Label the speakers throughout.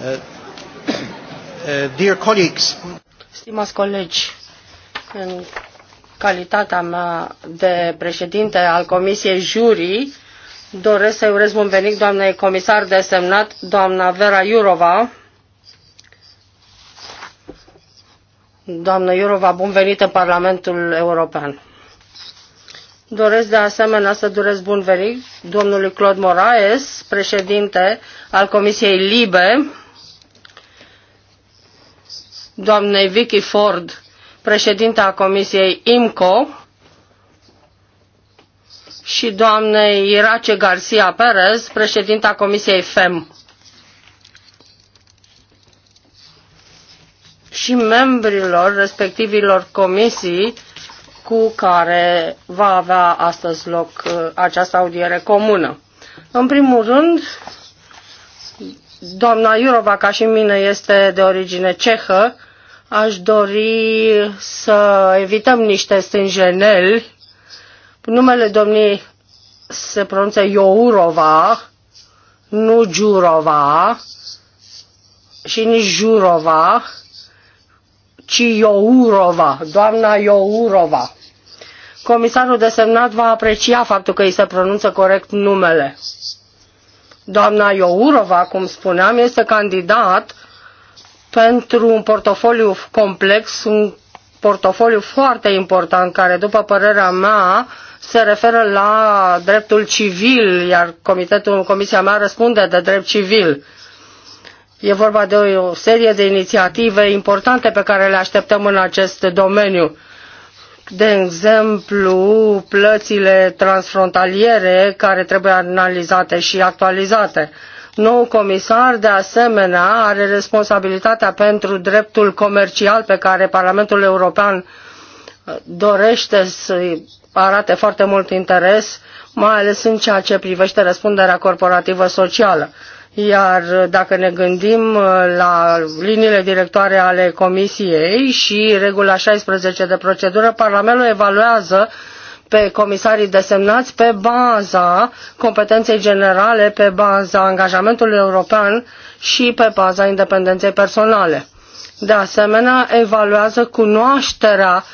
Speaker 1: Uh, uh,
Speaker 2: Stimați colegi, în calitatea mea de președinte al Comisiei Jurii, doresc să-i urez bun venit doamnei comisar desemnat, doamna Vera Iurova. Doamnă Iurova, bun venit în Parlamentul European. Doresc de asemenea să doresc bun venit domnului Claude Moraes, președinte al Comisiei Libe, doamnei Vicky Ford, președinta Comisiei IMCO, și doamnei Irace Garcia Perez, președinta Comisiei FEM. Și membrilor respectivilor comisii cu care va avea astăzi loc uh, această audiere comună. În primul rând, doamna Iurova, ca și mine, este de origine cehă Aș dori să evităm niște stânjeneli. Numele domnii se pronunță Iourova, nu Jurova și nici Jurova, ci Iourova, doamna Iourova. Comisarul desemnat va aprecia faptul că îi se pronunță corect numele. Doamna Iourova, cum spuneam, este candidat pentru un portofoliu complex, un portofoliu foarte important care, după părerea mea, se referă la dreptul civil, iar comitetul, comisia mea răspunde de drept civil. E vorba de o serie de inițiative importante pe care le așteptăm în acest domeniu. De exemplu, plățile transfrontaliere care trebuie analizate și actualizate. Noul comisar, de asemenea, are responsabilitatea pentru dreptul comercial pe care Parlamentul European uh, dorește să arate foarte mult interes, mai ales în ceea ce privește răspunderea corporativă socială. Iar dacă ne gândim uh, la liniile directoare ale Comisiei și regula 16 de procedură, Parlamentul evaluează uh, pe comisarii desemnați pe baza competenței generale, pe baza angajamentului european și pe baza independenței personale. De asemenea, evaluează cunoașterea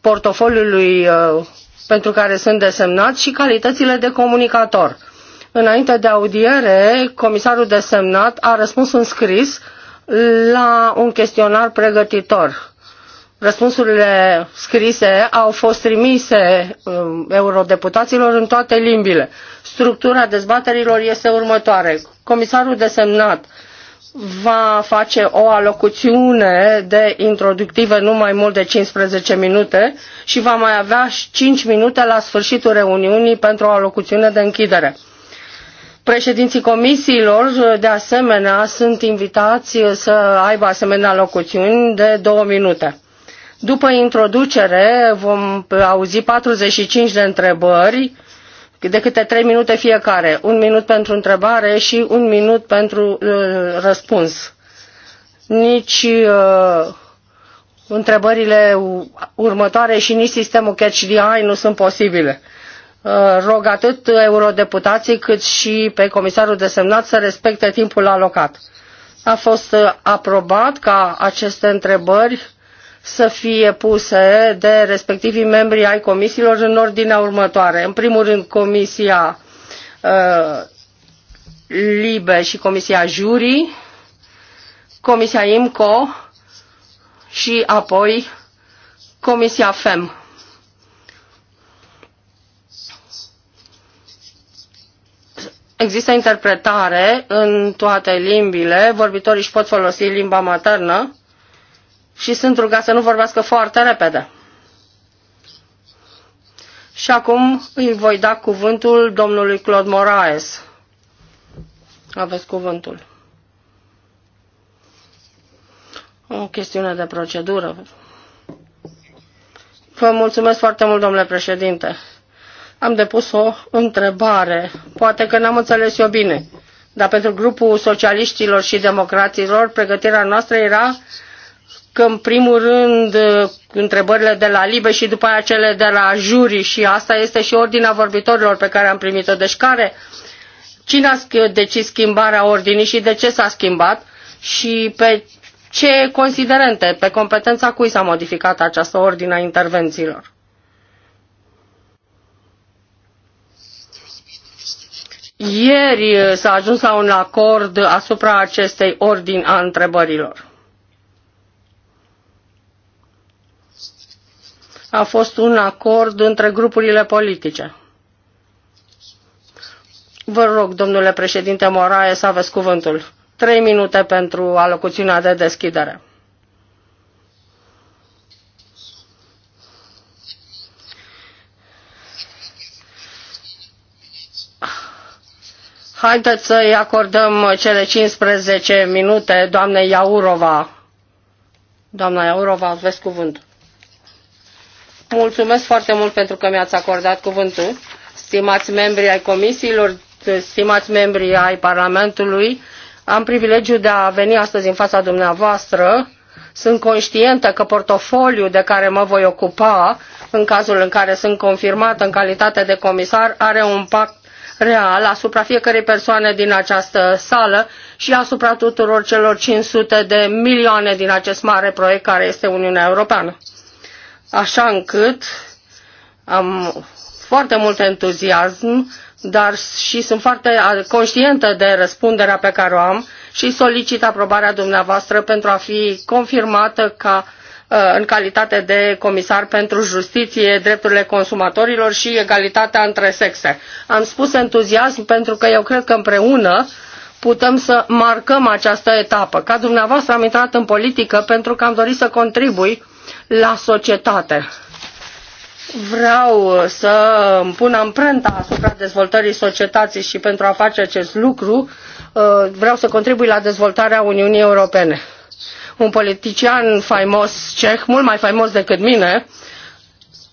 Speaker 2: portofoliului uh, pentru care sunt desemnați și calitățile de comunicator. Înainte de audiere, comisarul desemnat a răspuns în scris la un chestionar pregătitor Răspunsurile scrise au fost trimise um, eurodeputaților în toate limbile. Structura dezbaterilor este următoare. Comisarul desemnat va face o alocuțiune de introductivă nu mai mult de 15 minute și va mai avea 5 minute la sfârșitul reuniunii pentru o alocuțiune de închidere. Președinții comisiilor, de asemenea, sunt invitați să aibă asemenea locuțiuni de două minute. După introducere vom auzi 45 de întrebări, de câte 3 minute fiecare. Un minut pentru întrebare și un minut pentru uh, răspuns. Nici uh, întrebările următoare și nici sistemul catch the eye nu sunt posibile. Uh, rog atât eurodeputații cât și pe comisarul desemnat să respecte timpul alocat. A fost uh, aprobat ca aceste întrebări să fie puse de respectivii membri ai comisiilor în ordinea următoare. În primul rând, Comisia uh, Libe și Comisia Jurii, Comisia IMCO și apoi Comisia FEM. Există interpretare în toate limbile, vorbitorii își pot folosi limba maternă și sunt rugat să nu vorbească foarte repede. Și acum îi voi da cuvântul domnului Claude Moraes. Aveți cuvântul. O chestiune de procedură. Vă mulțumesc foarte mult, domnule președinte. Am depus o întrebare. Poate că n-am înțeles eu bine. Dar pentru grupul socialiștilor și democraților, pregătirea noastră era că în primul rând uh, întrebările de la Libe și după aceea cele de la juri și asta este și ordinea vorbitorilor pe care am primit-o. Deci care, cine a decis schimbarea ordinii și de ce s-a schimbat și pe ce considerente, pe competența cui s-a modificat această ordine a intervențiilor? Ieri uh, s-a ajuns la un acord asupra acestei ordini a întrebărilor. a fost un acord între grupurile politice. Vă rog, domnule președinte Moraes, să aveți cuvântul. Trei minute pentru alocuțiunea de deschidere. Haideți să-i acordăm cele 15 minute doamnei Iaurova. Doamna Iaurova, aveți cuvântul. Mulțumesc foarte mult pentru că mi-ați acordat cuvântul, stimați membri ai comisiilor, stimați membri ai Parlamentului. Am privilegiul de a veni astăzi în fața dumneavoastră. Sunt conștientă că portofoliul de care mă voi ocupa, în cazul în care sunt confirmată în calitate de comisar, are un impact real asupra fiecărei persoane din această sală și asupra tuturor celor 500 de milioane din acest mare proiect care este Uniunea Europeană așa încât am foarte mult entuziasm, dar și sunt foarte conștientă de răspunderea pe care o am și solicit aprobarea dumneavoastră pentru a fi confirmată ca uh, în calitate de comisar pentru justiție, drepturile consumatorilor și egalitatea între sexe. Am spus entuziasm pentru că eu cred că împreună putem să marcăm această etapă. Ca dumneavoastră am intrat în politică pentru că am dorit să contribui la societate. Vreau să îmi pun amprenta asupra dezvoltării societății și pentru a face acest lucru uh, vreau să contribui la dezvoltarea Uniunii Europene. Un politician faimos ceh, mult mai faimos decât mine,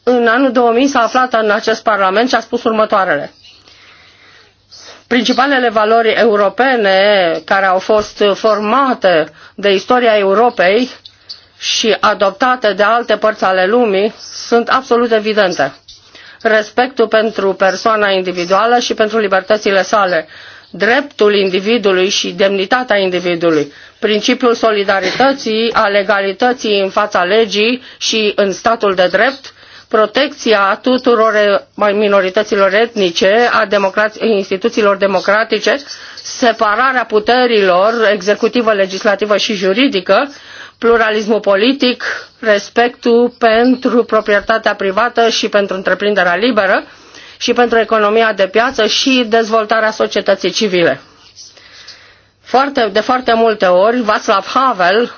Speaker 2: în anul 2000 s-a aflat în acest parlament și a spus următoarele principalele valori europene care au fost formate de istoria Europei și adoptate de alte părți ale lumii sunt absolut evidente. Respectul pentru persoana individuală și pentru libertățile sale, dreptul individului și demnitatea individului, principiul solidarității, a legalității în fața legii și în statul de drept, protecția tuturor minorităților etnice, a instituțiilor democratice, separarea puterilor executivă, legislativă și juridică, pluralismul politic, respectul pentru proprietatea privată și pentru întreprinderea liberă și pentru economia de piață și dezvoltarea societății civile. Foarte, de foarte multe ori, Václav Havel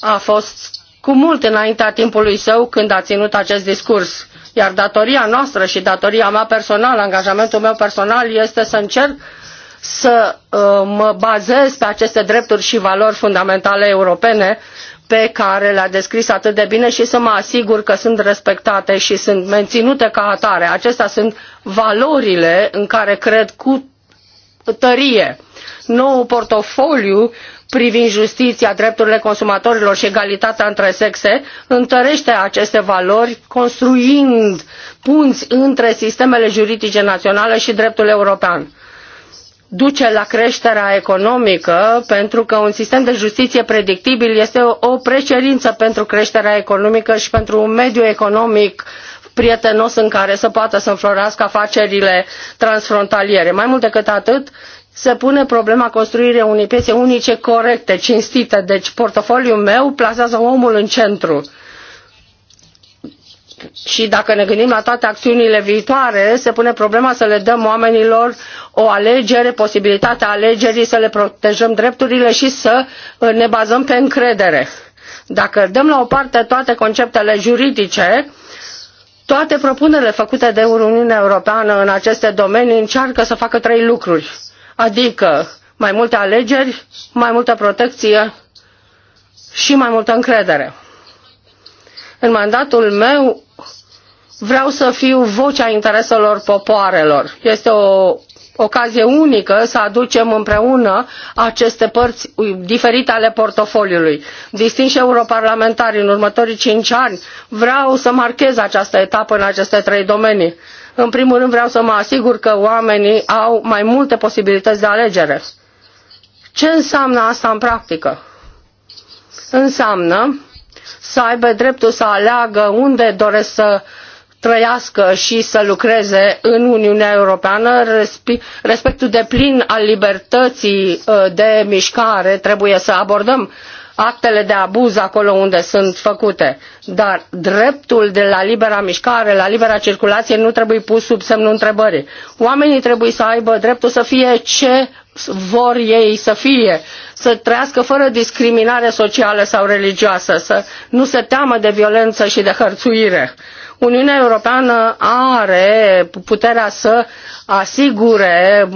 Speaker 2: a fost cu mult înaintea timpului său când a ținut acest discurs. Iar datoria noastră și datoria mea personală, angajamentul meu personal, este să încerc să uh, mă bazez pe aceste drepturi și valori fundamentale europene pe care le-a descris atât de bine și să mă asigur că sunt respectate și sunt menținute ca atare. Acestea sunt valorile în care cred cu tărie. Noul portofoliu privind justiția, drepturile consumatorilor și egalitatea între sexe întărește aceste valori construind punți între sistemele juridice naționale și dreptul european duce la creșterea economică, pentru că un sistem de justiție predictibil este o precerință pentru creșterea economică și pentru un mediu economic prietenos în care să poată să înflorească afacerile transfrontaliere. Mai mult decât atât, se pune problema construirii unei piețe unice corecte, cinstite. Deci portofoliul meu plasează omul în centru și dacă ne gândim la toate acțiunile viitoare, se pune problema să le dăm oamenilor o alegere, posibilitatea alegerii, să le protejăm drepturile și să uh, ne bazăm pe încredere. Dacă dăm la o parte toate conceptele juridice, toate propunerile făcute de Uniunea Europeană în aceste domenii încearcă să facă trei lucruri, adică mai multe alegeri, mai multă protecție și mai multă încredere. În mandatul meu Vreau să fiu vocea intereselor popoarelor. Este o ocazie unică să aducem împreună aceste părți diferite ale portofoliului. Distinși europarlamentari în următorii cinci ani, vreau să marchez această etapă în aceste trei domenii. În primul rând vreau să mă asigur că oamenii au mai multe posibilități de alegere. Ce înseamnă asta în practică? Înseamnă să aibă dreptul să aleagă unde doresc să trăiască și să lucreze în Uniunea Europeană, respectul de plin al libertății uh, de mișcare trebuie să abordăm actele de abuz acolo unde sunt făcute. Dar dreptul de la libera mișcare, la libera circulație nu trebuie pus sub semnul întrebării. Oamenii trebuie să aibă dreptul să fie ce vor ei să fie, să trăiască fără discriminare socială sau religioasă, să nu se teamă de violență și de hărțuire. Uniunea Europeană are puterea să asigure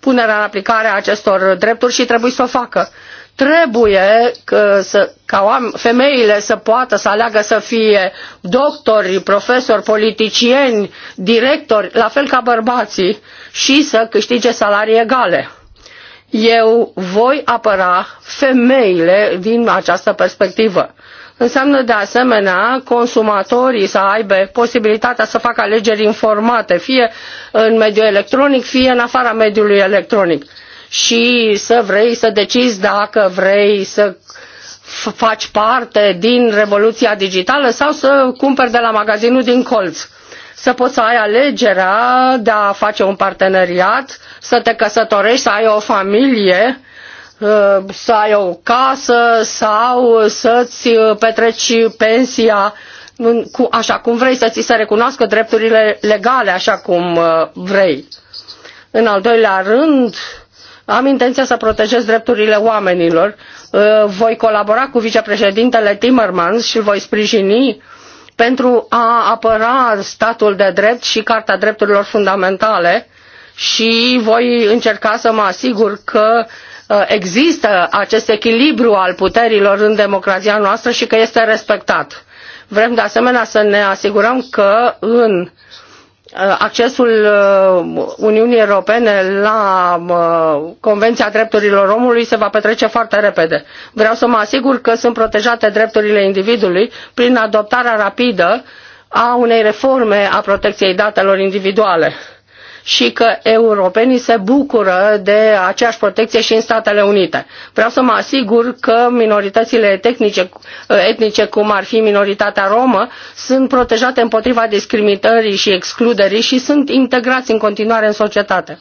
Speaker 2: punerea în aplicare a acestor drepturi și trebuie să o facă. Trebuie că, să, ca femeile să poată să aleagă să fie doctori, profesori, politicieni, directori, la fel ca bărbații, și să câștige salarii egale. Eu voi apăra femeile din această perspectivă. Înseamnă de asemenea consumatorii să aibă posibilitatea să facă alegeri informate, fie în mediul electronic, fie în afara mediului electronic. Și să vrei să decizi dacă vrei să faci parte din revoluția digitală sau să cumperi de la magazinul din colț să poți să ai alegerea de a face un parteneriat, să te căsătorești, să ai o familie Uh, să ai o casă sau să-ți uh, petreci pensia așa cum vrei, să ți se recunoască drepturile legale așa cum uh, vrei. În al doilea rând, am intenția să protejez drepturile oamenilor. Voi colabora cu vicepreședintele Timmermans și îl voi sprijini pentru a apăra statul de drept și Carta Drepturilor Fundamentale și voi încerca să mă asigur că uh, Uh, există acest echilibru al puterilor în democrația noastră și că este respectat. Vrem de asemenea să ne asigurăm că în uh, accesul uh, Uniunii Europene la Convenția Drepturilor Omului se va petrece foarte repede. Vreau să mă asigur că sunt protejate drepturile individului prin adoptarea rapidă a unei reforme a protecției datelor individuale și că europenii se bucură de aceeași protecție și în Statele Unite. Vreau să mă asigur că minoritățile tehnice, etnice, cum ar fi minoritatea romă, sunt protejate împotriva discriminării și excluderii și sunt integrați în continuare în societate.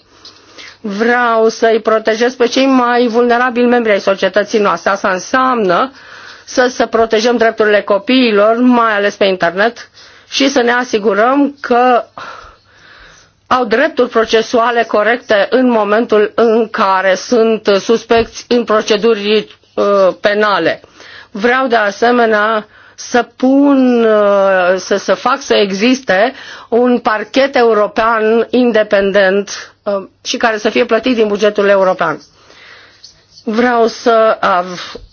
Speaker 2: Vreau să-i protejez pe cei mai vulnerabili membri ai societății noastre. Asta înseamnă să, să protejăm drepturile copiilor, mai ales pe internet, și să ne asigurăm că au drepturi procesuale corecte în momentul în care sunt suspecți în proceduri uh, penale. Vreau de asemenea să pun, uh, să, să fac să existe un parchet european independent uh, și care să fie plătit din bugetul european. Vreau să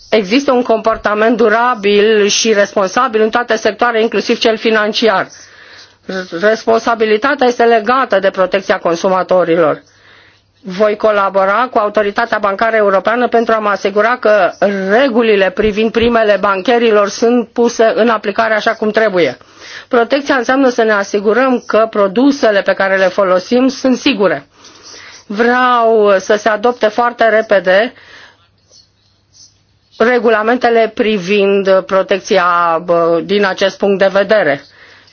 Speaker 2: există un comportament durabil și responsabil în toate sectoarele, inclusiv cel financiar responsabilitatea este legată de protecția consumatorilor. Voi colabora cu Autoritatea Bancară Europeană pentru a mă asigura că regulile privind primele bancherilor sunt puse în aplicare așa cum trebuie. Protecția înseamnă să ne asigurăm că produsele pe care le folosim sunt sigure. Vreau să se adopte foarte repede regulamentele privind protecția din acest punct de vedere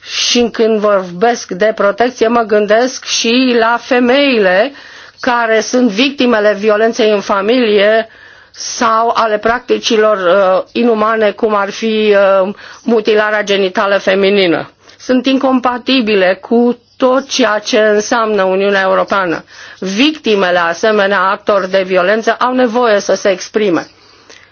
Speaker 2: și când vorbesc de protecție, mă gândesc și la femeile care sunt victimele violenței în familie sau ale practicilor uh, inumane, cum ar fi uh, mutilarea genitală feminină. Sunt incompatibile cu tot ceea ce înseamnă Uniunea Europeană. Victimele asemenea actor de violență au nevoie să se exprime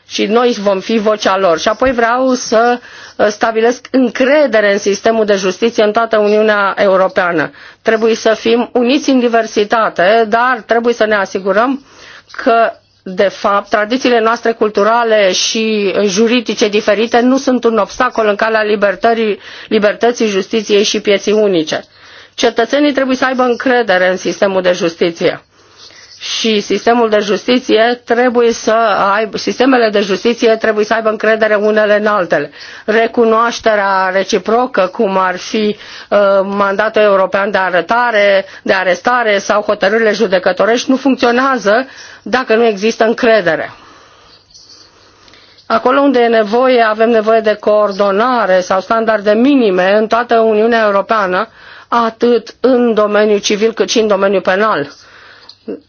Speaker 2: și noi vom fi vocea lor. Și apoi vreau să uh, stabilesc încredere în sistemul de justiție în toată Uniunea Europeană. Trebuie să fim uniți în diversitate, dar trebuie să ne asigurăm că de fapt, tradițiile noastre culturale și juridice diferite nu sunt un obstacol în calea libertății, justiției și pieții unice. Cetățenii trebuie să aibă încredere în sistemul de justiție și sistemul de justiție trebuie să aibă, sistemele de justiție trebuie să aibă încredere unele în altele. Recunoașterea reciprocă, cum ar fi uh, mandatul european de arătare, de arestare sau hotărârile judecătorești, nu funcționează dacă nu există încredere. Acolo unde e nevoie, avem nevoie de coordonare sau standarde minime în toată Uniunea Europeană, atât în domeniul civil cât și în domeniul penal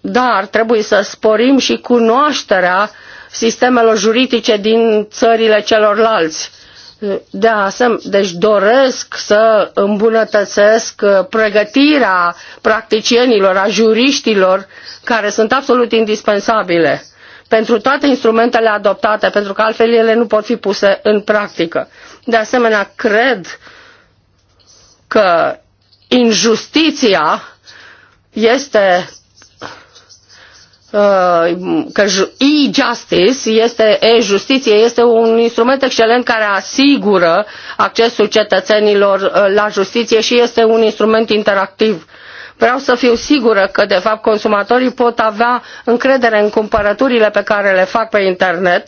Speaker 2: dar da, trebuie să sporim și cunoașterea sistemelor juridice din țările celorlalți. De asemenea, deci doresc să îmbunătățesc uh, pregătirea practicienilor, a juriștilor, care sunt absolut indispensabile pentru toate instrumentele adoptate, pentru că altfel ele nu pot fi puse în practică. De asemenea, cred că injustiția este Uh, că e-justice este e-justiție este un instrument excelent care asigură accesul cetățenilor uh, la justiție și este un instrument interactiv. Vreau să fiu sigură că, de fapt, consumatorii pot avea încredere în cumpărăturile pe care le fac pe internet,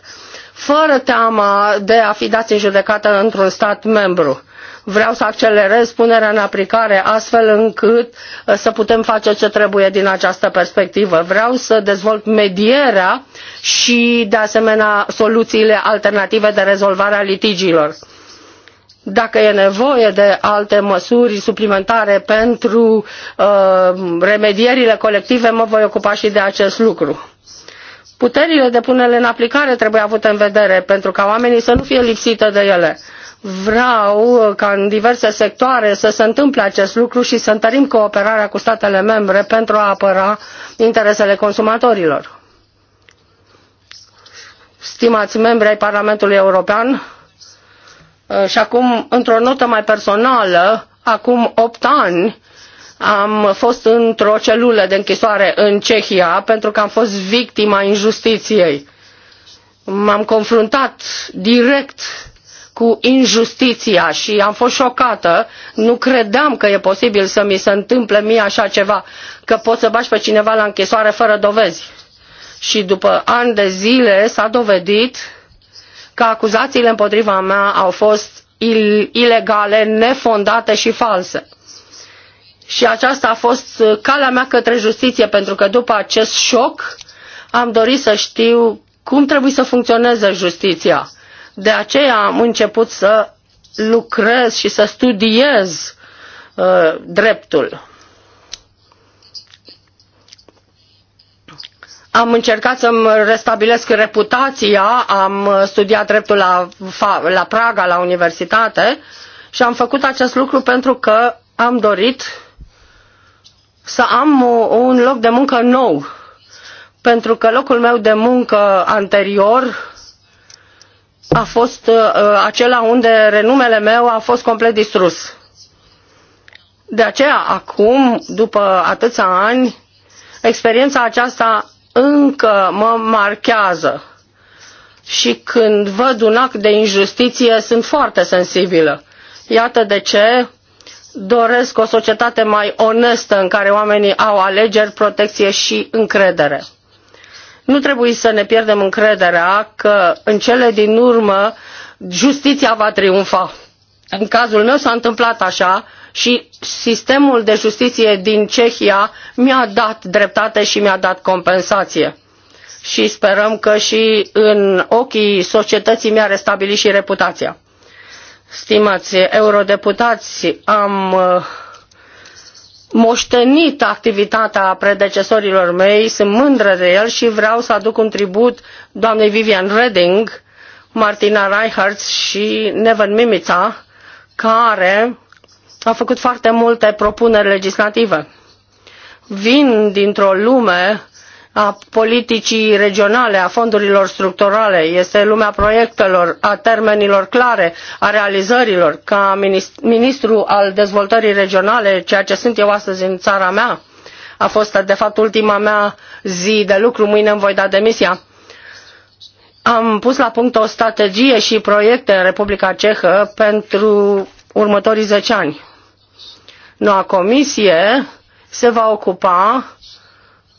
Speaker 2: fără teama de a fi dați în judecată într-un stat membru vreau să accelerez punerea în aplicare astfel încât uh, să putem face ce trebuie din această perspectivă. Vreau să dezvolt medierea și, de asemenea, soluțiile alternative de rezolvare a litigiilor dacă e nevoie de alte măsuri suplimentare pentru uh, remedierile colective, mă voi ocupa și de acest lucru. Puterile de punere în aplicare trebuie avute în vedere pentru ca oamenii să nu fie lipsite de ele vreau uh, ca în diverse sectoare să se întâmple acest lucru și să întărim cooperarea cu statele membre pentru a apăra interesele consumatorilor. Stimați membri ai Parlamentului European, uh, și acum, într-o notă mai personală, acum opt ani am fost într-o celulă de închisoare în Cehia pentru că am fost victima injustiției. M-am confruntat direct cu injustiția și am fost șocată. Nu credeam că e posibil să mi se întâmple mie așa ceva, că pot să bași pe cineva la închisoare fără dovezi. Și după ani de zile s-a dovedit că acuzațiile împotriva mea au fost il ilegale, nefondate și false. Și aceasta a fost uh, calea mea către justiție, pentru că după acest șoc am dorit să știu cum trebuie să funcționeze justiția de aceea am început să lucrez și să studiez uh, dreptul. Am încercat să-mi restabilesc reputația, am studiat dreptul la, la Praga, la universitate și am făcut acest lucru pentru că am dorit să am un loc de muncă nou. Pentru că locul meu de muncă anterior a fost uh, uh, acela unde renumele meu a fost complet distrus. De aceea, acum, după atâția ani, experiența aceasta încă mă marchează. Și când văd un act de injustiție, sunt foarte sensibilă. Iată de ce doresc o societate mai onestă în care oamenii au alegeri, protecție și încredere. Nu trebuie să ne pierdem încrederea că în cele din urmă justiția va triumfa. În cazul meu s-a întâmplat așa și sistemul de justiție din Cehia mi-a dat dreptate și mi-a dat compensație. Și sperăm că și în ochii societății mi-a restabilit și reputația. Stimați eurodeputați, am uh, moștenit activitatea predecesorilor mei, sunt mândră de el și vreau să aduc un tribut doamnei Vivian Redding, Martina Reichardt și Neven Mimița, care a făcut foarte multe propuneri legislative. Vin dintr-o lume a politicii regionale, a fondurilor structurale, este lumea proiectelor, a termenilor clare, a realizărilor. Ca ministru al dezvoltării regionale, ceea ce sunt eu astăzi în țara mea, a fost de fapt ultima mea zi de lucru, mâine îmi voi da demisia. Am pus la punct o strategie și proiecte în Republica Cehă pentru următorii zece ani. Noua comisie se va ocupa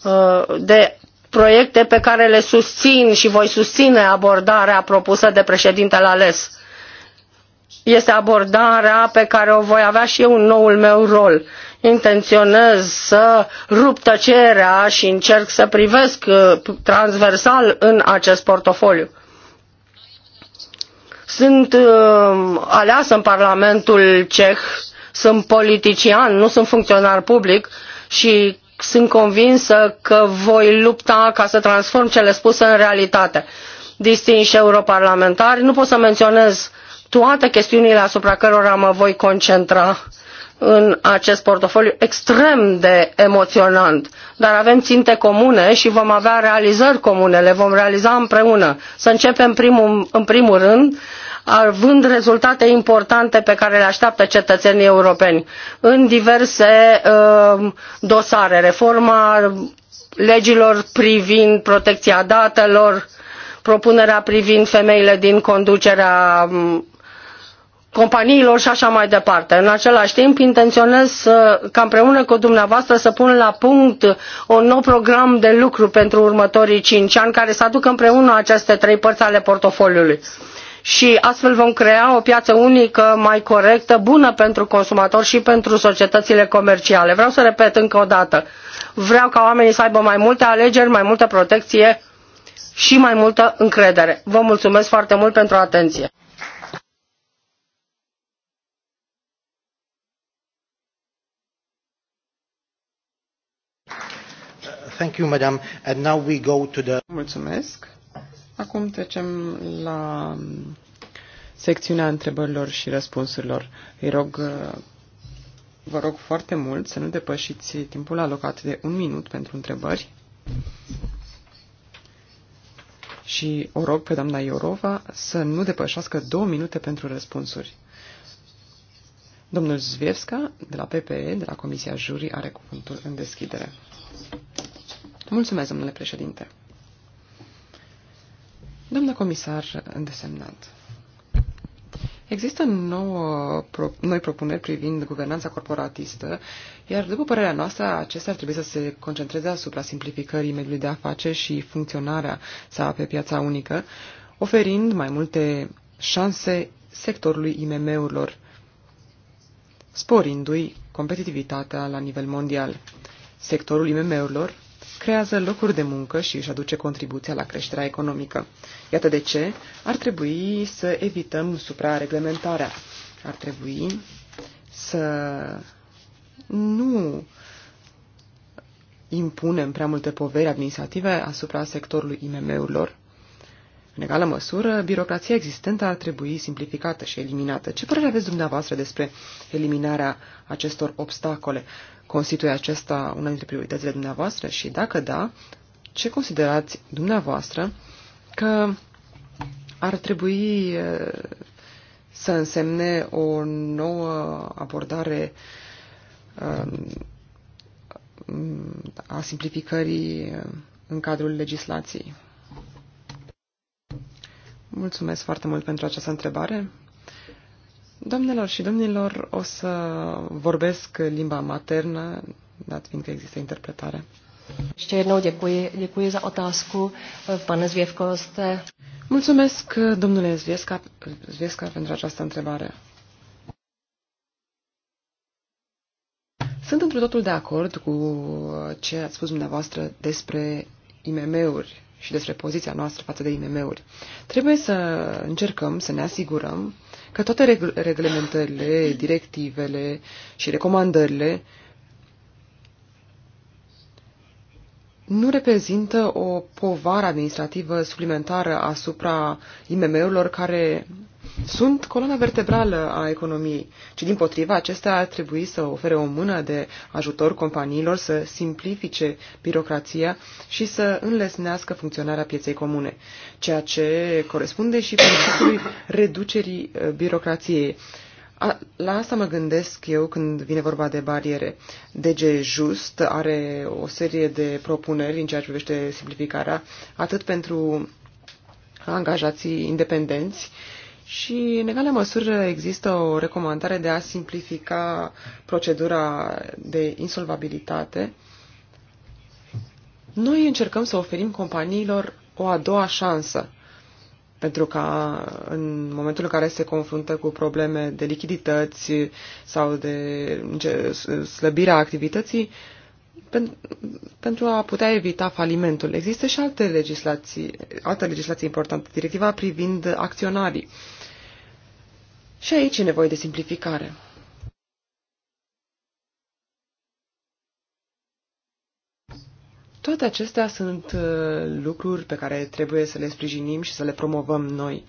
Speaker 2: Uh, de proiecte pe care le susțin și voi susține abordarea propusă de președintele ales. Este abordarea pe care o voi avea și eu în noul meu rol. Intenționez să rup tăcerea și încerc să privesc uh, transversal în acest portofoliu. Sunt uh, aleasă în Parlamentul Ceh, sunt politician, nu sunt funcționar public și sunt convinsă că voi lupta ca să transform cele spuse în realitate. Distinși europarlamentari, nu pot să menționez toate chestiunile asupra cărora mă voi concentra în acest portofoliu extrem de emoționant, dar avem ținte comune și vom avea realizări comune, le vom realiza împreună. Să începem primul, în primul rând având rezultate importante pe care le așteaptă cetățenii europeni în diverse uh, dosare, reforma legilor privind protecția datelor, propunerea privind femeile din conducerea um, companiilor și așa mai departe. În același timp, intenționez să, ca împreună cu dumneavoastră să pun la punct un nou program de lucru pentru următorii cinci ani care să aducă împreună aceste trei părți ale portofoliului și astfel vom crea o piață unică mai corectă, bună pentru consumatori și pentru societățile comerciale. Vreau să repet încă o dată. Vreau ca oamenii să aibă mai multe alegeri, mai multă protecție și mai multă încredere. Vă mulțumesc foarte mult pentru atenție.
Speaker 3: Thank you, madam. And now we go to the... Mulțumesc.
Speaker 4: Acum trecem la secțiunea întrebărilor și răspunsurilor. Îi rog, vă rog foarte mult să nu depășiți timpul alocat de un minut pentru întrebări. Și o rog pe doamna Iorova să nu depășească două minute pentru răspunsuri. Domnul Zvievska, de la PPE, de la Comisia Jurii, are cuvântul în deschidere. Mulțumesc, domnule președinte. Doamna comisar îndesemnat, există nouă, pro, noi propuneri privind guvernanța corporatistă, iar după părerea noastră, acestea ar trebui să se concentreze asupra simplificării mediului de afaceri și funcționarea sa pe piața unică, oferind mai multe șanse sectorului IMM-urilor, sporindu-i competitivitatea la nivel mondial. Sectorul IMM-urilor creează locuri de muncă și își aduce contribuția la creșterea economică. Iată de ce ar trebui să evităm suprareglementarea. Ar trebui să nu impunem prea multe poveri administrative asupra sectorului IMM-urilor. În egală măsură, birocrația existentă ar trebui simplificată și eliminată. Ce părere aveți dumneavoastră despre eliminarea acestor obstacole? Constituie acesta una dintre prioritățile dumneavoastră și, dacă da, ce considerați dumneavoastră că ar trebui să însemne o nouă abordare a simplificării în cadrul legislației. Mulțumesc foarte mult pentru această întrebare. Domnilor și domnilor, o să vorbesc limba maternă, dat fiindcă există interpretare.
Speaker 1: Ještě jednou děkuji, děkuji za otázku. Eh, pane Zvěvko, jste... Mulțumesc, eh,
Speaker 4: domnule Zviesca, Zviesca, pentru această întrebare. Sunt într totul de acord cu eh, ce ați spus dumneavoastră despre IMM-uri și despre poziția noastră față de IMM-uri. Trebuie să încercăm să ne asigurăm că toate reglementările, directivele și recomandările nu reprezintă o povară administrativă suplimentară asupra IMM-urilor care sunt coloana vertebrală a economiei, ci din potriva acestea ar trebui să ofere o mână de ajutor companiilor să simplifice birocrația și să înlesnească funcționarea pieței comune, ceea ce corespunde și principiului reducerii uh, birocrației. A, la asta mă gândesc eu când vine vorba de bariere. DG Just are o serie de propuneri în ceea ce privește simplificarea, atât pentru angajații independenți, și, în egală măsură, există o recomandare de a simplifica procedura de insolvabilitate. Noi încercăm să oferim companiilor o a doua șansă pentru ca în momentul în care se confruntă cu probleme de lichidități sau de slăbirea activității, pentru a putea evita falimentul. Există și alte legislații, alte legislații importante, directiva privind acționarii. Și aici e nevoie de simplificare. Toate acestea sunt uh, lucruri pe care trebuie să le sprijinim și să le promovăm noi.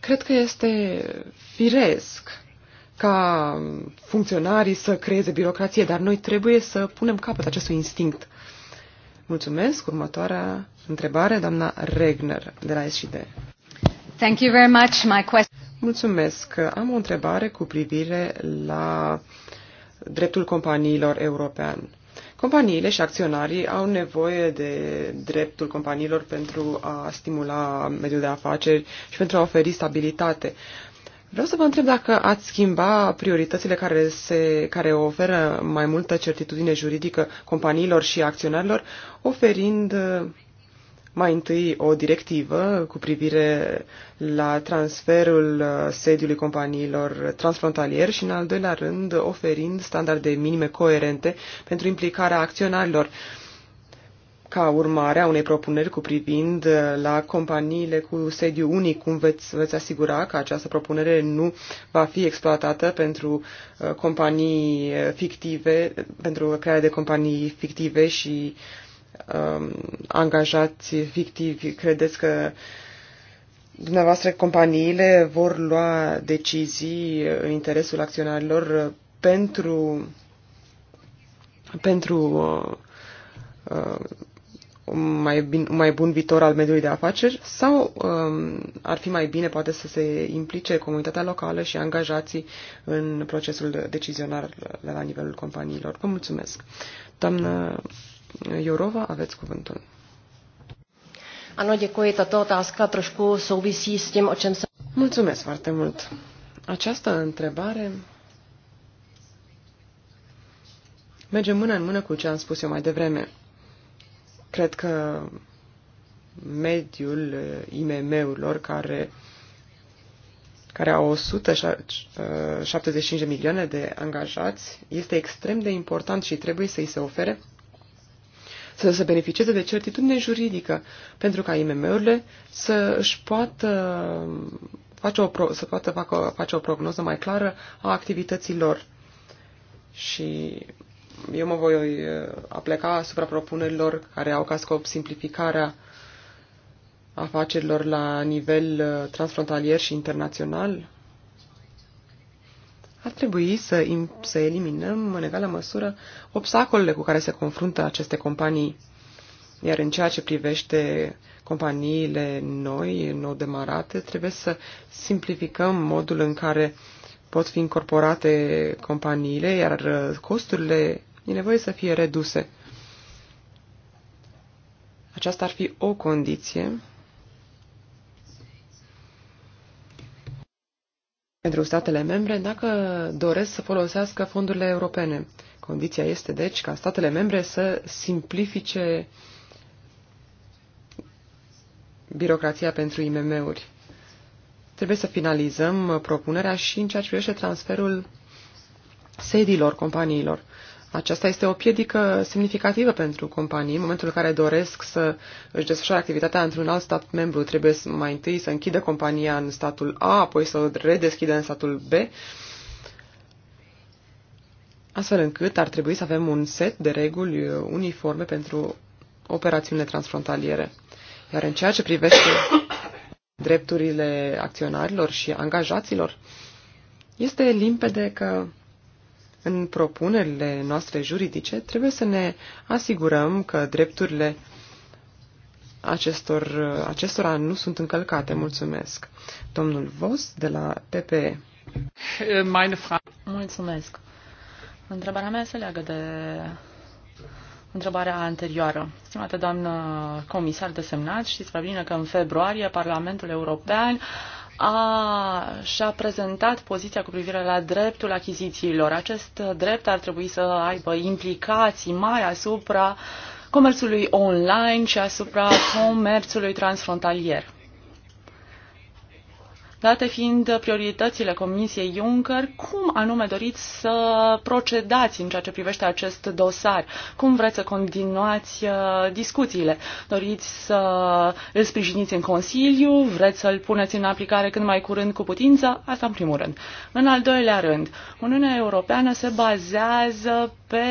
Speaker 4: Cred că este firesc ca funcționarii să creeze birocrație, dar noi trebuie să punem capăt acestui instinct. Mulțumesc. Următoarea întrebare, doamna Regner, de la SCD.
Speaker 1: Thank you very much. My
Speaker 4: Mulțumesc. Am o întrebare cu privire la dreptul companiilor european. Companiile și acționarii au nevoie de dreptul companiilor pentru a stimula mediul de afaceri și pentru a oferi stabilitate. Vreau să vă întreb dacă ați schimba prioritățile care, se, care oferă mai multă certitudine juridică companiilor și acționarilor, oferind mai întâi o directivă cu privire la transferul uh, sediului companiilor transfrontalier și, în al doilea rând, oferind standarde minime coerente pentru implicarea acționarilor ca urmare a unei propuneri cu privind uh, la companiile cu sediu unic, cum veți, veți asigura că această propunere nu va fi exploatată pentru uh, companii fictive, pentru crearea de companii fictive și uh, uh, angajați fictivi. Credeți că dumneavoastră companiile vor lua decizii în interesul acționarilor pentru, pentru uh, uh, um, un mai, bin, un mai bun viitor al mediului de afaceri sau um, ar fi mai bine poate să se implice comunitatea locală și angajații în procesul decizionar la nivelul companiilor. Vă mulțumesc. Doamnă Jourova, aveți cuvântul.
Speaker 1: Ano, děkuji. Tato otázka trošku souvisí s tím, o čem se... Mulțumesc foarte mult. Această întrebare
Speaker 4: merge mână în mână cu ce am spus eu mai devreme. Cred că mediul uh, IMM-urilor care, care au 175 uh, de milioane de angajați este extrem de important și trebuie să îi se ofere să se beneficieze de certitudine juridică pentru ca IMM-urile să își poată face o, să poată facă, face o prognoză mai clară a activităților. Și eu mă voi uh, apleca asupra propunerilor care au ca scop simplificarea afacerilor la nivel uh, transfrontalier și internațional, ar trebui să, să eliminăm în egală măsură obstacolele cu care se confruntă aceste companii. Iar în ceea ce privește companiile noi, nou demarate, trebuie să simplificăm modul în care pot fi incorporate companiile, iar uh, costurile e nevoie să fie reduse. Aceasta ar fi o condiție pentru statele membre dacă doresc să folosească fondurile europene. Condiția este, deci, ca statele membre să simplifice birocrația pentru IMM-uri. Trebuie să finalizăm propunerea și în ceea ce privește transferul sediilor companiilor. Aceasta este o piedică semnificativă pentru companii. În momentul în care doresc să își desfășoare activitatea într-un alt stat membru, trebuie mai întâi să închidă compania în statul A, apoi să o redeschidă în statul B, astfel încât ar trebui să avem un set de reguli uniforme pentru operațiunile transfrontaliere. Iar în ceea ce privește drepturile acționarilor și angajaților, este limpede că în propunerile noastre juridice trebuie să ne asigurăm că drepturile acestor, acestora nu sunt încălcate. Mulțumesc. Domnul Vos de la PPE.
Speaker 3: Meine Mulțumesc. Întrebarea mea se leagă de întrebarea anterioară. Stimată doamnă comisar desemnat, știți prea bine că în februarie Parlamentul European uh, a, și-a prezentat poziția cu privire la dreptul achizițiilor. Acest drept ar trebui să aibă implicații mai asupra comerțului online și asupra comerțului transfrontalier date fiind prioritățile Comisiei Juncker, cum anume doriți să procedați în ceea ce privește acest dosar? Cum vreți să continuați uh, discuțiile? Doriți să îl sprijiniți în Consiliu? Vreți să-l puneți în aplicare cât mai curând cu putință? Asta în primul rând. În al doilea rând, Uniunea Europeană se bazează pe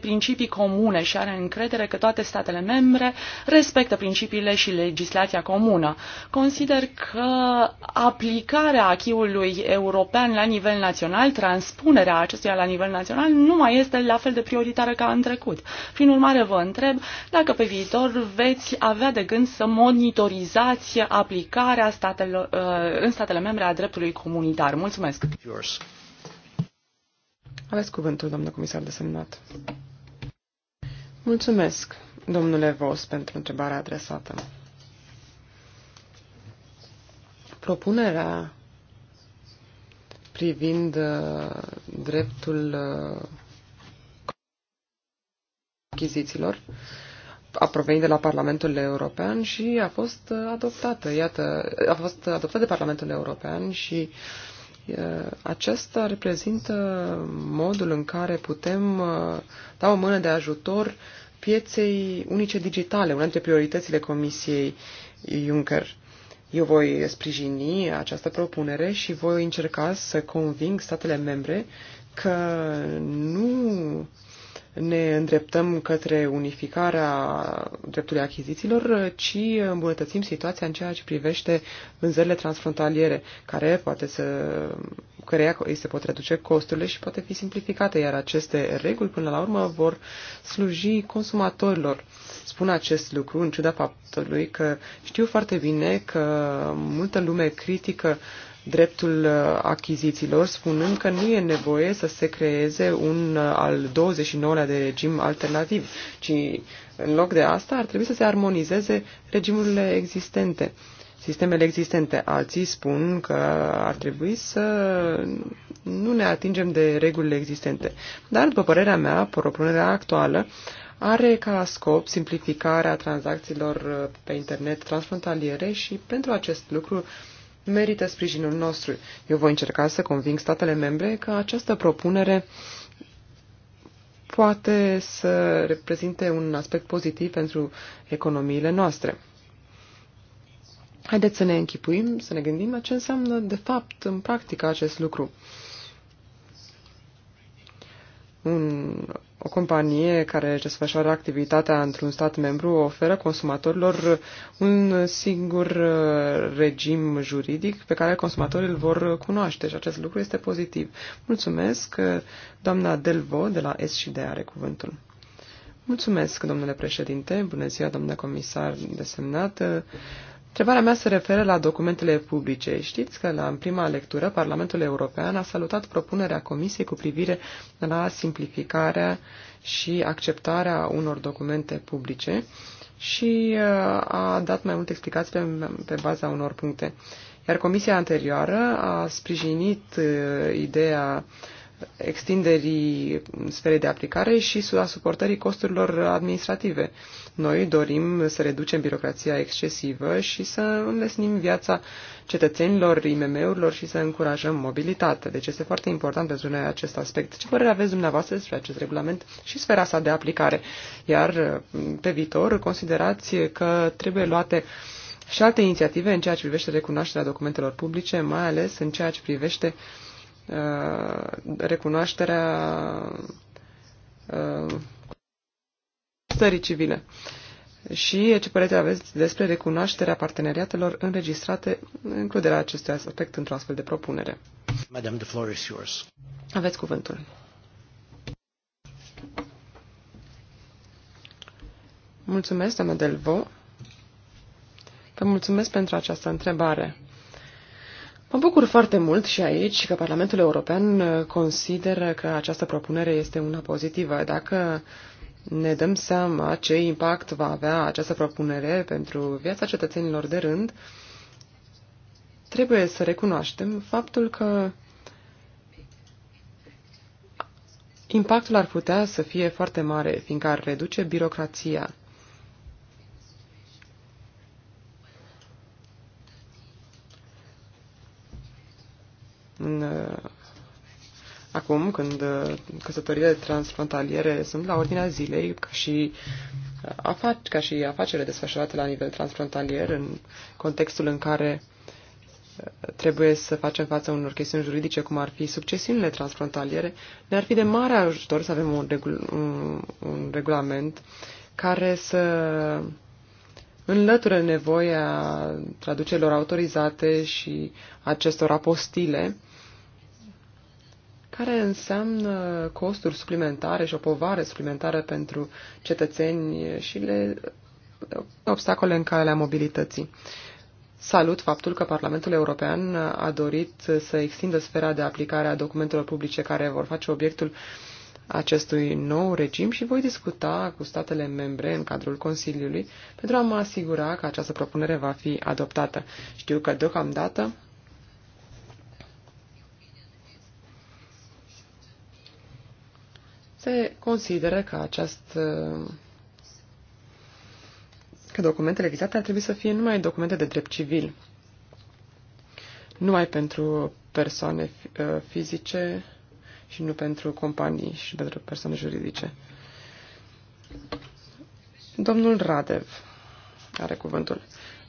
Speaker 3: principii comune și are încredere că toate statele membre respectă principiile și legislația comună. Consider că aplicarea aplicarea achiului european la nivel național, transpunerea acestuia la nivel național, nu mai este la fel de prioritară ca în trecut. Prin urmare, vă întreb dacă pe viitor veți avea de gând să monitorizați aplicarea statelor, uh, în statele membre a dreptului
Speaker 4: comunitar. Mulțumesc! Yours. Aveți cuvântul, domnule comisar de semnat. Mulțumesc, domnule Vos, pentru întrebarea adresată. Propunerea privind uh, dreptul uh, achizițiilor a provenit de la Parlamentul European și a fost uh, adoptată. Iată, a fost adoptată de Parlamentul European și aceasta reprezintă modul în care putem da o mână de ajutor pieței unice digitale, una dintre prioritățile Comisiei Juncker. Eu voi sprijini această propunere și voi încerca să conving statele membre că nu ne îndreptăm către unificarea dreptului achizițiilor, ci îmbunătățim situația în ceea ce privește vânzările transfrontaliere, care poate să căreia îi se pot reduce costurile și poate fi simplificată, iar aceste reguli până la urmă vor sluji consumatorilor. Spun acest lucru în ciuda faptului că știu foarte bine că multă lume critică uh, dreptul uh, achizițiilor, spunând că nu e nevoie să se creeze un uh, al 29-lea de regim alternativ, ci în loc de asta ar trebui să se armonizeze regimurile existente, sistemele existente. Alții spun că ar trebui să nu ne atingem de regulile existente. Dar, după părerea mea, propunerea actuală are ca scop simplificarea tranzacțiilor uh, pe internet transfrontaliere și pentru acest lucru merită sprijinul nostru. Eu voi încerca să conving statele membre că această propunere poate să reprezinte un aspect pozitiv pentru economiile noastre. Haideți să ne închipuim, să ne gândim la ce înseamnă de fapt în practică acest lucru. Un o companie care își desfășoară activitatea într-un stat membru oferă consumatorilor un singur uh, regim juridic pe care consumatorii îl vor cunoaște și acest lucru este pozitiv. Mulțumesc, uh, doamna Delvo de la S&D are cuvântul. Mulțumesc, domnule președinte, bună ziua, domnule comisar desemnat. Întrebarea mea se referă la documentele publice. Știți că la prima lectură Parlamentul European a salutat propunerea Comisiei cu privire la simplificarea și acceptarea unor documente publice și uh, a dat mai multe explicații pe, pe baza unor puncte. Iar Comisia anterioară a sprijinit uh, ideea uh, extinderii sferei de aplicare și a suportării costurilor administrative. Noi dorim să reducem birocrația excesivă și să înlesnim viața cetățenilor, IMM-urilor și să încurajăm mobilitatea. Deci este foarte important pentru noi acest aspect. Ce părere aveți dumneavoastră despre acest regulament și sfera sa de aplicare? Iar pe viitor considerați că trebuie luate și alte inițiative în ceea ce privește recunoașterea documentelor publice, mai ales în ceea ce privește uh, Uh, recunoașterea uh, stării civile. Și ce părere aveți despre recunoașterea parteneriatelor înregistrate, includerea acestui aspect într-o astfel de propunere?
Speaker 1: Madame, the floor is yours.
Speaker 4: Aveți cuvântul. Mulțumesc, doamna Delvo. Vă mulțumesc pentru această întrebare. Mă bucur foarte mult și aici că Parlamentul European uh, consideră că această propunere este una pozitivă. Dacă ne dăm seama ce impact va avea această propunere pentru viața cetățenilor de rând, trebuie să recunoaștem faptul că impactul ar putea să fie foarte mare, fiindcă ar reduce birocrația În, uh, acum, când uh, căsătoriile transfrontaliere sunt la ordinea zilei, ca și, uh, afac- ca și afacere desfășurate la nivel transfrontalier, în contextul în care trebuie să facem față unor chestiuni juridice, cum ar fi succesiunile transfrontaliere, ne-ar fi de mare ajutor să avem un, regul- un, un regulament care să înlătură nevoia traducerilor autorizate și acestor apostile, care înseamnă costuri suplimentare și o povară suplimentară pentru cetățeni și le obstacole în calea mobilității. Salut faptul că Parlamentul European a dorit să extindă sfera de aplicare a documentelor publice care vor face obiectul uh, acestui nou regim și voi discuta cu statele membre în cadrul Consiliului pentru a mă asigura că această propunere va fi adoptată. Știu că deocamdată se consideră că acest că documentele vizate ar trebui să fie numai documente de drept civil, numai pentru persoane uh, fizice, și nu pentru companii și pentru persoane juridice. Domnul Radev are cuvântul.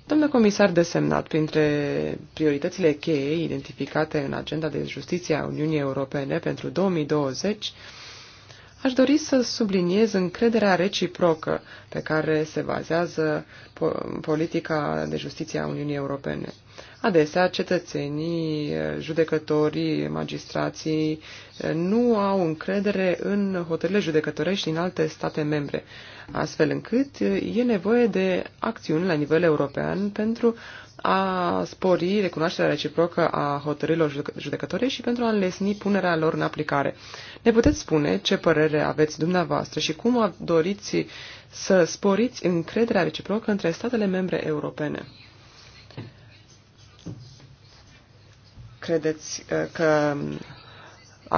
Speaker 4: Domnul comisar desemnat, printre prioritățile cheie identificate în agenda de justiție a Uniunii Europene pentru 2020, aș dori să subliniez încrederea reciprocă pe care se bazează politica de justiție a Uniunii Europene. Adesea, cetățenii, judecătorii, magistrații nu au încredere în hotările judecătorești din alte state membre, astfel încât e nevoie de acțiuni la nivel european pentru a spori recunoașterea reciprocă a hotărârilor judecătorii și pentru a înlesni punerea lor în aplicare. Ne puteți spune ce părere aveți dumneavoastră și cum doriți să sporiți încrederea reciprocă între statele membre europene? Credeți uh, că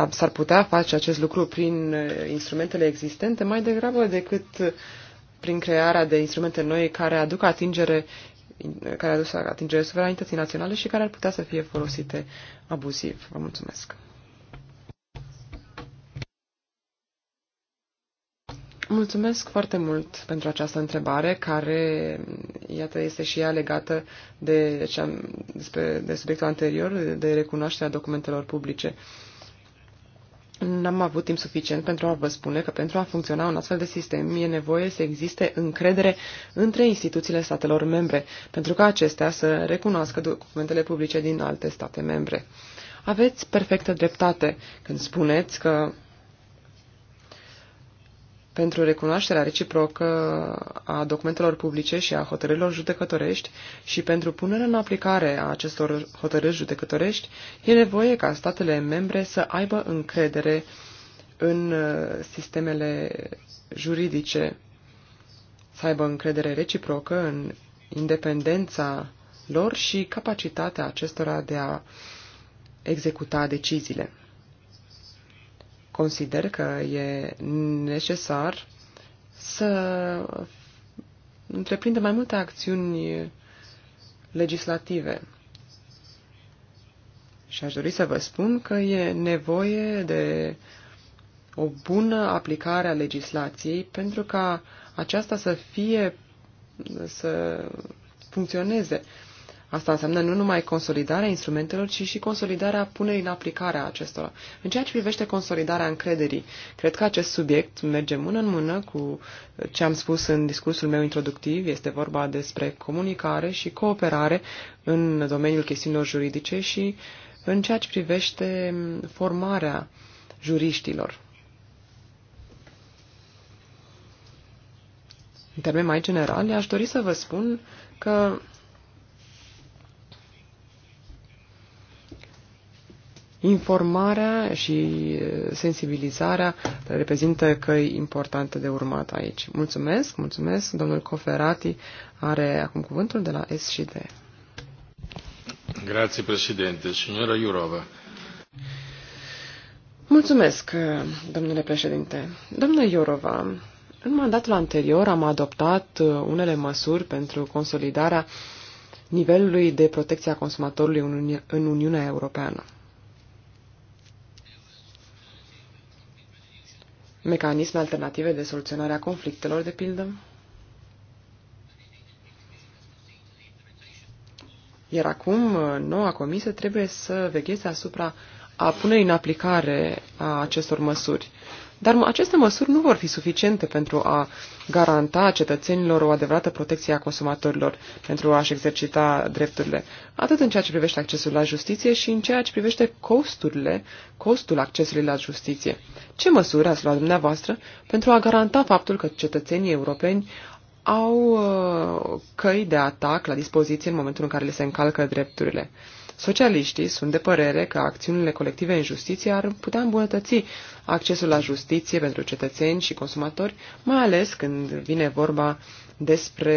Speaker 4: s-ar putea face acest lucru prin uh, instrumentele existente mai degrabă decât prin crearea de instrumente noi care aduc atingere care a dus atingere suveranității naționale și care ar putea să fie folosite abuziv. Vă mulțumesc. Mulțumesc foarte mult pentru această întrebare, care, iată, este și ea legată de, ce am, despre, de subiectul anterior, de recunoașterea documentelor publice. N-am avut timp suficient pentru a vă spune că pentru a funcționa un astfel de sistem e nevoie să existe încredere între instituțiile statelor membre, pentru ca acestea să recunoască documentele publice din alte state membre. Aveți perfectă dreptate când spuneți că pentru recunoașterea reciprocă a documentelor publice și a hotărârilor judecătorești și pentru punerea în aplicare a acestor hotărâri judecătorești, e nevoie ca statele membre să aibă încredere în uh, sistemele juridice, să aibă încredere reciprocă în independența lor și capacitatea acestora de a executa deciziile. Consider că e necesar să întreprindă mai multe acțiuni legislative. Și aș dori să vă spun că e nevoie de o bună aplicare a legislației pentru ca aceasta să fie, să funcționeze. Asta înseamnă nu numai consolidarea instrumentelor, ci și consolidarea punerii în aplicare a acestora. În ceea ce privește consolidarea încrederii, cred că acest subiect merge mână în mână cu ce am spus în discursul meu introductiv. Este vorba despre comunicare și cooperare în domeniul chestiunilor juridice și în ceea ce privește formarea juriștilor. În termeni mai generale, aș dori să vă spun că Informarea și sensibilizarea reprezintă căi importante de urmat aici. Mulțumesc, mulțumesc. Domnul Coferati are acum cuvântul de la S și D.
Speaker 1: Grazie, președinte. Signora Iurova.
Speaker 4: Mulțumesc, domnule președinte. Domnule Iurova, în mandatul anterior am adoptat unele măsuri pentru consolidarea nivelului de protecție a consumatorului în Uniunea Europeană. mecanisme alternative de soluționare a conflictelor, de pildă. Iar acum, noua comisie trebuie să vegheze asupra a pune în aplicare a acestor măsuri. Dar aceste măsuri nu vor fi suficiente pentru a garanta cetățenilor o adevărată protecție a consumatorilor pentru a-și exercita drepturile, atât în ceea ce privește accesul la justiție și în ceea ce privește costurile, costul accesului la justiție. Ce măsuri ați luat dumneavoastră pentru a garanta faptul că cetățenii europeni au uh, căi de atac la dispoziție în momentul în care le se încalcă drepturile? Socialiștii sunt de părere că acțiunile colective în justiție ar putea îmbunătăți accesul la justiție pentru cetățeni și consumatori, mai ales când vine vorba despre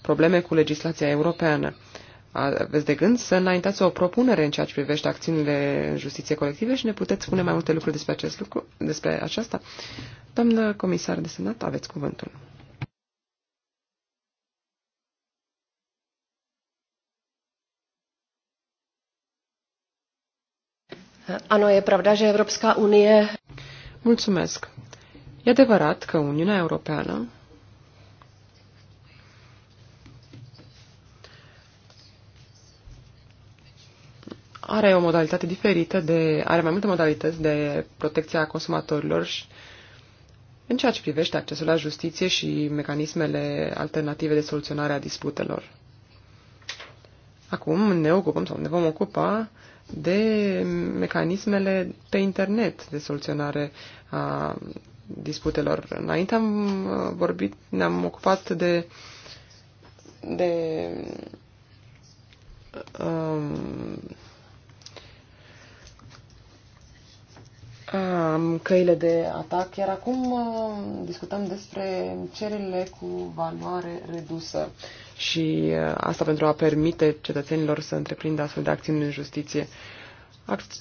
Speaker 4: probleme cu legislația europeană. Aveți de gând să înaintați o propunere în ceea ce privește acțiunile în justiție colective și ne puteți spune mai multe lucruri despre acest lucru, despre aceasta? Doamnă comisar de senat, aveți cuvântul.
Speaker 1: Ano, e pravda, že Evropska Unie... Mulțumesc. E adevărat că Uniunea Europeană
Speaker 4: are o modalitate diferită de, are mai multe modalități de protecție a consumatorilor și în ceea ce privește accesul la justiție și mecanismele alternative de soluționare a disputelor. Acum ne ocupăm sau ne vom ocupa de mecanismele pe internet de soluționare a disputelor. Înainte am uh, vorbit, ne-am ocupat de, de um, căile de atac, iar acum uh, discutăm despre cererile cu valoare redusă și uh, asta pentru a permite cetățenilor să întreprindă astfel de acțiuni în justiție.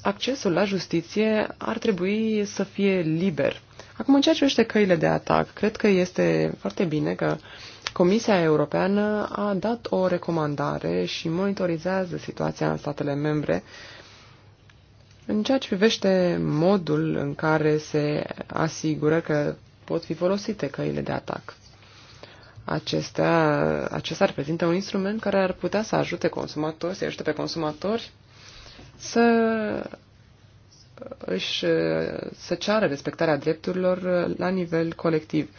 Speaker 4: Accesul la justiție ar trebui să fie liber. Acum, în ceea ce privește căile de atac, cred că este foarte bine că Comisia Europeană a dat o recomandare și monitorizează situația în statele membre uh, în ceea ce privește modul în care se asigură că pot fi folosite căile de atac, acestea, acesta reprezintă un instrument care ar putea să ajute consumatori, să ajute pe consumatori să își să ceară respectarea drepturilor la nivel colectiv.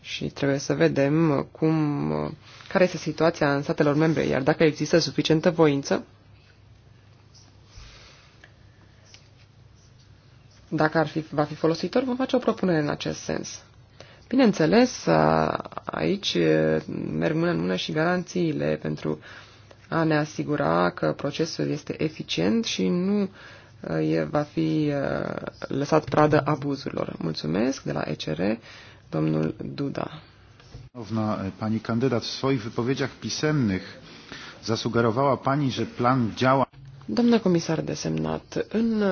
Speaker 4: Și trebuie să vedem cum, care este situația în statelor membre, iar dacă există suficientă voință, Dacă ar fi, va fi folositor, vom face o propunere în acest sens. Bineînțeles, aici merg mână în mână și garanțiile pentru a ne asigura că procesul este eficient și nu e, va fi lăsat pradă abuzurilor. Mulțumesc de la ECR, domnul Duda.
Speaker 1: Pani kandydat, w swoich wypowiedziach pisemnych zasugerowała Pani, że plan działa. Domnul comisar
Speaker 4: desemnat, în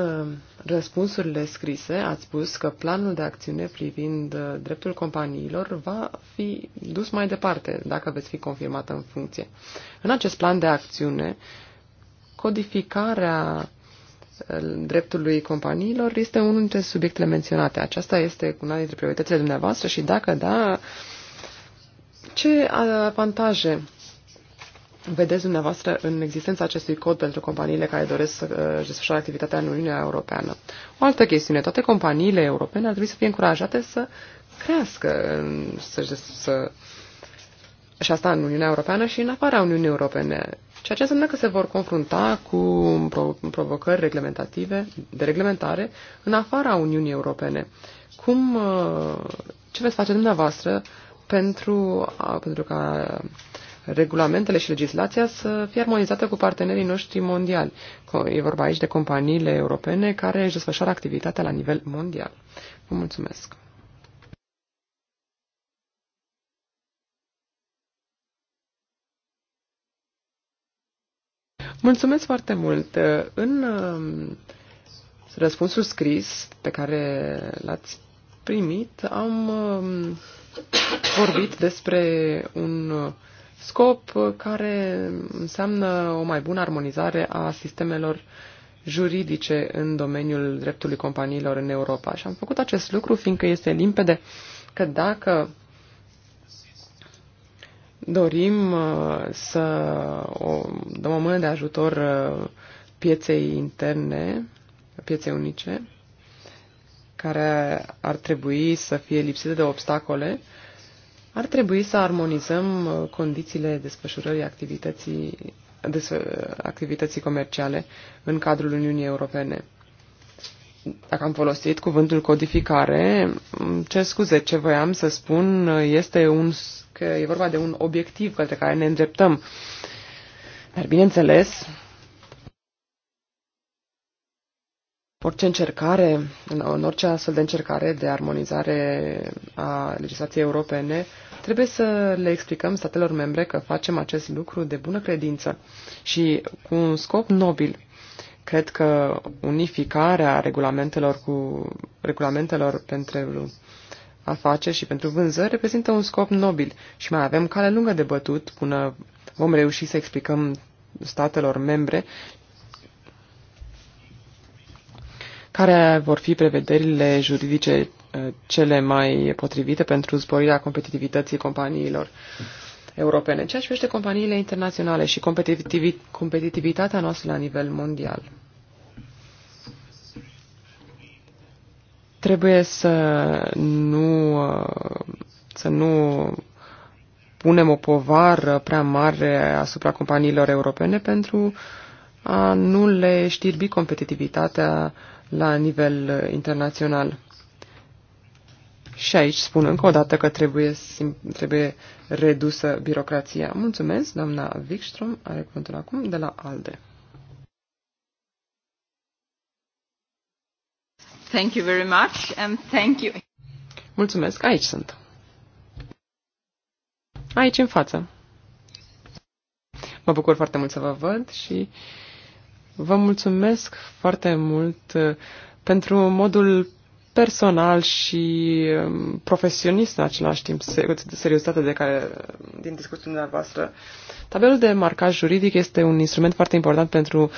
Speaker 4: răspunsurile scrise ați spus că planul de acțiune privind uh, dreptul companiilor va fi dus mai departe dacă veți fi confirmată în funcție. În acest plan de acțiune, codificarea uh, dreptului companiilor este unul dintre subiectele menționate. Aceasta este una dintre prioritățile dumneavoastră și dacă da, ce avantaje vedeți dumneavoastră în existența acestui cod pentru companiile care doresc să uh, desfășoare activitatea în Uniunea Europeană? O altă chestiune, toate companiile europene ar trebui să fie încurajate să crească, să, să, și asta în Uniunea Europeană și în afara Uniunii Europene. Ceea ce înseamnă că se vor confrunta cu provocări reglementative, de reglementare, în afara Uniunii Europene. Cum, uh, ce veți face dumneavoastră pentru, pentru ca regulamentele și legislația să fie armonizată cu partenerii noștri mondiali. E vorba aici de companiile europene care își desfășoară activitatea la nivel mondial. Vă mulțumesc! Mulțumesc foarte mult! În um, răspunsul scris pe care l-ați primit, am um, vorbit despre un scop uh, care înseamnă o mai bună armonizare a sistemelor juridice în domeniul dreptului companiilor în Europa. Și am făcut acest lucru fiindcă este limpede că dacă dorim uh, să o, dăm o mână de ajutor uh, pieței interne, pieței unice, care ar trebui să fie lipsite de obstacole, ar trebui să armonizăm uh, condițiile desfășurării activității, des, activității comerciale în cadrul Uniunii Europene. Dacă am folosit cuvântul codificare, ce scuze, ce voiam să spun uh, este un, că e vorba de un obiectiv către care ne îndreptăm. Dar bineînțeles, orice încercare, în orice astfel de încercare de armonizare a legislației europene, trebuie să le explicăm statelor membre că facem acest lucru de bună credință și cu un scop nobil. Cred că unificarea regulamentelor, cu, regulamentelor pentru afaceri și pentru vânzări reprezintă un scop nobil și mai avem cale lungă de bătut până vom reuși să explicăm statelor membre care vor fi prevederile juridice uh, cele mai potrivite pentru sporirea competitivității companiilor europene, ceea ce privește companiile internaționale și competitiv competitivitatea noastră la nivel mondial. Trebuie să nu, uh, să nu punem o povară prea mare asupra companiilor europene pentru a nu le știrbi competitivitatea uh, la nivel uh, internațional. Și aici spun încă o dată că trebuie, trebuie redusă birocrația. Mulțumesc, doamna Wikström are cuvântul acum de la ALDE.
Speaker 2: Thank you very much and thank you.
Speaker 4: Mulțumesc, aici sunt. Aici în față. Mă bucur foarte mult să vă văd și uh, Vă mulțumesc foarte mult uh, pentru modul personal și um, profesionist în același timp, de seriozitate de care, din discursul dumneavoastră. Tabelul de marcaj juridic este un instrument foarte important pentru,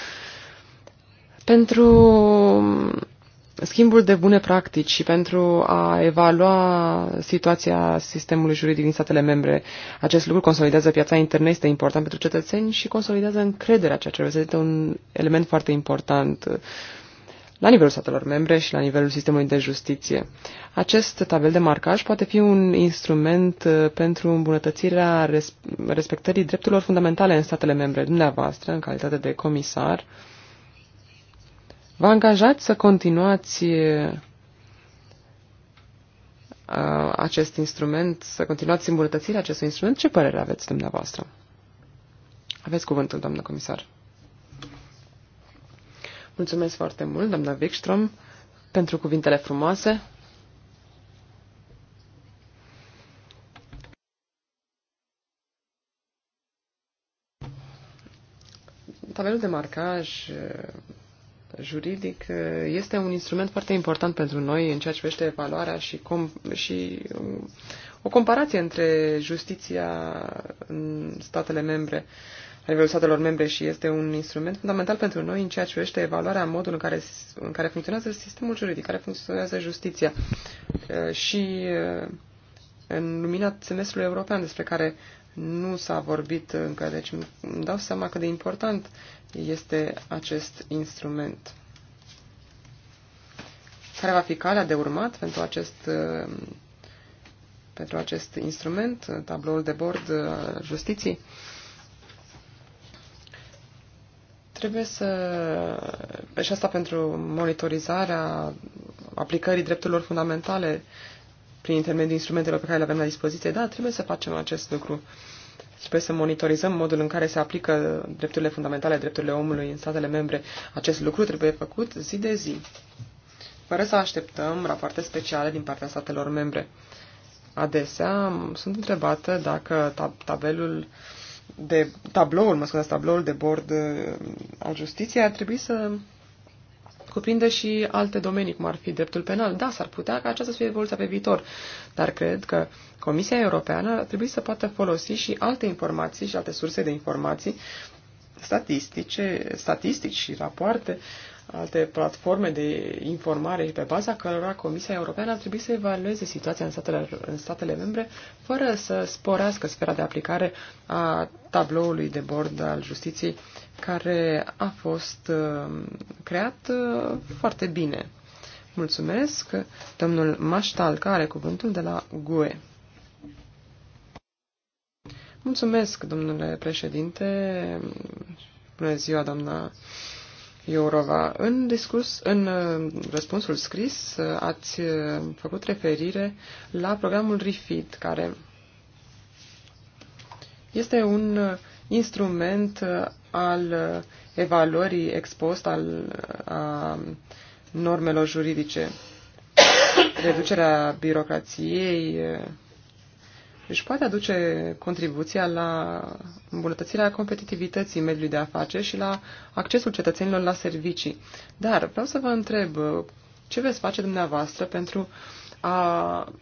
Speaker 4: pentru um, schimbul de bune practici și pentru a evalua situația sistemului juridic din statele membre. Acest lucru consolidează piața internă, este important pentru cetățeni și consolidează încrederea, ceea ce reprezintă un element foarte important la nivelul statelor membre și la nivelul sistemului de justiție. Acest tabel de marcaj poate fi un instrument uh, pentru îmbunătățirea respectării drepturilor fundamentale în statele membre. Dumneavoastră, în calitate de comisar, Vă angajați să continuați uh, acest instrument, să continuați îmbunătățirea acestui instrument? Ce părere aveți dumneavoastră? Aveți cuvântul, doamnă comisar. Mulțumesc foarte mult, doamna Wikström, pentru cuvintele frumoase. Tabelul de marcaj juridic este un instrument foarte important pentru noi în ceea ce privește evaluarea și, com- și um, o comparație între justiția în statele membre, la nivelul statelor membre și este un instrument fundamental pentru noi în ceea ce privește evaluarea modul în care, în care funcționează sistemul juridic, care funcționează justiția uh, și uh, în lumina semestrului european despre care nu s-a vorbit încă, deci îmi dau seama cât de important este acest instrument. Care va fi calea de urmat pentru acest, pentru acest instrument, tabloul de bord justiției? Trebuie să... și asta pentru monitorizarea aplicării drepturilor fundamentale prin intermediul instrumentelor pe care le avem la dispoziție. Da, trebuie să facem acest lucru. Trebuie să monitorizăm modul în care se aplică drepturile fundamentale, drepturile omului în statele membre. Acest lucru trebuie făcut zi de zi, fără să așteptăm rapoarte speciale din partea statelor membre. Adesea sunt întrebată dacă tab- tabelul de tabloul, mă scuzați, tabloul de bord uh, al justiției ar trebui să cuprinde și alte domenii, cum ar fi dreptul penal. Da, s-ar putea ca aceasta să fie evoluția pe viitor, dar cred că Comisia Europeană ar trebui să poată folosi și alte informații și alte surse de informații statistice, statistici și rapoarte alte platforme de informare și pe baza cărora Comisia Europeană ar trebui să evalueze situația în statele, în statele membre fără să sporească sfera de aplicare a tabloului de bord al justiției care a fost uh, creat uh, foarte bine. Mulțumesc. Domnul Maștalca are cuvântul de la GUE. Mulțumesc, domnule președinte. Bună ziua, doamna Iorova. În, discurs, în uh, răspunsul scris uh, ați uh, făcut referire la programul REFIT, care este un instrument al evaluării expost al a normelor juridice, reducerea birocrației, își deci poate aduce contribuția la îmbunătățirea competitivității mediului de afaceri și la accesul cetățenilor la servicii. Dar vreau să vă întreb, ce veți face dumneavoastră pentru a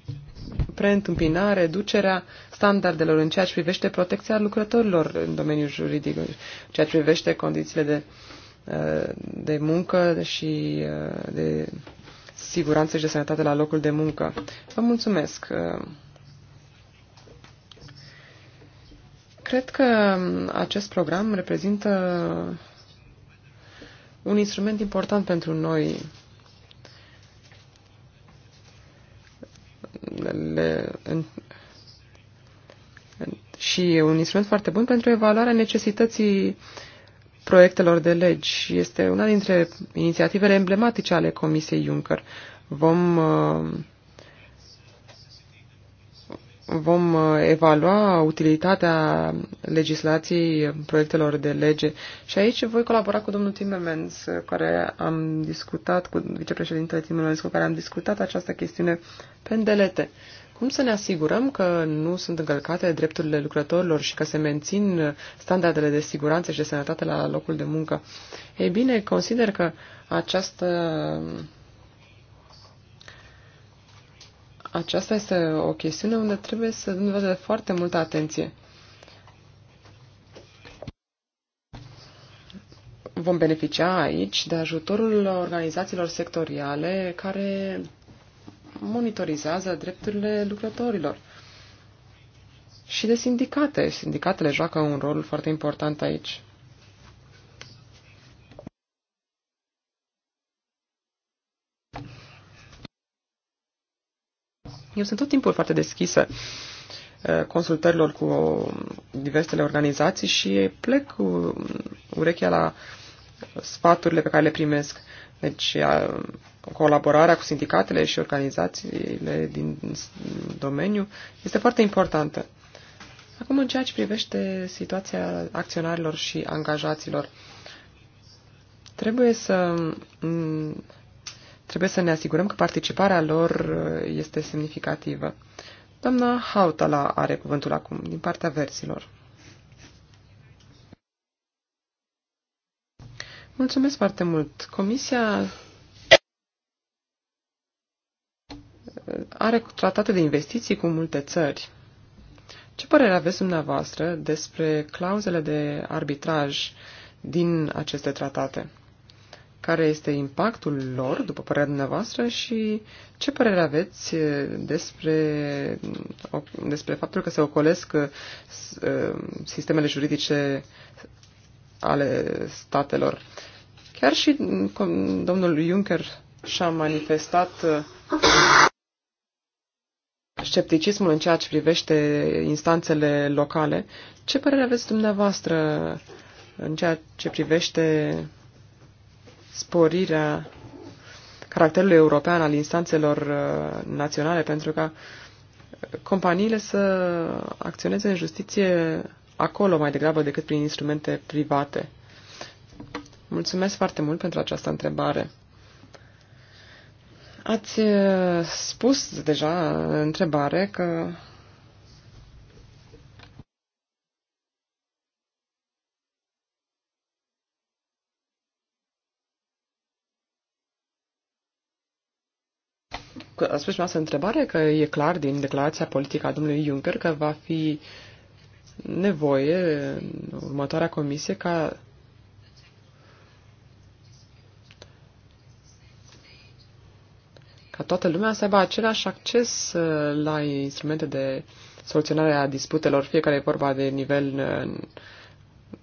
Speaker 4: preîntâmpina reducerea standardelor în ceea ce privește protecția lucrătorilor în domeniul juridic, în ceea ce privește condițiile de, uh, de muncă și uh, de siguranță și de sănătate la locul de muncă. Vă mulțumesc! Uh, Cred că acest program reprezintă un instrument important pentru noi. Le, în, și e un instrument foarte bun pentru evaluarea necesității proiectelor de legi. Este una dintre inițiativele emblematice ale Comisiei Juncker. Vom uh, vom uh, evalua utilitatea legislației proiectelor de lege și aici voi colabora cu domnul Timmermans, uh, care am discutat, cu vicepreședintele Timmermans, cu care am discutat această chestiune îndelete. Cum să ne asigurăm că nu sunt încălcate drepturile lucrătorilor și că se mențin standardele de siguranță și de sănătate la locul de muncă? Ei bine, consider că această aceasta este o chestiune unde trebuie să dăm de foarte multă atenție. Vom beneficia aici de ajutorul organizațiilor sectoriale care monitorizează drepturile lucrătorilor. Și de sindicate. Sindicatele joacă un rol foarte important aici. Eu sunt tot timpul foarte deschisă uh, consultărilor cu diversele organizații și plec cu urechea la sfaturile pe care le primesc. Deci uh, colaborarea cu sindicatele și organizațiile din domeniu este foarte importantă. Acum, în ceea ce privește situația acționarilor și angajaților, trebuie să mm, Trebuie să ne asigurăm că participarea lor uh, este semnificativă. Doamna Hautala are cuvântul acum, din partea verzilor. Mulțumesc foarte mult. Comisia are tratate de investiții cu multe țări. Ce părere aveți dumneavoastră despre clauzele de arbitraj din aceste tratate? care este impactul lor, după părerea dumneavoastră, și ce părere aveți despre, despre faptul că se ocolesc sistemele juridice ale statelor. Chiar și domnul Juncker și-a manifestat scepticismul în ceea ce privește instanțele locale. Ce părere aveți dumneavoastră în ceea ce privește sporirea caracterului european al instanțelor uh, naționale pentru ca uh, companiile să acționeze în justiție acolo mai degrabă decât prin instrumente private. Mulțumesc foarte mult pentru această întrebare. Ați uh, spus deja întrebare că a spus noastră întrebare că e clar din declarația politică a domnului Juncker că va fi nevoie în următoarea comisie ca ca toată lumea să aibă același acces uh, la instrumente de soluționare a disputelor, fie că e vorba de nivel uh,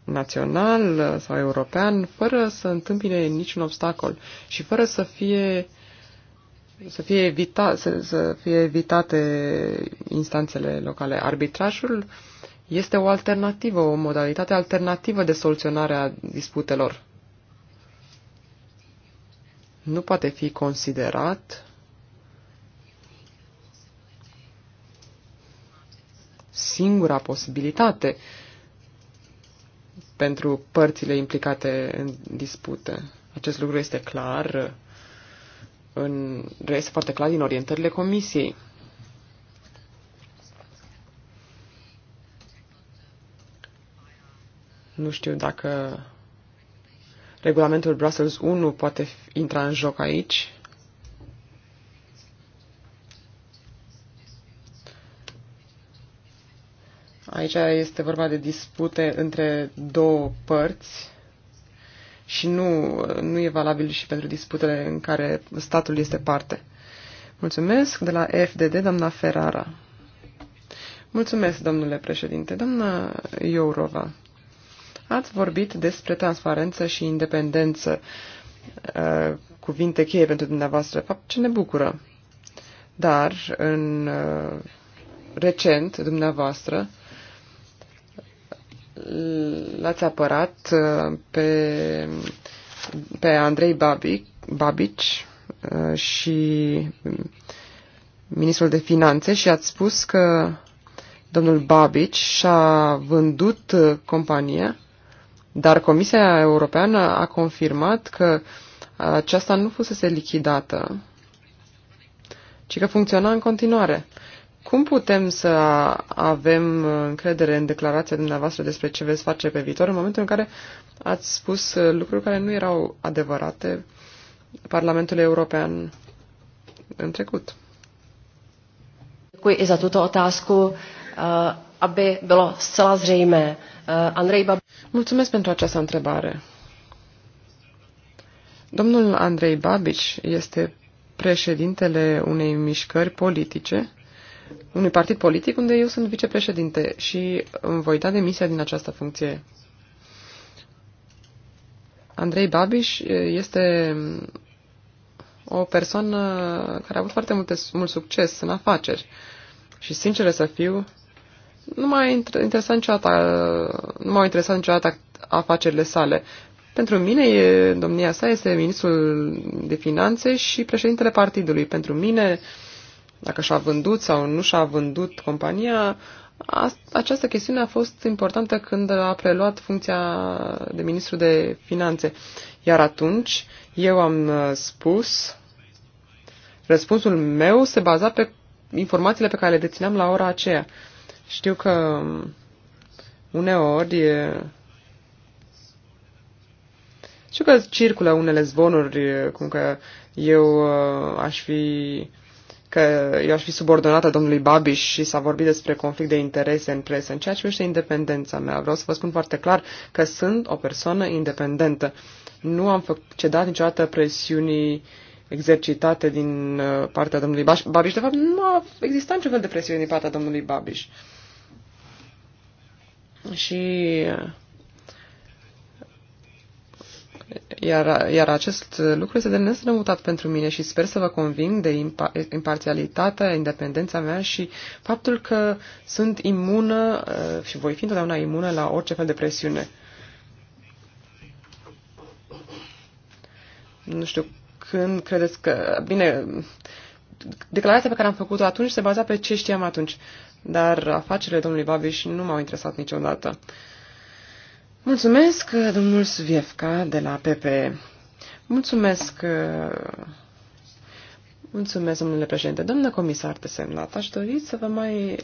Speaker 4: național uh, sau european, fără să întâmpine niciun obstacol și fără să fie uh, să fie, evita, să, să fie evitate instanțele locale. Arbitrajul este o alternativă, o modalitate alternativă de soluționare a disputelor. Nu poate fi considerat singura posibilitate pentru părțile implicate în dispute. Acest lucru este clar în, rest foarte clar din orientările comisiei. Nu știu dacă regulamentul Brussels 1 poate intra în joc aici. Aici este vorba de dispute între două părți și nu, nu e valabil și pentru disputele în care statul este parte. Mulțumesc de la FDD, doamna Ferrara. Mulțumesc, domnule președinte. Doamna Iourova, ați vorbit despre transparență și independență, uh, cuvinte cheie pentru dumneavoastră, fapt ce ne bucură. Dar, în uh, recent, dumneavoastră, l-ați apărat uh, pe, pe Andrei Babic, Babici uh, și ministrul de finanțe și ați spus că domnul Babici și-a vândut compania, dar Comisia Europeană a confirmat că aceasta nu fusese lichidată, ci că funcționa în continuare. Cum putem să avem încredere în declarația dumneavoastră despre ce veți face pe viitor în momentul în care ați spus lucruri care nu erau adevărate
Speaker 1: Parlamentul European în trecut? Děkuji i za tuto otázku, eh, aby bylo zcela zřejmé. Eh, Andrei Babiš. Mulțumesc pentru această întrebare. Domnul
Speaker 4: Andrei Babiš este președintele unei mișcări politice unui partid politic unde eu sunt vicepreședinte și îmi voi da demisia din această funcție. Andrei Babiș este o persoană care a avut foarte multe, mult succes în afaceri și, sincer să fiu, nu m au interesat niciodată, nu m-au interesat niciodată afacerile sale. Pentru mine, domnia sa este ministrul de finanțe și președintele partidului. Pentru mine, uh, dacă și-a vândut sau nu și-a vândut compania, această chestiune a fost importantă când a preluat funcția de ministru de finanțe. Iar atunci eu am uh, spus, răspunsul meu se baza pe informațiile pe care le dețineam la ora aceea. Știu că um, uneori e... știu că circulă unele zvonuri cum că eu uh, aș fi că eu aș fi subordonată domnului Babiș și s-a vorbit despre conflict de interese în presă. În ceea ce privește independența mea, vreau să vă spun foarte clar că sunt o persoană independentă. Nu am cedat niciodată presiunii exercitate din uh, partea domnului Babiș. De fapt, nu a existat niciun fel de presiune din partea domnului Babiș. Și uh, iar, iar acest lucru este de nesrămutat pentru mine și sper să vă conving de impar- imparțialitatea, independența mea și faptul că sunt imună uh, și voi fi întotdeauna imună la orice fel de presiune. Nu știu când credeți că... Bine, declarația pe care am făcut-o atunci se baza pe ce știam atunci, dar afacerile domnului Babiș nu m-au interesat niciodată. Uh, Mulțumesc, domnul Suviefca de la PP. Mulțumesc, mulțumesc, domnule președinte. Domnule comisar de semnat, aș dori să vă mai,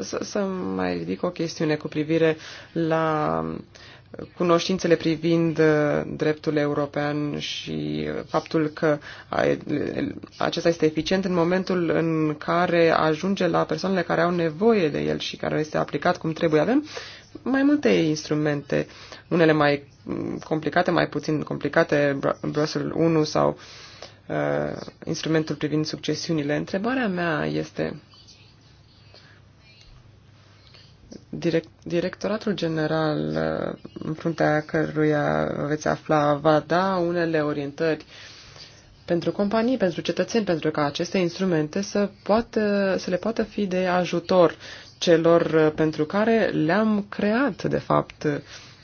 Speaker 4: să, să mai ridic o chestiune cu privire la cunoștințele privind dreptul european și faptul că acesta este eficient în momentul în care ajunge la persoanele care au nevoie de el și care este aplicat cum trebuie. Avem mai multe instrumente, unele mai complicate, mai puțin complicate, Brussels 1 sau uh, instrumentul privind succesiunile. Întrebarea mea este direct, directoratul general uh, în fruntea căruia veți afla va da unele orientări pentru companii, pentru cetățeni, pentru ca aceste instrumente să, poată, să le poată fi de ajutor celor uh, pentru care le-am creat, de fapt, uh,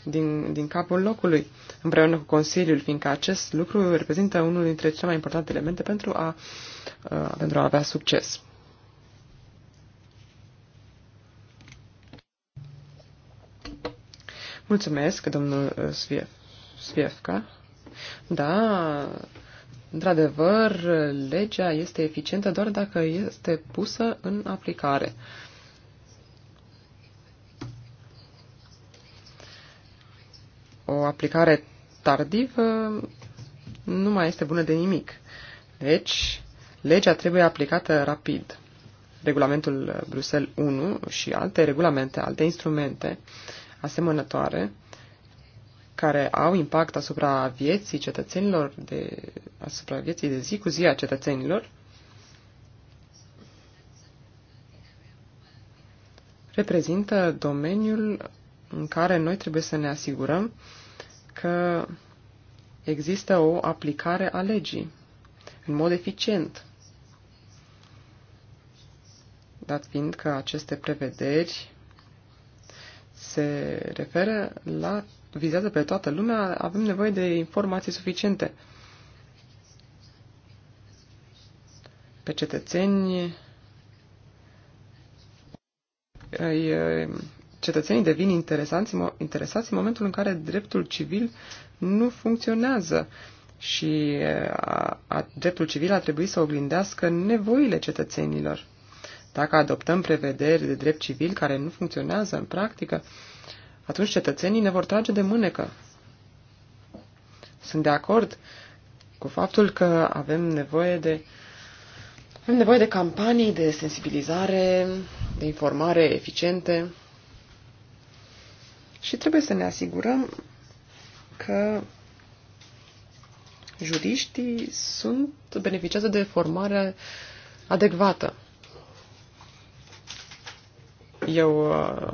Speaker 4: din, din capul locului, împreună cu Consiliul, fiindcă acest lucru reprezintă unul dintre cele mai importante elemente pentru a, uh, pentru a avea succes. Mulțumesc, domnul Svief, Sviefka. Da, într-adevăr, legea este eficientă doar dacă este pusă în aplicare. Uh, o aplicare tardivă nu mai este bună de nimic. Deci, legea trebuie aplicată rapid. Regulamentul Bruxelles 1 și alte regulamente, alte instrumente asemănătoare care au impact asupra vieții cetățenilor, de, asupra vieții de zi cu zi a cetățenilor, reprezintă domeniul în care noi trebuie să ne asigurăm că există o aplicare a legii în mod eficient, dat fiind că aceste prevederi se referă la, vizează pe toată lumea, avem nevoie de informații suficiente. Pe cetățeni îi cetățenii devin interesanți, interesați în momentul în care dreptul civil nu funcționează și a, a, dreptul civil a trebuit să oglindească nevoile cetățenilor. Dacă adoptăm prevederi de drept civil care nu funcționează în practică, atunci cetățenii ne vor trage de mânecă. Sunt de acord cu faptul că avem nevoie de avem nevoie de campanii de sensibilizare, de informare eficiente, și trebuie să ne asigurăm că juriștii sunt, beneficiază de formare adecvată. Eu uh,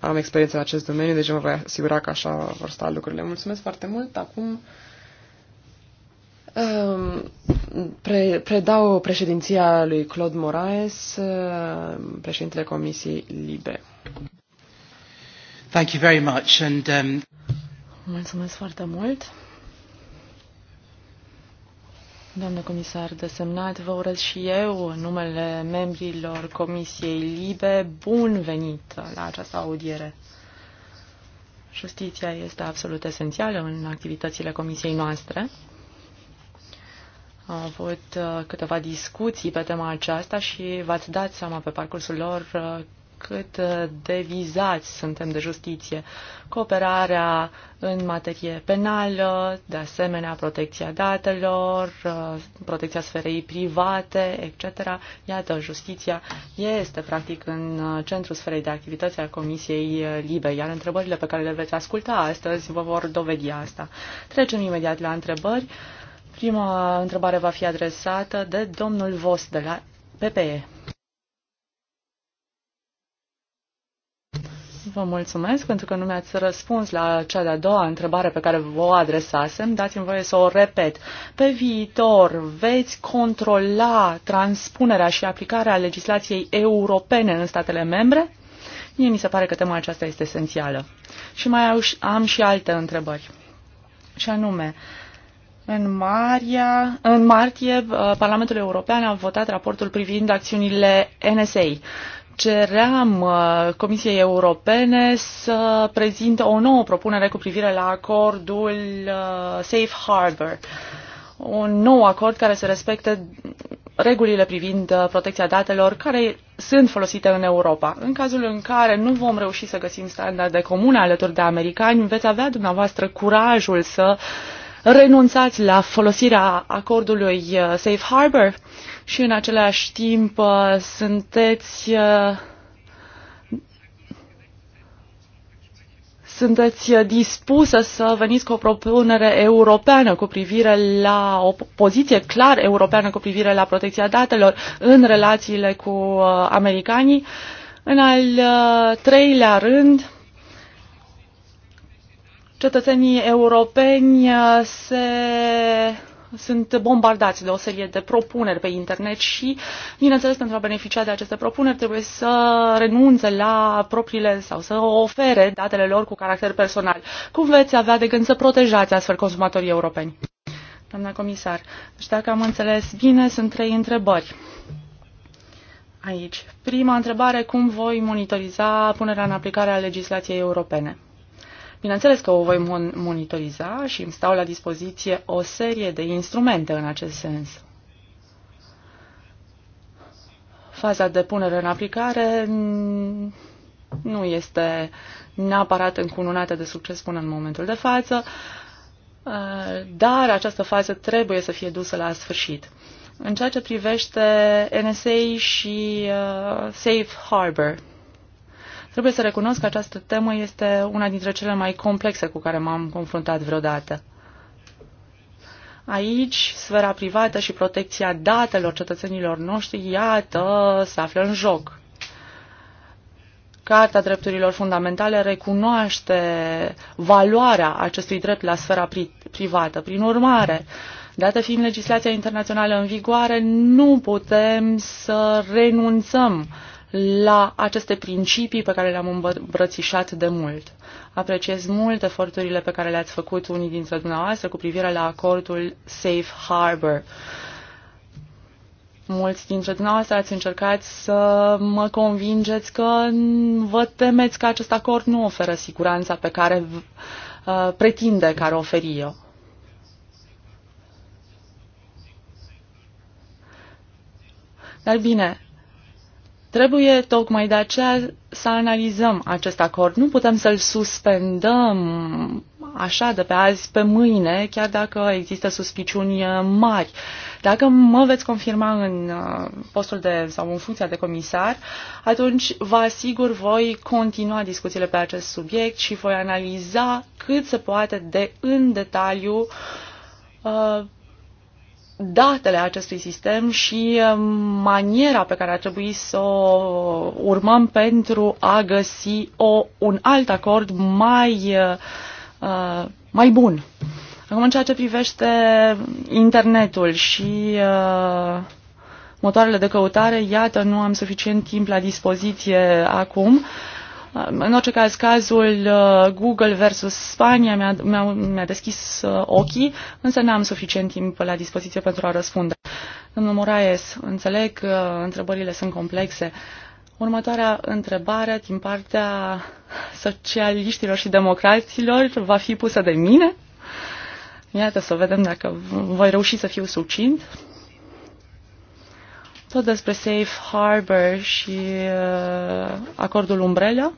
Speaker 4: am experiență în acest domeniu, deci mă voi asigura că așa vor sta lucrurile. Mulțumesc foarte mult. Acum um, pre, predau președinția lui Claude Moraes, uh, președintele Comisiei Libe. Thank you very much and, um...
Speaker 3: Mulțumesc foarte mult. Doamnă comisar desemnat, vă urez și eu, în numele membrilor Comisiei Libe, bun venit la această audiere. Justiția este absolut esențială în activitățile Comisiei noastre. Am avut uh, câteva discuții pe tema aceasta și v-ați dat seama pe parcursul lor uh, cât uh, de vizați suntem de justiție. Cooperarea în materie penală, de asemenea protecția datelor, uh, protecția sferei private, etc. Iată, justiția este practic în uh, centrul sferei de activități a Comisiei Libe, iar întrebările pe care le veți asculta astăzi vă vor dovedi asta. Trecem imediat la întrebări. Prima întrebare va fi adresată de domnul Vos de la PPE. Vă mulțumesc pentru că nu mi-ați răspuns la cea de-a doua întrebare pe care vă o adresasem. Dați-mi voie să o repet. Pe viitor veți controla transpunerea și aplicarea legislației europene în statele membre? Mie mi se pare că tema aceasta este esențială. Și mai am și alte întrebări. Și anume, în, Maria, în martie, Parlamentul European a votat raportul privind acțiunile NSA ceream uh, Comisiei Europene să prezinte o nouă propunere cu privire la acordul uh, Safe Harbor, un nou acord care să respecte regulile privind uh, protecția datelor care sunt folosite în Europa. În cazul în care nu vom reuși să găsim standarde comune alături de americani, veți avea dumneavoastră curajul să renunțați la folosirea acordului Safe Harbor? Uh, și în același timp uh, sunteți uh, sunteți dispusă să veniți cu o propunere europeană cu privire la o poziție clar europeană cu privire la protecția datelor în relațiile cu uh, americanii. În al treilea rând, cetățenii europeni se sunt bombardați de o serie de propuneri pe internet și, bineînțeles, pentru a beneficia de aceste propuneri trebuie să renunțe la propriile sau să ofere datele lor cu caracter personal. Cum veți avea de gând să protejați astfel consumatorii europeni? Doamna comisar, deci dacă am înțeles bine, sunt trei întrebări aici. Prima întrebare, cum voi monitoriza punerea în aplicare a legislației europene? Bineînțeles că o voi monitoriza și îmi stau la dispoziție o serie de instrumente în acest sens. Faza de punere în aplicare nu este neapărat încununată de succes până în momentul de față, uh, dar această fază trebuie să fie dusă la sfârșit. În ceea ce privește NSA și uh, Safe Harbor, Trebuie să recunosc că această temă este una dintre cele mai complexe cu care m-am confruntat vreodată. Aici, sfera privată și protecția datelor cetățenilor noștri, iată, se află în joc. Carta Drepturilor Fundamentale recunoaște valoarea acestui drept la sfera pri privată. Prin urmare, dată fiind legislația internațională în vigoare, nu putem să renunțăm la aceste principii pe care le-am îmbrățișat de mult. Apreciez mult eforturile pe care le-ați făcut unii dintre dumneavoastră cu privire la acordul Safe Harbor. Mulți dintre dumneavoastră ați încercat să mă convingeți că vă temeți că acest acord nu oferă siguranța pe care uh, pretinde că ar oferi eu. Dar bine, Trebuie tocmai de aceea să analizăm acest acord. Nu putem să-l suspendăm așa de pe azi pe mâine, chiar dacă există suspiciuni uh, mari. Dacă mă veți confirma în uh, postul de sau în funcția de comisar, atunci vă asigur voi continua discuțiile pe acest subiect și voi analiza cât se poate de în detaliu uh, datele acestui sistem și um, maniera pe care ar trebui să o urmăm pentru a găsi o, un alt acord mai, uh, mai bun. Acum, în ceea ce privește internetul și uh, motoarele de căutare, iată, nu am suficient timp la dispoziție acum. Uh, în orice caz, cazul uh, Google versus Spania mi-a, mi-a, mi-a deschis uh, ochii, însă n-am suficient timp la dispoziție pentru a răspunde. Domnul Moraes, înțeleg că întrebările sunt complexe. Următoarea întrebare din partea socialiștilor și democraților va fi pusă de mine. Iată să vedem dacă voi reuși să fiu sucint. Tot despre Safe Harbor și uh, acordul Umbrella.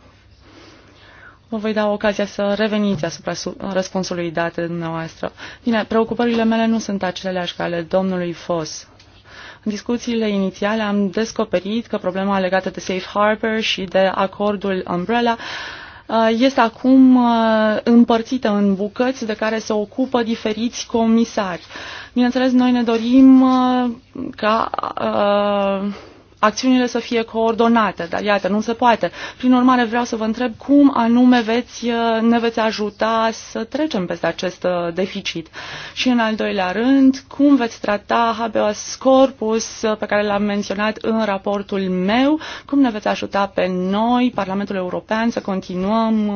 Speaker 3: Vă voi da ocazia să reveniți asupra răspunsului dat de dumneavoastră. Bine, preocupările mele nu sunt aceleași ca ale domnului Foss. În discuțiile inițiale am descoperit că problema legată de Safe Harbor și de acordul Umbrella uh, este acum uh, împărțită în bucăți de care se ocupă diferiți comisari. Bineînțeles, noi ne dorim uh, ca acțiunile să fie coordonate, dar iată, nu se poate. Prin urmare, vreau să vă întreb cum anume veți, uh, ne veți ajuta să trecem peste acest uh, deficit. Și în al doilea rând, cum veți trata habeas corpus uh, pe care l-am menționat în raportul meu, cum ne veți ajuta pe noi, Parlamentul European, să continuăm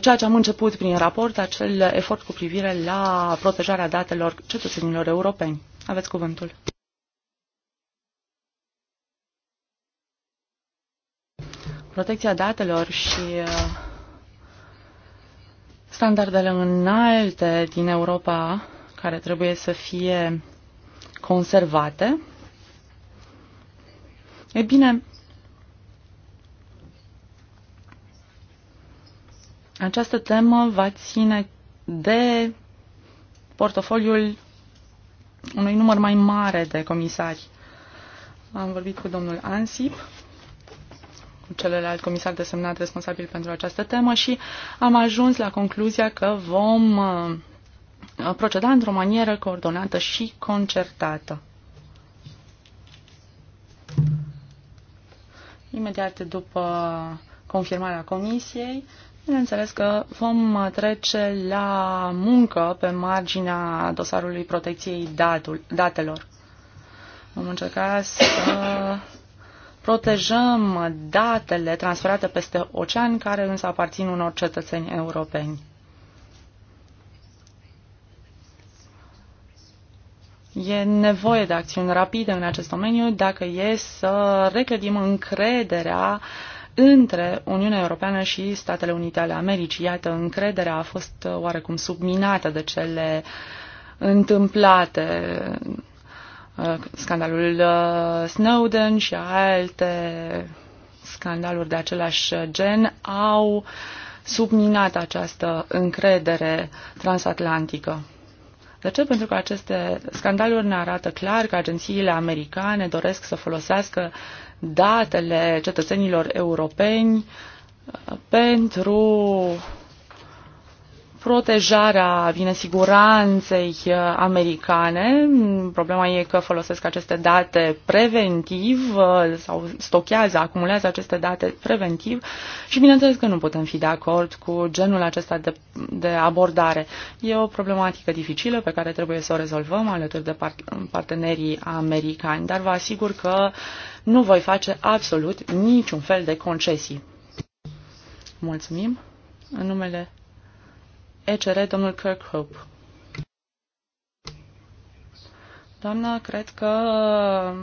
Speaker 3: ceea ce am început prin raport, acel efort cu privire la protejarea datelor cetățenilor europeni. Aveți cuvântul. protecția datelor și uh, standardele înalte din Europa care trebuie să fie conservate. E bine, această temă va ține de portofoliul unui număr mai mare de comisari. Am vorbit cu domnul Ansip cu celălalt comisar desemnat responsabil pentru această temă și am ajuns la concluzia că vom uh, proceda într-o manieră coordonată și concertată. Imediat după confirmarea comisiei, bineînțeles că vom trece la muncă pe marginea dosarului protecției datul, datelor. Vom încerca să protejăm datele transferate peste ocean, care însă aparțin unor cetățeni europeni. E nevoie de acțiuni rapide în acest domeniu dacă e să reclădim încrederea între Uniunea Europeană și Statele Unite ale Americii. Iată, încrederea a fost oarecum subminată de cele întâmplate Uh, scandalul uh, Snowden și alte scandaluri de același gen au subminat această încredere transatlantică. De ce? Pentru că aceste scandaluri ne arată clar că agențiile americane doresc să folosească datele cetățenilor europeni uh, pentru protejarea, vine siguranței uh, americane. Problema e că folosesc aceste date preventiv uh, sau stochează, acumulează aceste date preventiv și bineînțeles că nu putem fi de acord cu genul acesta de, de abordare. E o problematică dificilă pe care trebuie să o rezolvăm alături de part partenerii americani, dar vă asigur că nu voi face absolut niciun fel de concesii. Mulțumim. În numele ECR, domnul Kirkhope. Doamnă, cred că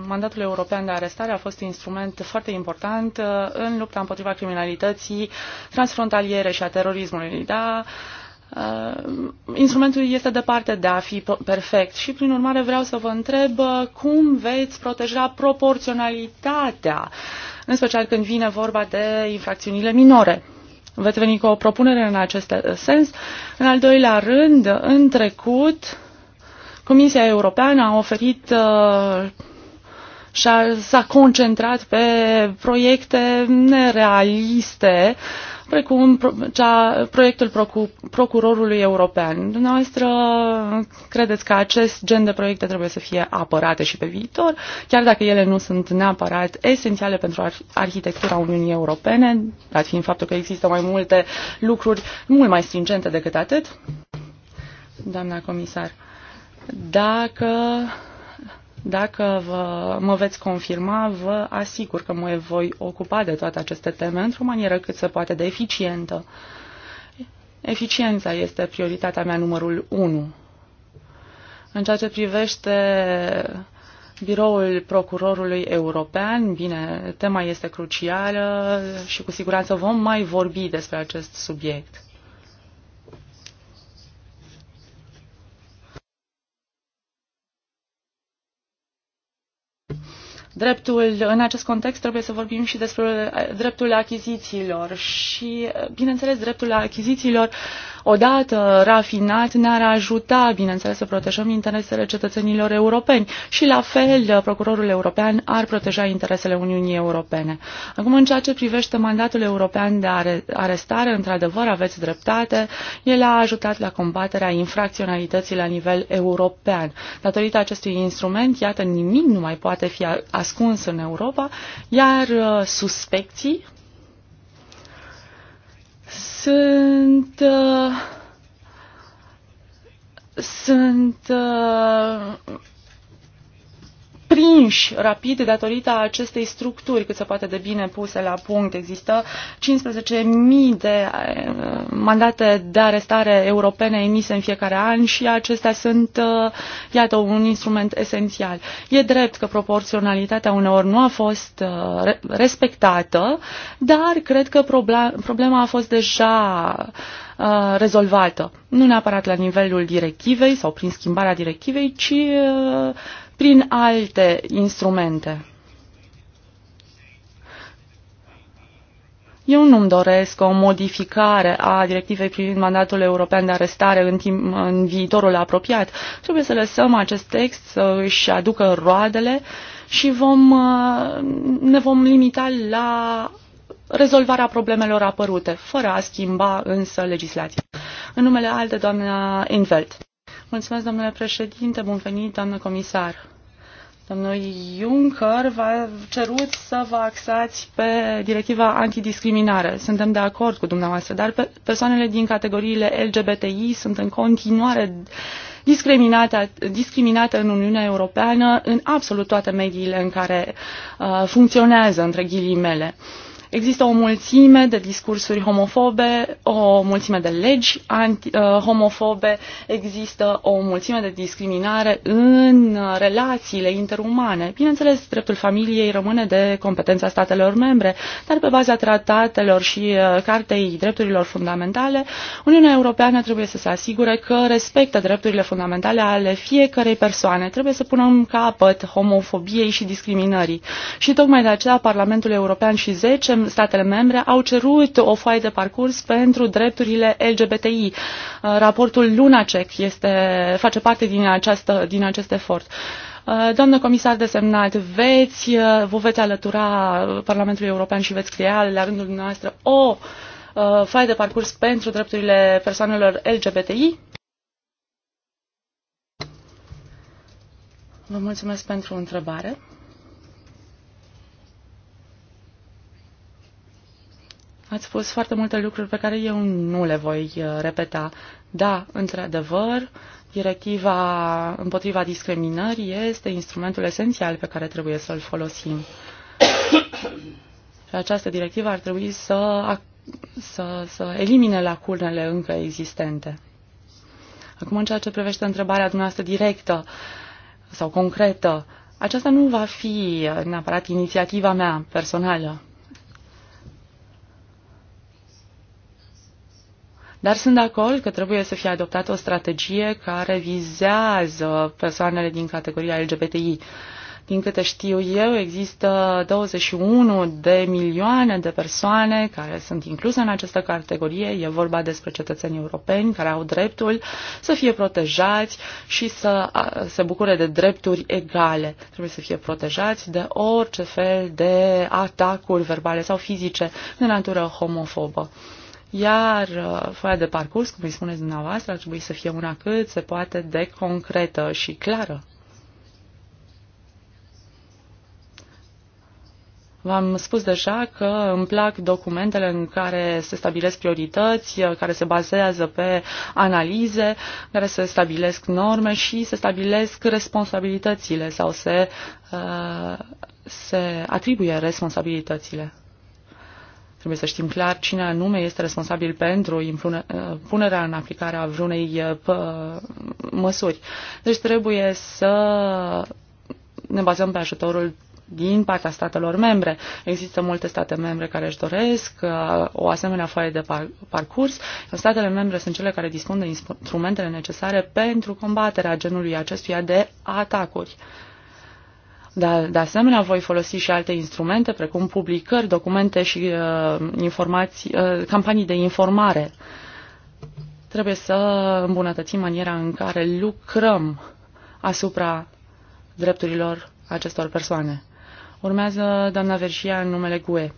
Speaker 3: mandatul european de arestare a fost un instrument foarte important uh, în lupta împotriva criminalității transfrontaliere și a terorismului. Da? Uh, instrumentul este departe de a fi perfect și, prin urmare, vreau să vă întreb uh, cum veți proteja proporționalitatea, în special când vine vorba de infracțiunile minore veți veni cu o propunere în acest sens. În al doilea rând, în trecut, Comisia Europeană a oferit uh, s-a concentrat pe proiecte nerealiste, precum cea, proiectul procu, procurorului european. Dumneavoastră credeți că acest gen de proiecte trebuie să fie apărate și pe viitor, chiar dacă ele nu sunt neapărat esențiale pentru ar, arhitectura Uniunii Europene, dat fiind faptul că există mai multe lucruri mult mai stringente decât atât? Doamna comisar, dacă dacă vă, mă veți confirma, vă asigur că mă voi ocupa de toate aceste teme într-o manieră cât se poate de eficientă. Eficiența este prioritatea mea numărul 1. În ceea ce privește biroul procurorului european, bine, tema este crucială și cu siguranță vom mai vorbi despre acest subiect. dreptul, în acest context trebuie să vorbim și despre dreptul achizițiilor și, bineînțeles, dreptul achizițiilor odată rafinat ne-ar ajuta, bineînțeles, să protejăm interesele cetățenilor europeni și, la fel, procurorul european ar proteja interesele Uniunii Europene. Acum, în ceea ce privește mandatul european de are, arestare, într-adevăr, aveți dreptate, el a ajutat la combaterea infracționalității la nivel european. Datorită acestui instrument, iată, nimic nu mai poate fi ascuns în Europa, iar uh, suspecții sunt uh, sunt uh, prinși rapid datorită acestei structuri cât se poate de bine puse la punct. Există 15.000 de uh, mandate de arestare europene emise în fiecare an și acestea sunt, uh, iată, un instrument esențial. E drept că proporționalitatea uneori nu a fost uh, respectată, dar cred că problema a fost deja rezolvată. Nu neapărat la nivelul directivei sau prin schimbarea directivei, ci prin alte instrumente. Eu nu-mi doresc o modificare a directivei privind mandatul european de arestare în, timp, în viitorul apropiat. Trebuie să lăsăm acest text să își aducă roadele și vom, uh, ne vom limita la rezolvarea problemelor apărute, fără a schimba însă legislația. În numele alte, doamna Invelt. Mulțumesc, domnule președinte, bun venit, doamnă comisar. Domnul Juncker v-a cerut să vă axați pe directiva antidiscriminare. Suntem de acord cu dumneavoastră, dar pe persoanele din categoriile LGBTI sunt în continuare discriminate, discriminate în Uniunea Europeană în absolut toate mediile în care uh, funcționează, între ghilimele. Uh, Există o mulțime de discursuri homofobe, o mulțime de legi anti, uh, homofobe, există o mulțime de discriminare în relațiile interumane. Bineînțeles, dreptul familiei rămâne de competența statelor membre, dar pe baza tratatelor și uh, Cartei Drepturilor Fundamentale, Uniunea Europeană trebuie să se asigure că respectă drepturile fundamentale ale fiecărei persoane. Trebuie să punem capăt homofobiei și discriminării. Și tocmai de aceea Parlamentul European și 10 în statele membre au cerut o foaie de parcurs pentru drepturile LGBTI. Uh, raportul Lunacek este, face parte din, această, din acest efort. Uh, doamnă comisar desemnat, veți, uh, vă veți alătura Parlamentului European și veți crea la rândul noastră o foaie de parcurs pentru drepturile persoanelor LGBTI? Vă mulțumesc pentru întrebare. Ați spus foarte multe lucruri pe care eu nu le voi uh, repeta. Da, într-adevăr, directiva împotriva discriminării este instrumentul esențial pe care trebuie să-l folosim. Și această directivă ar trebui să, să, să elimine lacunele încă existente. Acum, în ceea ce privește întrebarea dumneavoastră directă sau concretă, aceasta nu va fi neapărat inițiativa mea personală. Dar sunt de acord că trebuie să fie adoptată o strategie care vizează persoanele din categoria LGBTI. Din câte știu eu, există 21 de milioane de persoane care sunt incluse în această categorie. E vorba despre cetățenii europeni care au dreptul să fie protejați și să se bucure de drepturi egale. Trebuie să fie protejați de orice fel de atacuri verbale sau fizice de natură homofobă. Iar uh, foaia de parcurs, cum îi spuneți dumneavoastră, ar trebui să fie una cât se poate de concretă și clară. V-am spus deja că îmi plac documentele în care se stabilesc priorități, uh, care se bazează pe analize, care se stabilesc norme și se stabilesc responsabilitățile sau se, uh, se atribuie responsabilitățile. Trebuie să știm clar cine anume este responsabil pentru uh, punerea în aplicare a vreunei uh, măsuri. Deci trebuie să ne bazăm pe ajutorul din partea statelor membre. Există multe state membre care își doresc uh, o asemenea foaie de par- parcurs. Statele membre sunt cele care dispun de instrumentele necesare pentru combaterea genului acestuia de atacuri. Dar, de asemenea, voi folosi și alte instrumente, precum publicări, documente și uh, informații, uh, campanii de informare. Trebuie să îmbunătățim maniera în care lucrăm asupra drepturilor acestor persoane. Urmează doamna Vergia în numele GUE.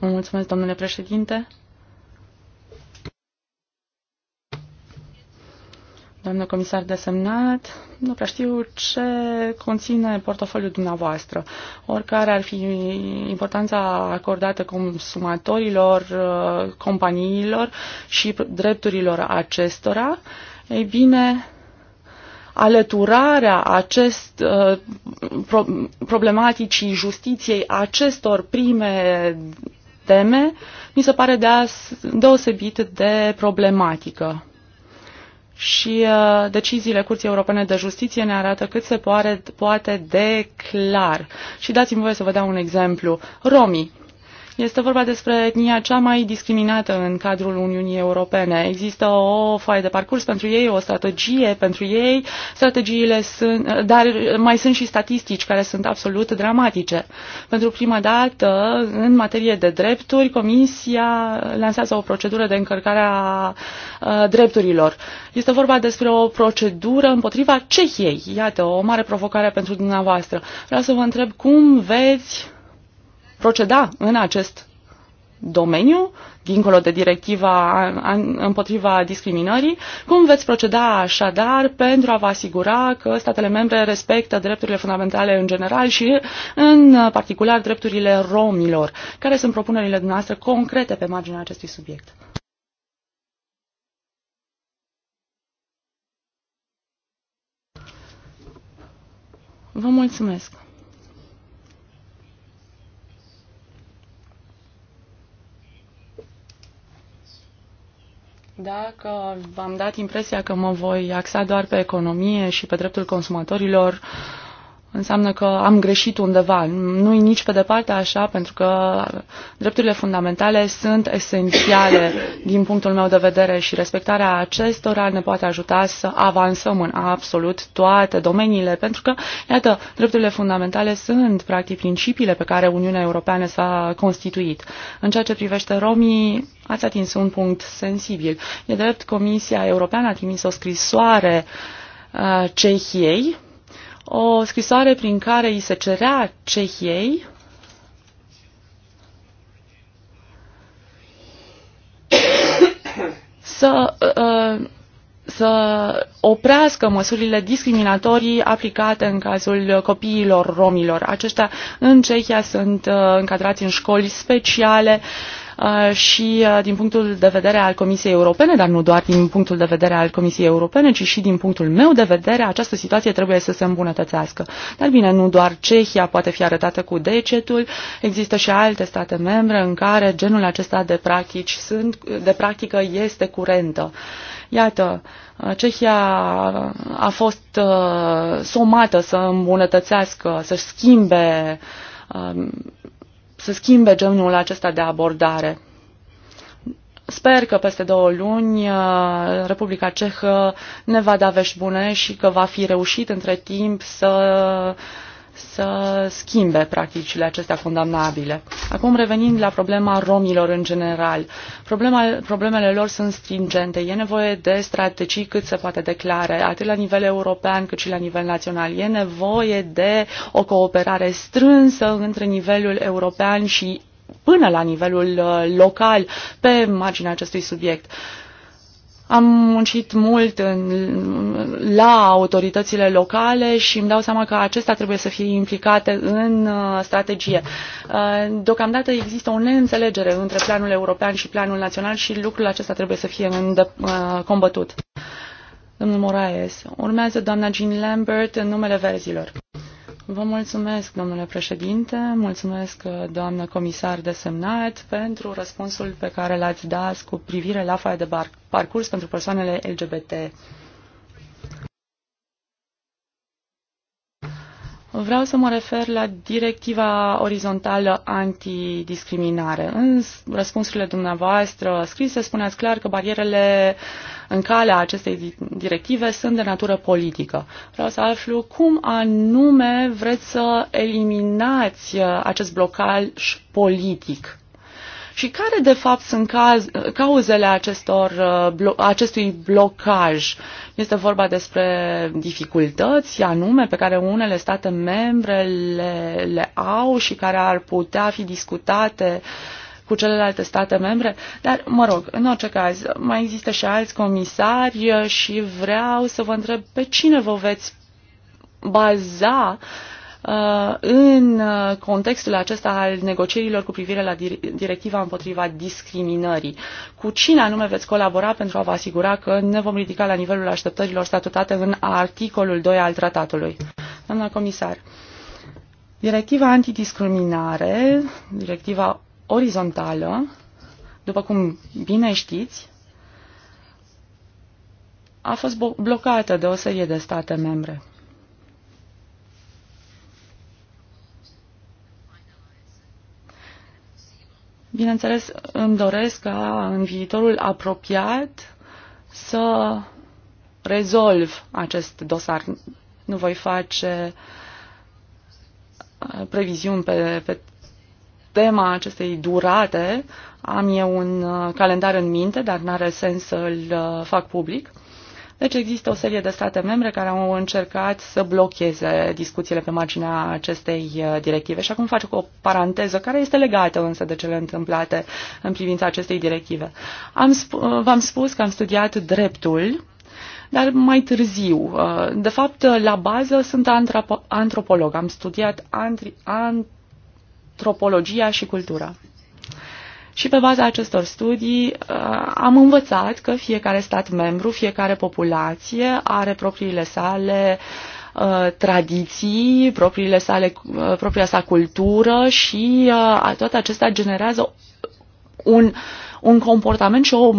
Speaker 3: mulțumesc, domnule președinte. doamnă comisar desemnat, nu prea știu ce conține portofoliul dumneavoastră. Oricare ar fi importanța acordată consumatorilor, uh, companiilor și drepturilor acestora, ei bine, alăturarea acest, uh, problematicii justiției acestor prime teme mi se pare deosebit de problematică și uh, deciziile Curții Europene de Justiție ne arată cât se poate poate de clar. Și dați-mi voie să vă dau un exemplu. Romii este vorba despre etnia cea mai discriminată în cadrul Uniunii Europene. Există o foaie de parcurs pentru ei, o strategie pentru ei, strategiile sunt, dar mai sunt și statistici care sunt absolut dramatice. Pentru prima dată, în materie de drepturi, Comisia lansează o procedură de încărcare a drepturilor. Este vorba despre o procedură împotriva Cehiei. Iată, o mare provocare pentru dumneavoastră. Vreau să vă întreb cum veți proceda în acest domeniu, dincolo de directiva împotriva discriminării, cum veți proceda așadar pentru a vă asigura că statele membre respectă drepturile fundamentale în general și în particular drepturile romilor? Care sunt propunerile dumneavoastră concrete pe marginea acestui subiect? Vă mulțumesc! Dacă v-am dat impresia că mă voi axa doar pe economie și pe dreptul consumatorilor, uh, înseamnă că am greșit undeva. Nu-i nici pe departe așa, pentru că drepturile fundamentale sunt esențiale din punctul meu de vedere și respectarea acestora ne poate ajuta să avansăm în absolut toate domeniile, pentru că, iată, drepturile fundamentale sunt, practic, principiile pe care Uniunea Europeană s-a constituit. În ceea ce privește romii, ați atins un punct sensibil. E drept, Comisia Europeană a trimis o scrisoare uh, Cehiei, o scrisoare prin care îi se cerea Cehiei să, ă, să oprească măsurile discriminatorii aplicate în cazul copiilor romilor. Aceștia în Cehia sunt ă, încadrați în școli speciale, Uh, și uh, din punctul de vedere al Comisiei Europene, dar nu doar din punctul de vedere al Comisiei Europene, ci și din punctul meu de vedere, această situație trebuie să se îmbunătățească. Dar bine, nu doar Cehia poate fi arătată cu degetul, există și alte state membre în care genul acesta de practici sunt, de practică este curentă. Iată, uh, Cehia a fost somată să îmbunătățească, să-și schimbe să schimbe genul acesta de abordare. Sper că peste două luni uh, Republica Cehă ne va da vești bune și că va fi reușit între timp să să schimbe practicile acestea condamnabile. Acum revenind la problema romilor în general. Problema, problemele lor sunt stringente. E nevoie de strategii cât se poate declare, atât la nivel european cât și la nivel național. E nevoie de o cooperare strânsă între nivelul european și până la nivelul uh, local pe marginea acestui subiect. Uh, am muncit mult în, la autoritățile locale și îmi dau seama că acestea trebuie să fie implicate în uh, strategie. Uh, deocamdată există o neînțelegere între planul european și planul național și lucrul acesta trebuie să fie îndă, uh, combătut. Domnul Moraes, urmează doamna Jean Lambert în numele verzilor. Vă mulțumesc, domnule președinte, mulțumesc, doamnă comisar desemnat, pentru răspunsul pe care l-ați dat cu privire la faia de parcurs pentru persoanele LGBT. Vreau să mă refer la directiva orizontală antidiscriminare. În răspunsurile dumneavoastră scrise spuneați clar că barierele uh, în calea acestei directive sunt de natură politică. Vreau să aflu cum anume vreți să eliminați uh, acest blocaj politic. Și care, de fapt, sunt caz, cauzele acestor, uh, blo, acestui blocaj? Este vorba despre dificultăți anume pe care unele state membre le, le au și care ar putea fi discutate uh, cu celelalte state membre, dar, mă rog, în orice caz, mai există și alți comisari și vreau să vă întreb pe cine vă veți baza uh, în uh, contextul acesta al negocierilor cu privire la directiva împotriva discriminării. Cu cine anume veți colabora pentru a vă asigura că ne vom ridica la nivelul așteptărilor statutate în articolul 2 al tratatului? Doamna comisar, directiva antidiscriminare, directiva orizontală, după cum bine știți, a fost blocată de o serie de state membre. Bineînțeles, îmi doresc ca în viitorul apropiat să rezolv acest dosar. Nu voi face uh, previziuni pe, pe tema acestei durate am eu un uh, calendar în minte, dar nu are sens să-l uh, fac public. Deci există o serie de state membre care au încercat să blocheze discuțiile pe marginea acestei uh, directive. Și acum fac o paranteză care este legată însă de cele întâmplate în privința acestei directive. Am sp- v-am spus că am studiat dreptul dar mai târziu. De fapt, la bază sunt antropolog. Am studiat antri- ant- antropologia și cultura. Și pe baza acestor studii uh, am învățat că fiecare stat membru, fiecare populație are propriile sale uh, tradiții, propriile sale, uh, propria sa cultură și toate acestea generează un un comportament și o uh,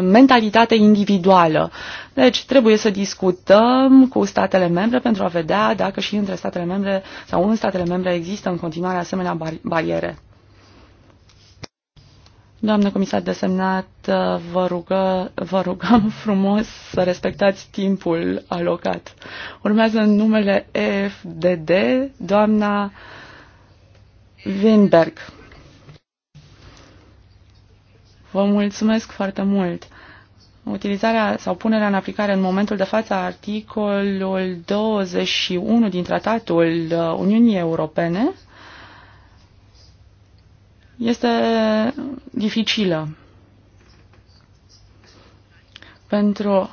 Speaker 3: mentalitate individuală. Deci trebuie să discutăm cu statele membre pentru a vedea dacă și între statele membre sau în statele membre există în continuare asemenea bar- bariere. Doamnă comisar desemnat, uh, vă, rugă, vă rugăm frumos să respectați timpul alocat. Urmează în numele FDD, doamna Winberg. Vă mulțumesc foarte mult! Utilizarea sau punerea în aplicare în momentul de față a articolul 21 din Tratatul uh, Uniunii Europene este dificilă pentru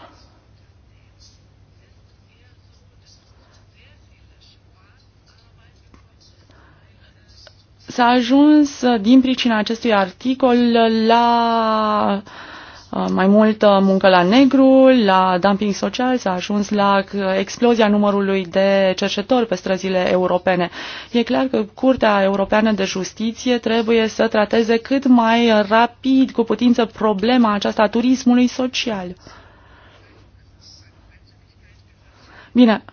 Speaker 3: S-a ajuns uh, din pricina acestui articol la uh, mai multă muncă la negru, la dumping social, s-a ajuns la uh, explozia numărului de cercetori pe străzile europene. E clar că Curtea Europeană de Justiție trebuie să trateze cât mai rapid, cu putință, problema aceasta a turismului social. Bine,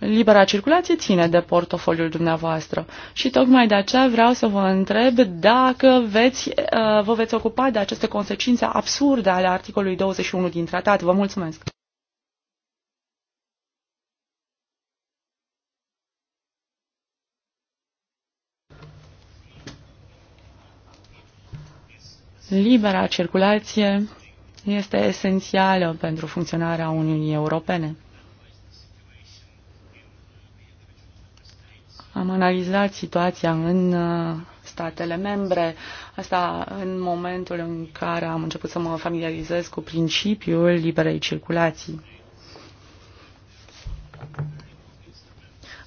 Speaker 3: Libera circulație ține de portofoliul dumneavoastră și tocmai de aceea vreau să vă întreb dacă veți, uh, vă veți ocupa de aceste consecințe absurde ale articolului 21 din tratat. Vă mulțumesc! Libera circulație este esențială pentru funcționarea Uniunii Europene. Am analizat situația în uh, statele membre, asta în momentul în care am început să mă familiarizez cu principiul liberei circulații.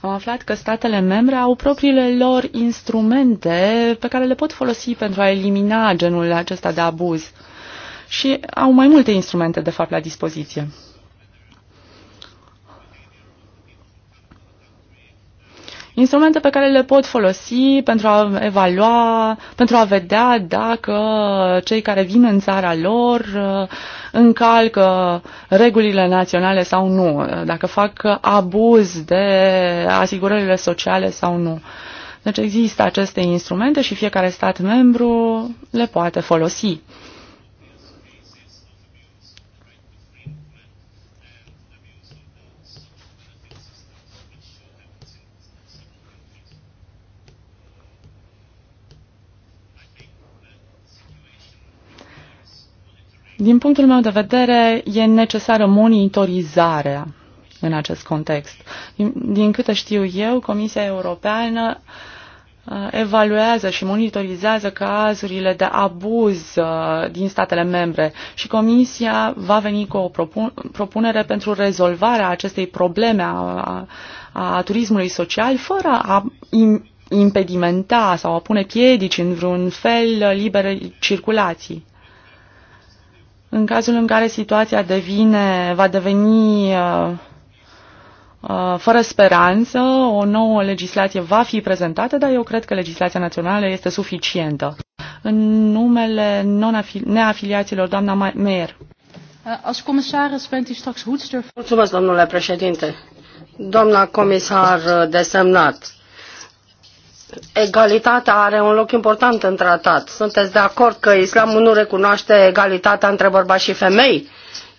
Speaker 3: Am aflat că statele membre au propriile lor instrumente pe care le pot folosi pentru a elimina genul acesta de abuz și au mai multe instrumente, de fapt, la dispoziție. instrumente pe care le pot folosi pentru a evalua, pentru a vedea dacă cei care vin în țara lor uh, încalcă regulile naționale sau nu, uh, dacă fac abuz de asigurările sociale sau nu. Deci există aceste instrumente și fiecare stat membru le poate folosi. Din punctul meu de vedere, e necesară monitorizarea în acest context. Din, din câte știu eu, Comisia Europeană uh, evaluează și monitorizează cazurile de abuz uh, din statele membre și Comisia va veni cu o propunere pentru rezolvarea acestei probleme a, a, a turismului social fără a impedimenta sau a pune piedici în vreun fel libere circulații. În cazul în care situația devine, va deveni uh, uh, fără speranță, o nouă legislație va fi prezentată, dar eu cred că legislația națională este suficientă. În numele neafiliaților, doamna Meier.
Speaker 2: Uh, als commissaris bent u straks hoedster. Mulțumesc, domnule președinte. Doamna comisar desemnat, egalitatea are un loc important în tratat. Sunteți de acord că islamul nu recunoaște egalitatea între bărbați și femei?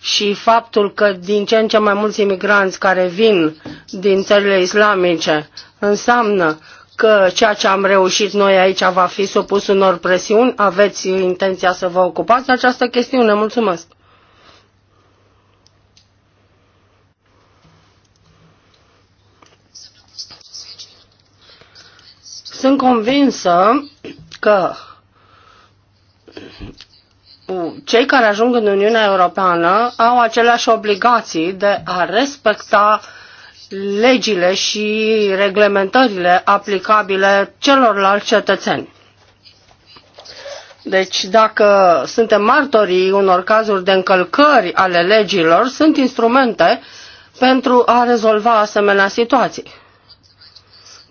Speaker 2: Și faptul că din ce în ce mai mulți imigranți care vin din țările islamice înseamnă că ceea ce am reușit noi aici va fi supus unor presiuni. Aveți intenția să vă ocupați de această chestiune? Mulțumesc! Sunt convinsă că cei care ajung în Uniunea Europeană au aceleași obligații de a respecta legile și reglementările aplicabile celorlalți cetățeni. Deci dacă suntem martorii unor cazuri de încălcări ale legilor, sunt instrumente pentru a rezolva asemenea situații.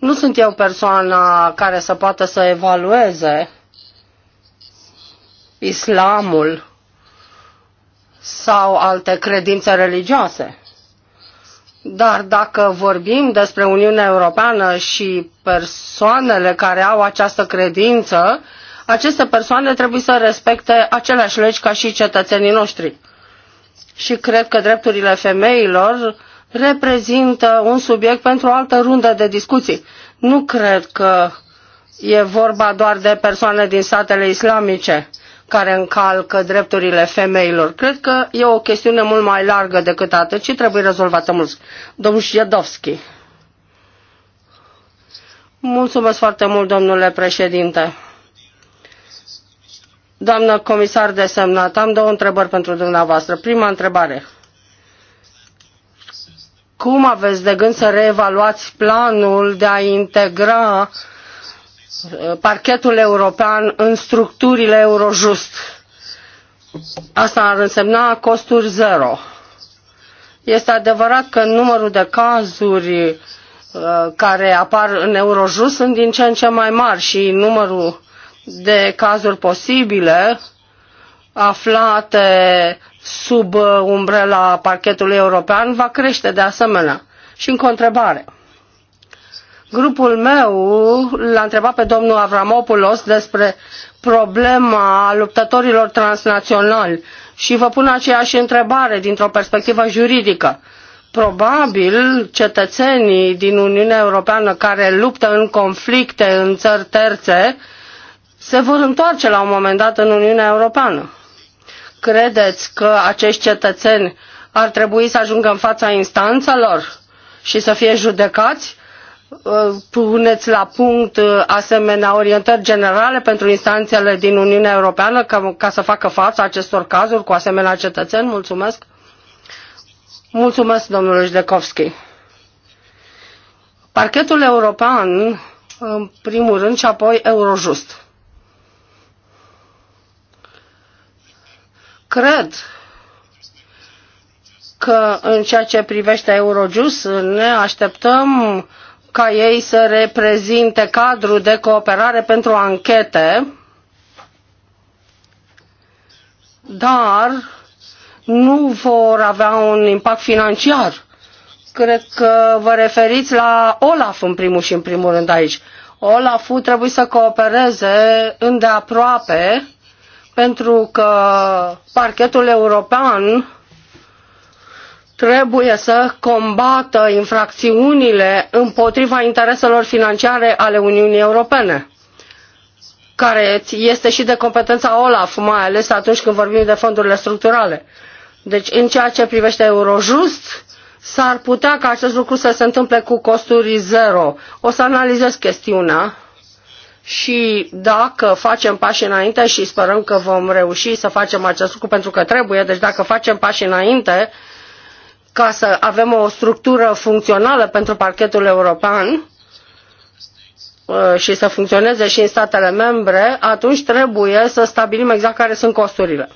Speaker 2: Nu sunt eu persoana care să poată să evalueze islamul sau alte credințe religioase. Dar dacă vorbim despre Uniunea Europeană și persoanele care au această credință, aceste persoane trebuie să respecte aceleași legi ca și cetățenii noștri. Și cred că drepturile femeilor reprezintă un subiect pentru o altă rundă de discuții. Nu cred că e vorba doar de persoane din statele islamice care încalcă drepturile femeilor. Cred că e o chestiune mult mai largă decât atât și trebuie rezolvată mult. Domnul Jadovski. Mulțumesc foarte mult, domnule președinte. Doamnă comisar desemnat, am două întrebări pentru dumneavoastră. Prima întrebare cum aveți de gând să reevaluați planul de a integra uh, parchetul european în structurile Eurojust? Asta ar însemna costuri zero. Este adevărat că numărul de cazuri uh, care apar în Eurojust sunt din ce în ce mai mari și numărul de cazuri posibile aflate sub uh, umbrela parchetului european va crește de asemenea. Și încă o întrebare. Grupul meu l-a întrebat pe domnul Avramopoulos despre problema luptătorilor transnaționali și vă pun aceeași întrebare dintr-o perspectivă juridică. Probabil cetățenii din Uniunea Europeană care luptă în conflicte în țări terțe se vor întoarce la un moment dat în Uniunea Europeană. Credeți că acești cetățeni ar trebui să ajungă în fața instanțelor și să fie judecați? Uh, puneți la punct uh, asemenea orientări generale pentru instanțele din Uniunea Europeană ca, ca să facă față acestor cazuri cu asemenea cetățeni? Mulțumesc! Mulțumesc, domnule Jdekovski. Parchetul european, în primul rând, și apoi Eurojust. cred că în ceea ce privește Eurojust ne așteptăm ca ei să reprezinte cadrul de cooperare pentru anchete, dar nu vor avea un impact financiar. Cred că vă referiți la Olaf în primul și în primul rând aici. Olaf trebuie să coopereze îndeaproape pentru că parchetul european trebuie să combată infracțiunile împotriva intereselor financiare ale Uniunii Europene, care este și de competența OLAF, mai ales atunci când vorbim de fondurile structurale. Deci, în ceea ce privește Eurojust, s-ar putea ca acest lucru să se întâmple cu costuri zero. O să analizez chestiunea și dacă facem pași înainte și sperăm că vom reuși să facem acest lucru pentru că trebuie, deci dacă facem pași înainte ca să avem o structură funcțională pentru parchetul european uh, și să funcționeze și în statele membre, atunci trebuie să stabilim exact care sunt costurile.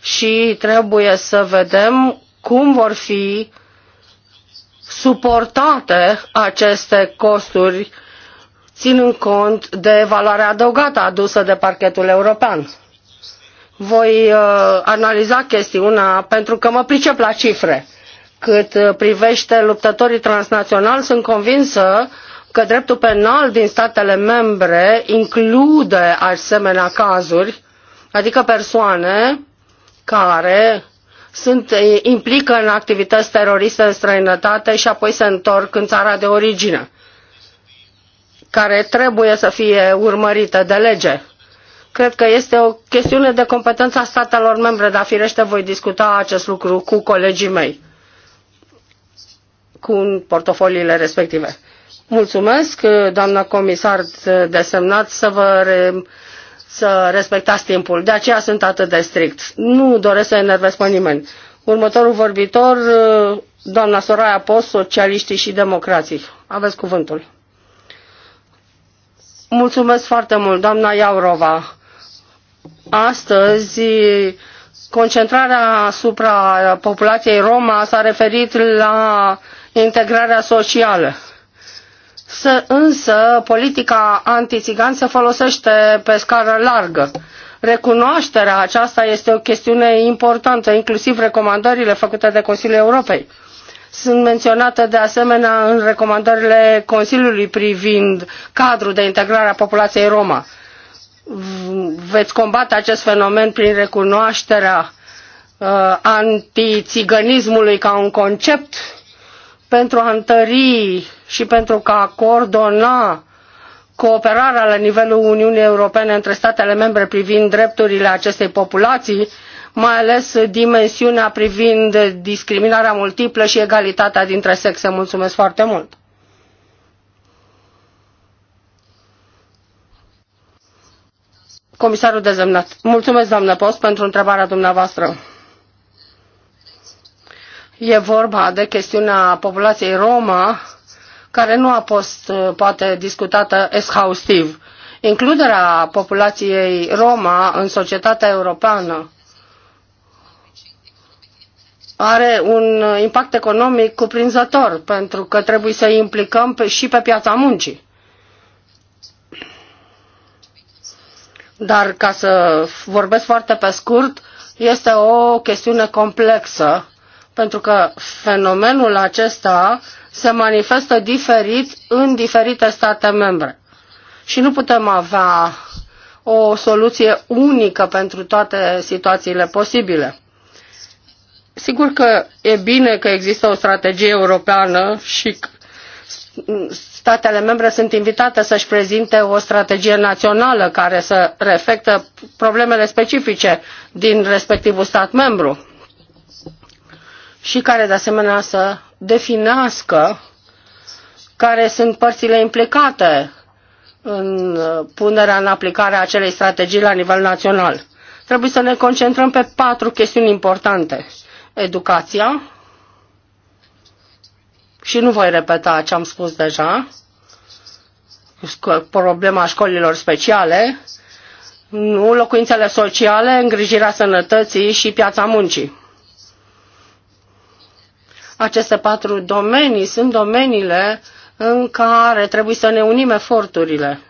Speaker 2: Și trebuie să vedem cum vor fi suportate aceste costuri ținând cont de valoarea adăugată adusă de parchetul european. Voi uh, analiza chestiunea pentru că mă pricep la cifre. Cât uh, privește luptătorii transnaționali, sunt convinsă că dreptul penal din statele membre include asemenea cazuri, adică persoane care sunt, implică în activități teroriste în străinătate și apoi se întorc în țara de origine care trebuie să fie urmărită de lege. Cred că este o chestiune de competența statelor membre, dar firește voi discuta acest lucru cu colegii mei, cu portofoliile respective. Mulțumesc, doamna comisar desemnat, să vă re, să respectați timpul. De aceea sunt atât de strict. Nu doresc să enervez pe nimeni. Următorul vorbitor, doamna Soraya Post, socialiștii și democrații. Aveți cuvântul. Mulțumesc foarte mult, doamna Iaurova. Astăzi, concentrarea asupra populației Roma s-a referit la integrarea socială. Să, însă, politica antițigan se folosește pe scară largă. Recunoașterea aceasta este o chestiune importantă, inclusiv recomandările făcute de Consiliul Europei sunt menționate de asemenea în recomandările Consiliului privind cadrul de integrare a populației Roma. Veți combate acest fenomen prin recunoașterea uh, antițiganismului ca un concept pentru a întări și pentru ca a coordona cooperarea la nivelul Uniunii Europene între statele membre privind drepturile acestei populații mai ales dimensiunea privind discriminarea multiplă și egalitatea dintre sexe. Mulțumesc foarte mult! Comisarul dezemnat. Mulțumesc, doamnă Post, pentru întrebarea dumneavoastră. E vorba de chestiunea populației Roma, care nu a fost, uh, poate, discutată exhaustiv. Includerea populației Roma în societatea europeană are un uh, impact economic cuprinzător, pentru că trebuie să îi implicăm pe, și pe piața muncii. Dar ca să vorbesc foarte pe scurt, este o chestiune complexă, pentru că fenomenul acesta se manifestă diferit în diferite state membre. Și nu putem avea o soluție unică pentru toate situațiile posibile. Sigur că e bine că există o strategie europeană și statele membre sunt invitate să-și prezinte o strategie națională care să reflectă problemele specifice din respectivul stat membru și care de asemenea să definească care sunt părțile implicate în punerea în aplicare a acelei strategii la nivel național. Trebuie să ne concentrăm pe patru chestiuni importante educația și nu voi repeta ce am spus deja, problema școlilor speciale, nu locuințele sociale, îngrijirea sănătății și piața muncii. Aceste patru domenii sunt domeniile în care trebuie să ne unim eforturile.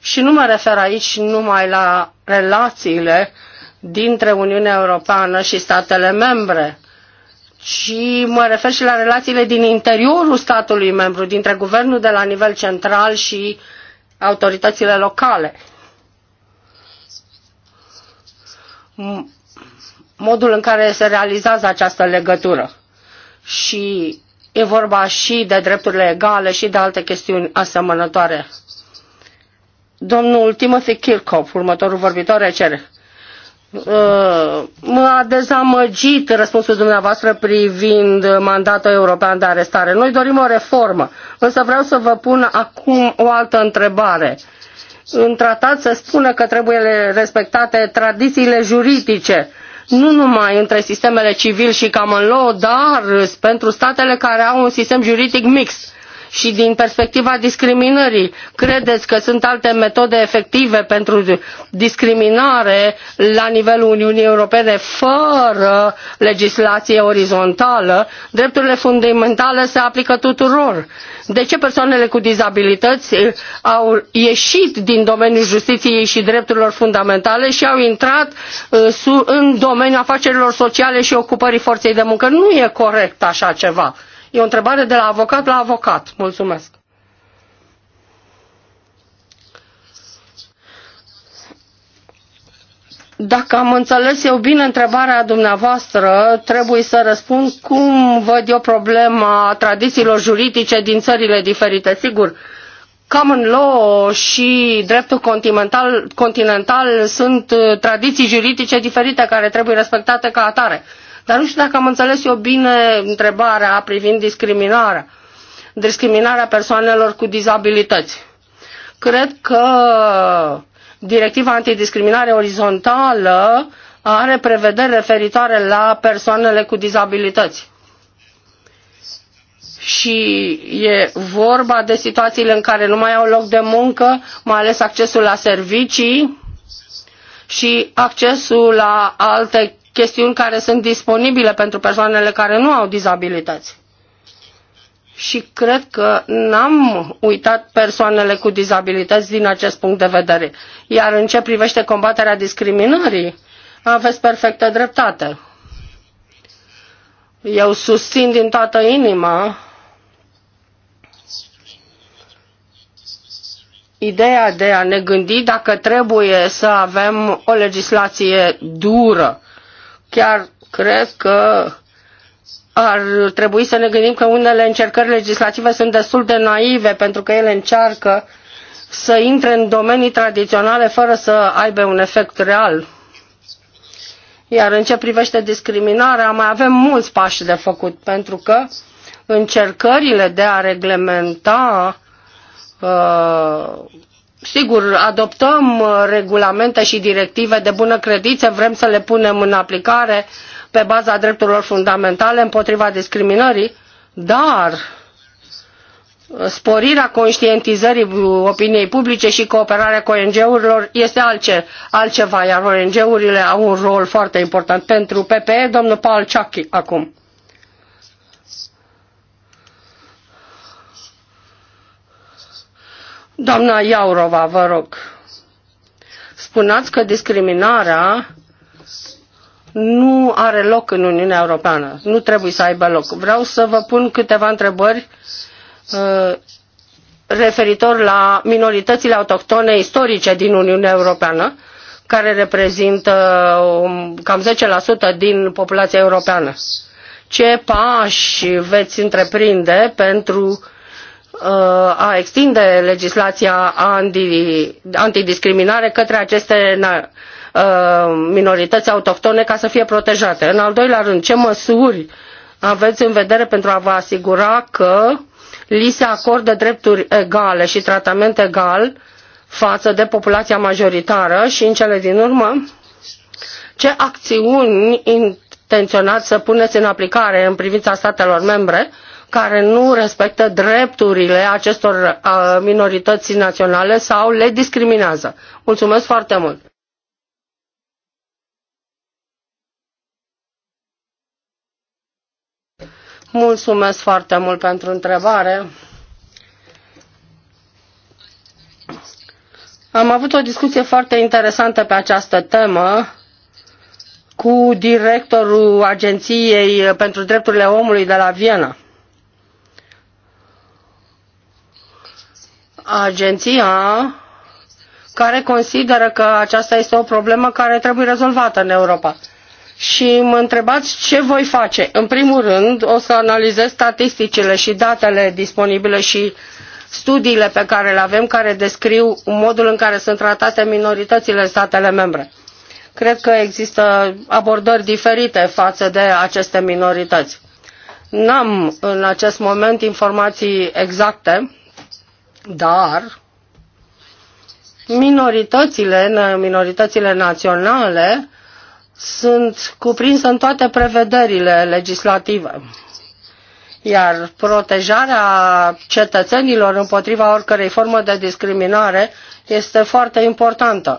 Speaker 2: Și nu mă refer aici numai la relațiile dintre Uniunea Europeană și statele membre, ci mă refer și la relațiile din interiorul statului membru, dintre guvernul de la nivel central și autoritățile locale. Modul în care se realizează această legătură. Și e vorba și de drepturile egale și de alte chestiuni asemănătoare. Domnul Timothy Kirchhoff, următorul vorbitor, cere. Uh, m-a dezamăgit răspunsul dumneavoastră privind mandatul european de arestare. Noi dorim o reformă, însă vreau să vă pun acum o altă întrebare. În tratat se spune că trebuie respectate tradițiile juridice, nu numai între sistemele civil și common law, dar pentru statele care au un sistem juridic mixt și din perspectiva discriminării. Credeți că sunt alte metode efective pentru discriminare la nivelul Uniunii Europene fără legislație orizontală? Drepturile fundamentale se aplică tuturor. De ce persoanele cu dizabilități uh, au ieșit din domeniul justiției și drepturilor fundamentale și au intrat uh, în domeniul afacerilor sociale și ocupării forței de muncă? Nu e corect așa ceva. E o întrebare de la avocat la avocat. Mulțumesc. Dacă am înțeles eu bine întrebarea dumneavoastră, trebuie să răspund cum văd eu problema tradițiilor juridice din țările diferite. Sigur, common law și dreptul continental, continental sunt tradiții juridice diferite care trebuie respectate ca atare. Dar nu știu dacă am înțeles eu bine întrebarea privind discriminarea, discriminarea persoanelor cu dizabilități. Cred că directiva antidiscriminare orizontală are prevederi referitoare la persoanele cu dizabilități și e vorba de situațiile în care nu mai au loc de muncă, mai ales accesul la servicii și accesul la alte chestiuni care sunt disponibile pentru persoanele care nu au dizabilități. Și cred că n-am uitat persoanele cu dizabilități din acest punct de vedere. Iar în ce privește combaterea discriminării, aveți perfectă dreptate. Eu susțin din toată inima ideea de a ne gândi dacă trebuie să avem o legislație dură Chiar cred că ar trebui să ne gândim că unele încercări legislative sunt destul de naive pentru că ele încearcă să intre în domenii tradiționale fără să aibă un efect real. Iar în ce privește discriminarea, mai avem mulți pași de făcut, pentru că încercările de a reglementa uh, Sigur, adoptăm uh, regulamente și directive de bună credință, vrem să le punem în aplicare pe baza drepturilor fundamentale împotriva discriminării, dar uh, sporirea conștientizării opiniei publice și cooperarea cu ONG-urilor este altce, altceva, iar ONG-urile au un rol foarte important pentru PPE, domnul Paul Ciachi acum. Doamna Iaurova, vă rog, spuneați că discriminarea nu are loc în Uniunea Europeană, nu trebuie să aibă loc. Vreau să vă pun câteva întrebări uh, referitor la minoritățile autohtone istorice din Uniunea Europeană, care reprezintă um, cam 10% din populația europeană. Ce pași veți întreprinde pentru Uh, a extinde legislația antidiscriminare către aceste uh, minorități autohtone ca să fie protejate. În al doilea rând, ce măsuri aveți în vedere pentru a vă asigura că li se acordă drepturi egale și tratament egal față de populația majoritară și în cele din urmă ce acțiuni intenționați să puneți în aplicare în privința statelor membre care nu respectă drepturile acestor uh, minorități naționale sau le discriminează. Mulțumesc foarte mult! Mulțumesc foarte mult pentru întrebare. Am avut o discuție foarte interesantă pe această temă cu directorul Agenției pentru Drepturile Omului de la Viena. agenția care consideră că aceasta este o problemă care trebuie rezolvată în Europa. Și mă întrebați ce voi face. În primul rând, o să analizez statisticile și datele disponibile și studiile pe care le avem, care descriu modul în care sunt tratate minoritățile în statele membre. Cred că există abordări diferite față de aceste minorități. N-am în acest moment informații exacte dar minoritățile, minoritățile naționale sunt cuprinse în toate prevederile legislative iar protejarea cetățenilor împotriva oricărei formă de discriminare este foarte importantă.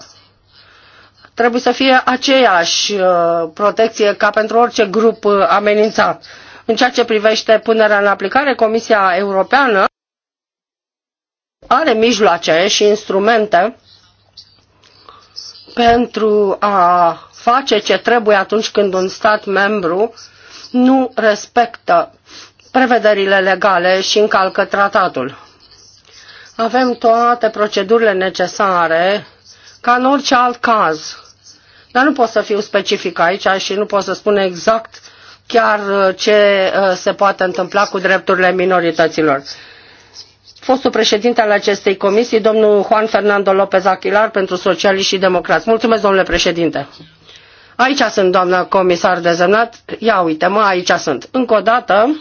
Speaker 2: Trebuie să fie aceeași uh, protecție ca pentru orice grup uh, amenințat. În ceea ce privește punerea în aplicare, Comisia Europeană are mijloace și instrumente pentru a face ce trebuie atunci când un stat membru nu respectă prevederile legale și încalcă tratatul. Avem toate procedurile necesare ca în orice alt caz. Dar nu pot să fiu specific aici și nu pot să spun exact chiar ce uh, se poate întâmpla cu drepturile minorităților fostul președinte al acestei comisii, domnul Juan Fernando López Aguilar, pentru socialiști și democrați. Mulțumesc, domnule președinte. Aici sunt, doamnă comisar dezemnat. Ia uite, mă, aici sunt. Încă o dată,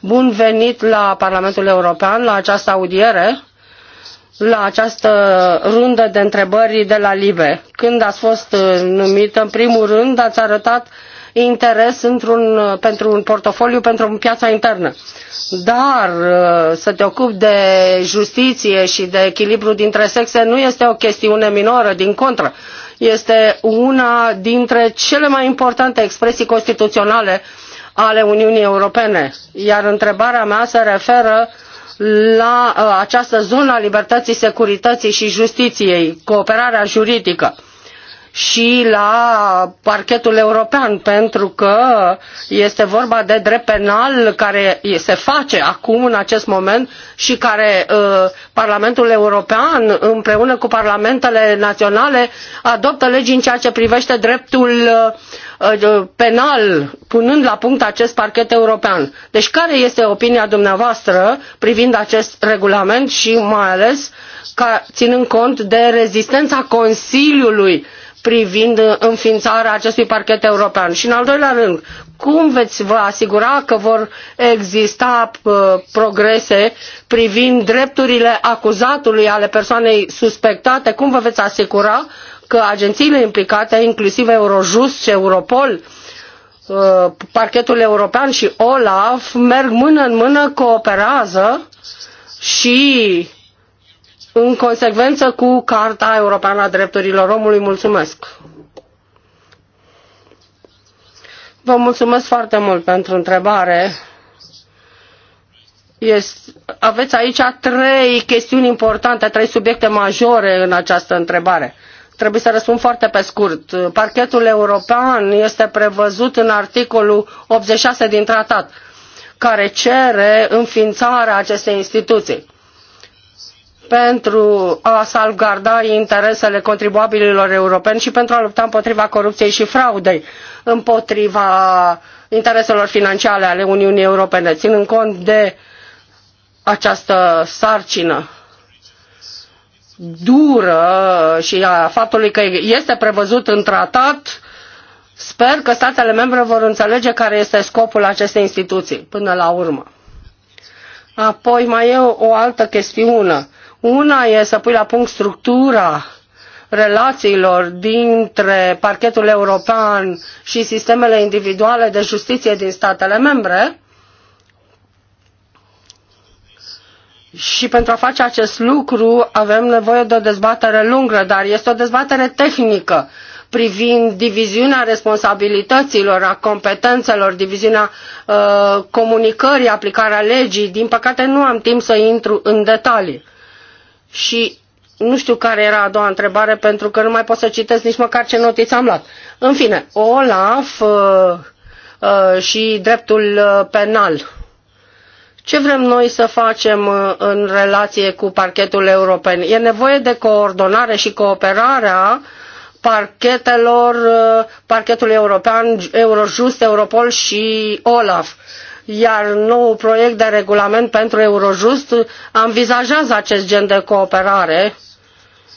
Speaker 2: bun venit la Parlamentul European, la această audiere, la această rundă de întrebări de la Libe. Când ați fost numită, în primul rând, ați arătat uh, interes într-un, pentru un portofoliu, pentru piața internă. Dar uh, să te ocupi de justiție și de echilibru dintre sexe nu este o chestiune minoră, din contră. Este una dintre cele mai importante expresii constituționale ale Uniunii Europene. Iar întrebarea mea se referă la uh, această zonă a libertății, securității și justiției, cooperarea juridică și la parchetul european, pentru că este vorba de drept penal care se face acum, în acest moment, și care uh, Parlamentul European, împreună cu parlamentele naționale, adoptă legi în ceea ce privește dreptul uh, uh penal, punând la punct acest parchet european. Deci care este opinia dumneavoastră privind acest regulament și mai ales ca, ținând cont de rezistența Consiliului privind uh, înființarea acestui parchet european? Și în al doilea rând, cum veți vă asigura că vor exista uh, progrese privind drepturile acuzatului ale persoanei suspectate? Cum vă veți asigura că agențiile implicate, inclusiv Eurojust și Europol, uh, parchetul european și OLAF merg mână în mână, cooperează și în consecvență cu Carta Europeană a Drepturilor Omului. Mulțumesc! Vă mulțumesc foarte mult pentru întrebare. Este, aveți aici trei chestiuni importante, trei subiecte majore în această întrebare. Trebuie să răspund foarte pe scurt. Parchetul european este prevăzut în articolul 86 din tratat, care cere înființarea acestei instituții pentru a salvgarda interesele contribuabililor europeni și pentru a lupta împotriva corupției și fraudei, împotriva intereselor financiare ale Uniunii Europene, ținând cont de această sarcină dură și a faptului că este prevăzut în tratat, sper că statele membre vor înțelege care este scopul acestei instituții până la urmă. Apoi mai e o altă chestiune una e să pui la punct structura relațiilor dintre parchetul european și sistemele individuale de justiție din statele membre. Și pentru a face acest lucru avem nevoie de o dezbatere lungă, dar este o dezbatere tehnică privind diviziunea responsabilităților, a competențelor, diviziunea uh, comunicării, aplicarea legii. Din păcate nu am timp să intru în detalii. Și nu știu care era a doua întrebare, pentru că nu mai pot să citesc nici măcar ce notițe am luat. În fine, Olaf uh, uh, și dreptul uh, penal. Ce vrem noi să facem uh, în relație cu parchetul european? E nevoie de coordonare și cooperarea parchetelor, uh, parchetul european, Eurojust, Europol și Olaf iar nou proiect de regulament pentru Eurojust anvizajează acest gen de cooperare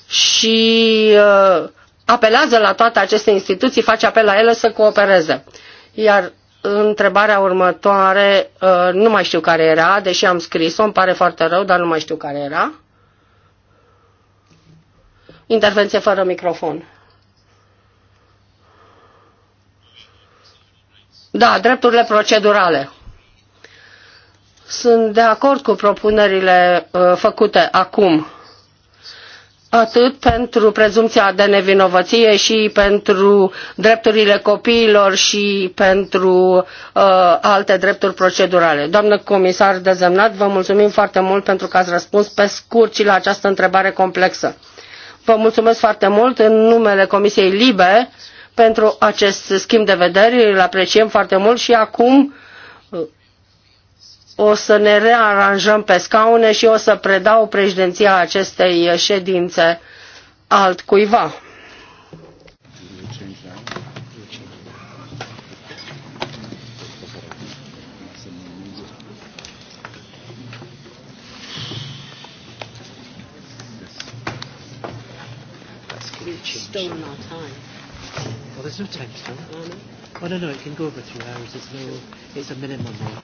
Speaker 2: și uh, apelează la toate aceste instituții, face apel la ele să coopereze. Iar întrebarea următoare, uh, nu mai știu care era, deși am scris-o, îmi pare foarte rău, dar nu mai știu care era. Intervenție fără microfon. Da, drepturile procedurale. Sunt de acord cu propunerile uh, făcute acum, atât pentru prezumția de nevinovăție și pentru drepturile copiilor și pentru uh, alte drepturi procedurale. Doamnă comisar dezemnat, vă mulțumim foarte mult pentru că ați răspuns pe scurt și la această întrebare complexă. Vă mulțumesc foarte mult în numele Comisiei Libe pentru acest schimb de vederi, îl apreciem foarte mult și acum o să ne rearanjăm pe scaune și o să predau președinția acestei ședințe altcuiva.
Speaker 1: still in time. Well, there's no time still. Oh, no. Oh, no, no, it can go over three hours. It's, no, it's a minimum.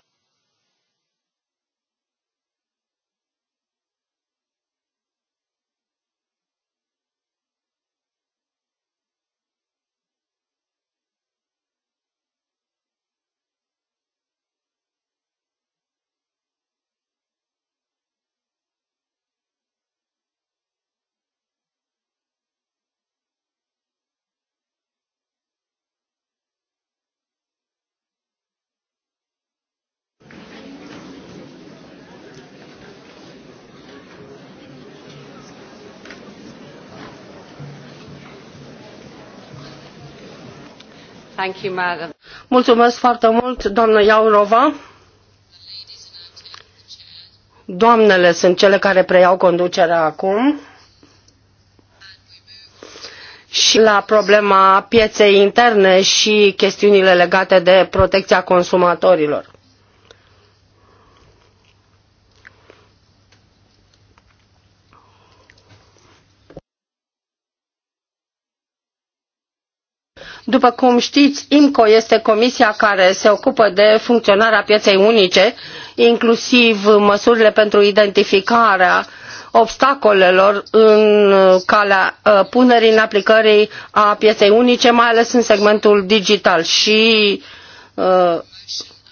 Speaker 2: Mulțumesc foarte mult, doamnă Iaurova. Doamnele sunt cele care preiau conducerea acum. Și la problema pieței interne și chestiunile legate de protecția consumatorilor. După cum știți, IMCO este comisia care se ocupă de funcționarea pieței unice, inclusiv măsurile pentru identificarea obstacolelor în calea uh, punerii în aplicării a pieței unice, mai ales în segmentul digital și uh,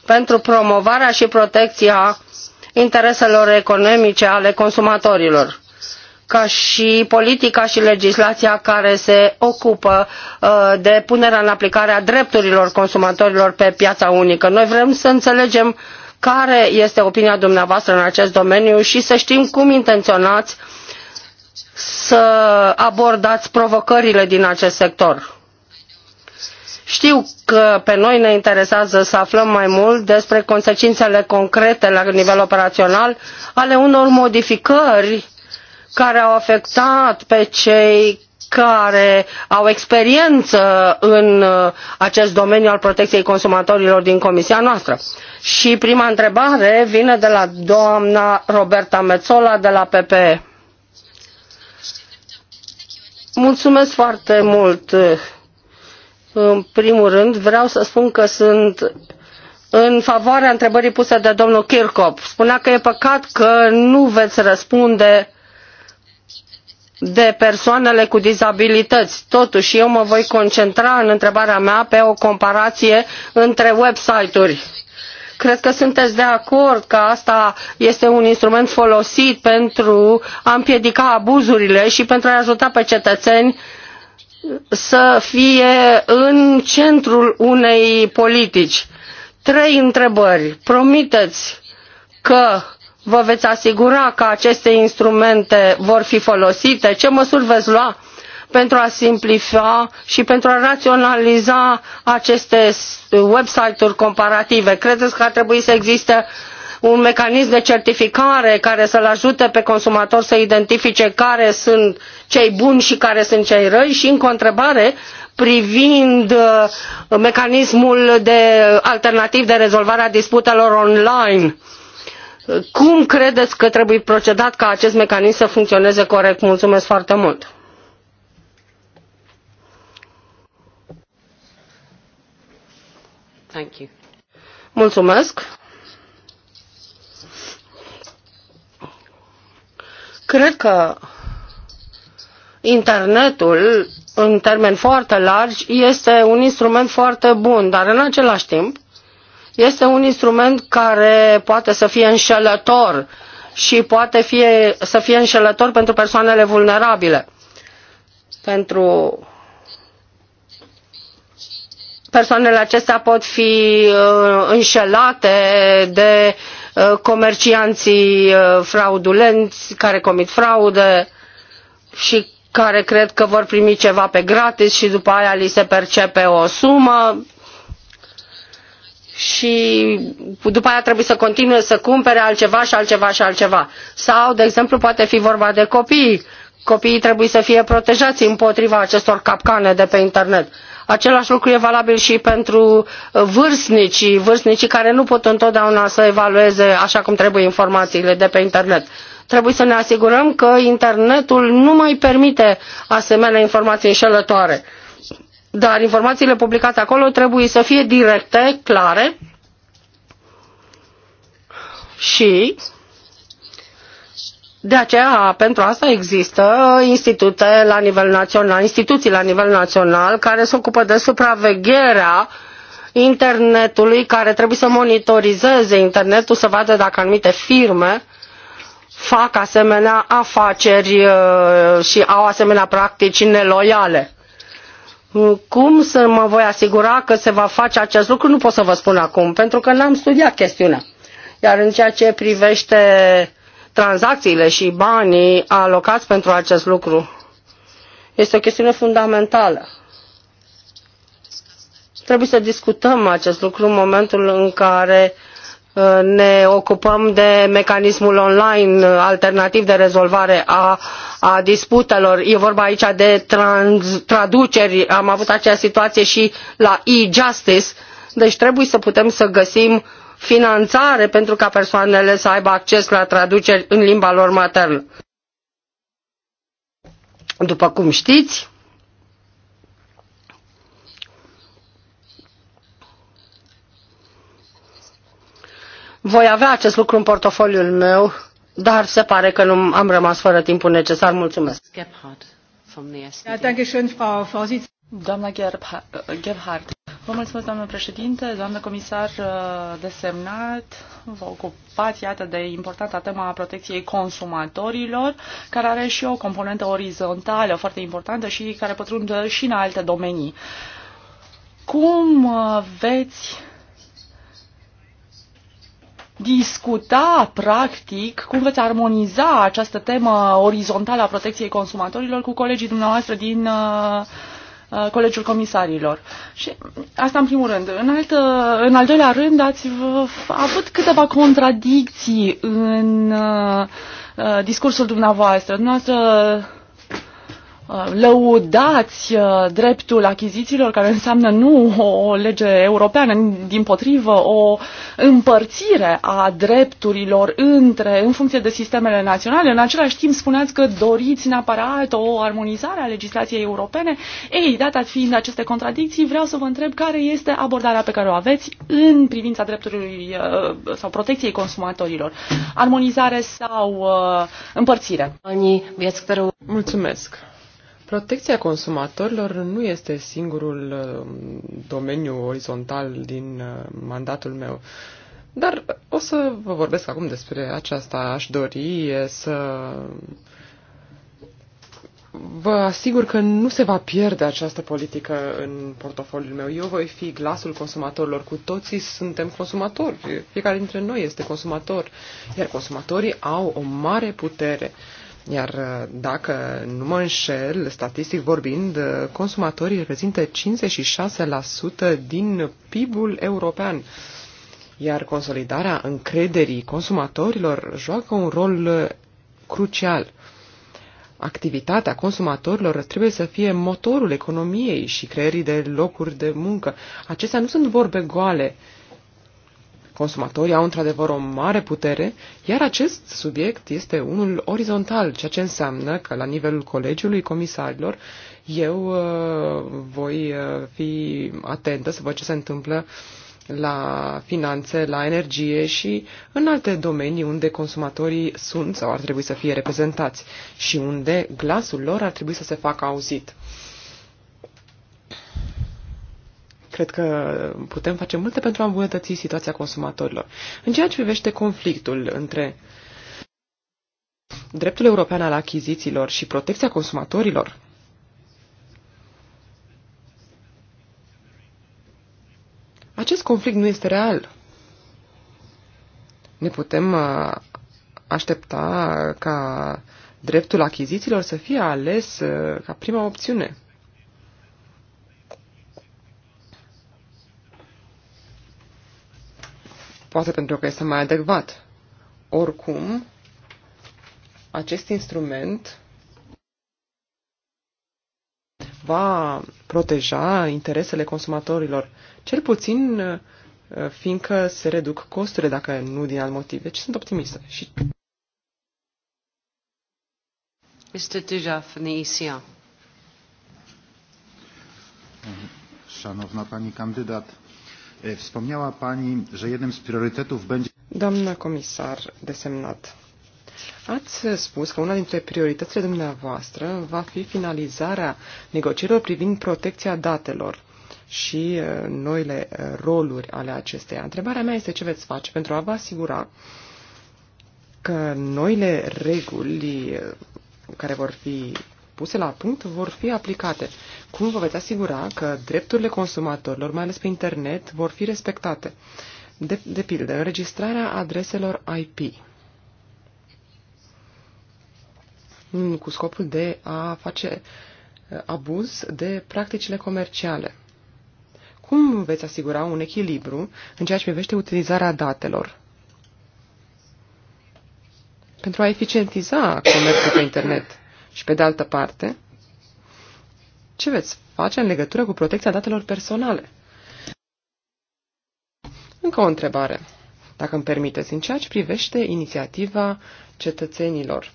Speaker 2: pentru promovarea și protecția intereselor economice ale consumatorilor ca și politica și legislația care se ocupă uh, de punerea în aplicare a drepturilor consumatorilor pe piața unică. Noi vrem să înțelegem care este opinia dumneavoastră în acest domeniu și să știm cum intenționați să abordați provocările din acest sector. Știu că pe noi ne interesează să aflăm mai mult despre consecințele concrete la nivel operațional ale unor modificări care au afectat pe cei care au experiență în uh, acest domeniu al protecției consumatorilor din comisia noastră. Și prima întrebare vine de la doamna Roberta Mezzola de la PPE. Mulțumesc foarte mult. În primul rând, vreau să spun că sunt în favoarea întrebării puse de domnul Kirchhoff. Spunea că e păcat că nu veți răspunde de persoanele cu dizabilități. Totuși, eu mă voi concentra în întrebarea mea pe o comparație între website-uri. Cred că sunteți de acord că asta este un instrument folosit pentru a împiedica abuzurile și pentru a ajuta pe cetățeni să fie în centrul unei politici. Trei întrebări. Promiteți că vă veți asigura că aceste instrumente vor fi folosite? Ce măsuri veți lua pentru a simplifica și pentru a raționaliza aceste website-uri comparative? Credeți că ar trebui să existe un mecanism de certificare care să-l ajute pe consumator să identifice care sunt cei buni și care sunt cei răi și încă o întrebare privind uh, mecanismul de alternativ de rezolvare a disputelor online. Uh, cum credeți că trebuie procedat ca acest mecanism să funcționeze corect? Mulțumesc foarte mult! Thank you. Mulțumesc! Cred că internetul, în termeni foarte largi, este un instrument foarte bun, dar în același timp este un instrument care poate să fie înșelător și poate fie, să fie înșelător pentru persoanele vulnerabile. Pentru persoanele acestea pot fi uh, înșelate de uh, comercianții uh, fraudulenți care comit fraude și care cred că vor primi ceva pe gratis și după aia li se percepe o sumă și după aia trebuie să continue să cumpere altceva și altceva și altceva. Sau, de exemplu, poate fi vorba de copii. Copiii trebuie să fie protejați împotriva acestor capcane de pe internet. Același lucru e valabil și pentru uh, vârstnicii, vârstnicii care nu pot întotdeauna să evalueze așa cum trebuie informațiile de pe internet. Trebuie să ne asigurăm că internetul nu mai permite asemenea informații înșelătoare dar informațiile publicate acolo trebuie să fie directe, clare și de aceea, pentru asta există institute la nivel național, instituții la nivel național care se ocupă de supravegherea internetului, care trebuie să monitorizeze internetul, să vadă dacă anumite firme fac asemenea afaceri uh, și au asemenea practici neloiale. Mm, cum să mă voi asigura că se va face acest lucru? Nu pot să vă spun acum, pentru că n-am studiat chestiunea. Iar în ceea ce privește tranzacțiile și banii alocați pentru acest lucru, este o chestiune fundamentală. Trebuie să discutăm acest lucru în momentul în care uh, ne ocupăm de mecanismul online uh, alternativ de rezolvare a, a disputelor. E vorba aici de trans, traduceri. Am avut acea situație și la e-justice. Deci trebuie să putem să găsim finanțare pentru ca persoanele să aibă acces la traduceri în limba lor maternă. După cum știți, Voi avea acest lucru în portofoliul meu, dar se pare că nu am rămas fără timpul necesar. Mulțumesc.
Speaker 3: Doamna Gerhardt, vă mulțumesc, doamnă președinte, doamnă comisar uh, desemnat, vă ocupați, iată, de importanta tema a protecției consumatorilor, care are și o componentă orizontală foarte importantă și care pătrunde și în alte domenii. Cum uh, veți discuta, practic, cum veți armoniza această temă orizontală a protecției consumatorilor cu colegii dumneavoastră din uh, uh Colegiul Comisarilor. Și asta în primul rând. În, altă, în al doilea rând ați avut câteva contradicții în uh, uh discursul dumneavoastră. Dumneavoastră Uh, lăudați uh, dreptul achizițiilor, care înseamnă nu o lege europeană, din potrivă o împărțire a drepturilor între, în funcție de sistemele naționale. În același timp spuneați că doriți neapărat o armonizare a legislației europene. Ei, data fiind aceste contradicții, vreau să vă întreb care este abordarea pe care o aveți în privința drepturilor uh, sau protecției consumatorilor. Armonizare sau
Speaker 1: împărțire? Mulțumesc!
Speaker 4: Protecția consumatorilor nu este singurul uh, domeniu orizontal din uh, mandatul meu. Dar o să vă vorbesc acum despre aceasta. Aș dori uh, să vă asigur că nu se va pierde această politică în portofoliul meu. Eu voi fi glasul consumatorilor. Cu toții suntem consumatori. Fiecare dintre noi este consumator. Iar consumatorii au o mare putere. Uh, iar uh, dacă nu mă înșel, statistic vorbind, uh, consumatorii reprezintă 56% din PIB-ul european. Iar consolidarea încrederii consumatorilor joacă un rol uh, crucial. Activitatea consumatorilor trebuie să fie motorul economiei și creierii de locuri de muncă. Acestea nu sunt vorbe goale, uh, Consumatorii au într-adevăr o mare putere, iar acest subiect este unul orizontal, ceea ce înseamnă că la nivelul colegiului comisarilor eu uh, voi uh, fi atentă să văd ce se întâmplă la finanțe, la energie și în alte domenii unde consumatorii sunt sau ar trebui să fie reprezentați și unde glasul lor ar trebui să se facă auzit. Cred că putem face multe pentru a îmbunătăți situația consumatorilor. În ceea ce privește conflictul între dreptul european al achizițiilor și protecția consumatorilor, acest conflict nu este real. Ne putem uh, aștepta ca dreptul achizițiilor să fie ales uh, ca prima opțiune. poate pentru că este mai adecvat. Oricum, acest instrument va proteja interesele consumatorilor, cel puțin uh, fiindcă se reduc costurile, dacă nu din alt motiv. Deci sunt optimistă. Și...
Speaker 1: Este deja Szanowna Pani Kandydat, Wspomniała Pani, że jednym z priorytetów będzie...
Speaker 4: Doamna comisar desemnat, ați spus că una dintre prioritățile dumneavoastră va fi finalizarea negocierilor privind protecția datelor și noile roluri ale acesteia. Întrebarea mea este ce veți face pentru a vă asigura că noile reguli care vor fi puse la punct vor fi aplicate. Cum vă veți asigura că drepturile consumatorilor, mai ales pe internet, vor fi respectate? De, de pildă, înregistrarea adreselor IP cu scopul de a face uh, abuz de practicile comerciale. Cum veți asigura un echilibru în ceea ce privește utilizarea datelor? Pentru a eficientiza comerțul pe internet. Și pe de altă parte, ce veți face în legătură cu protecția datelor personale? Încă o întrebare, dacă îmi permiteți, în ceea ce privește inițiativa cetățenilor.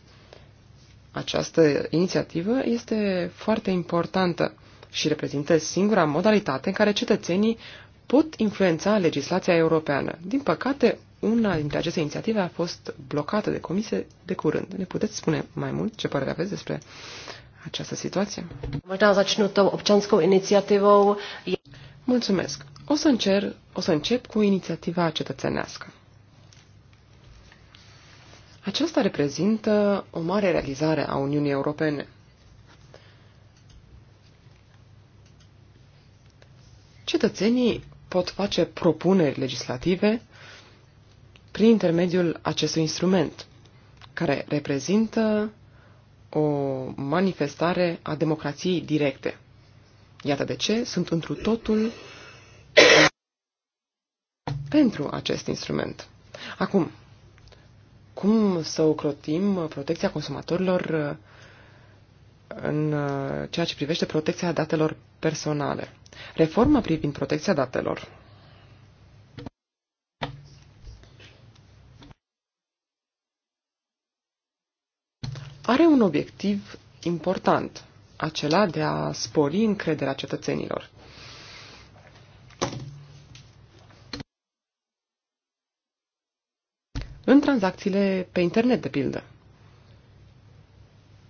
Speaker 4: Această inițiativă este foarte importantă și reprezintă singura modalitate în care cetățenii pot influența legislația europeană. Din păcate, una dintre aceste inițiative a fost blocată de comisie de curând. Ne puteți spune mai mult ce părere aveți despre această situație?
Speaker 1: Možná začnu tou občanskou iniciativou. Mulțumesc. O să, încer, o să încep cu inițiativa
Speaker 4: cetățenească. Aceasta reprezintă o mare realizare a Uniunii Europene. Cetățenii pot face propuneri legislative prin intermediul acestui instrument, care reprezintă o manifestare a democrației directe. Iată de ce sunt întru totul pentru acest instrument. Acum, cum să ocrotim protecția consumatorilor uh, în uh, ceea ce privește protecția datelor personale? Reforma privind protecția datelor are un obiectiv important, acela de a spori încrederea cetățenilor. În tranzacțiile pe internet, de pildă.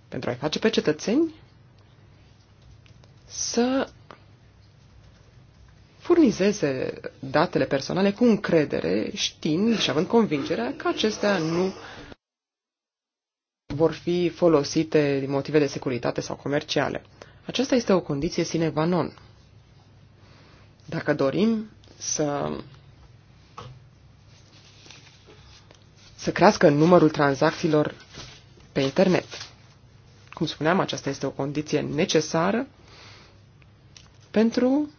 Speaker 4: Pentru a-i face pe cetățeni să furnizeze datele personale cu încredere, știind și având convingerea că acestea nu vor fi folosite din motive de securitate sau comerciale. Aceasta este o condiție sine qua non. Dacă dorim să să crească numărul tranzacțiilor pe internet. Cum spuneam, aceasta este o condiție necesară pentru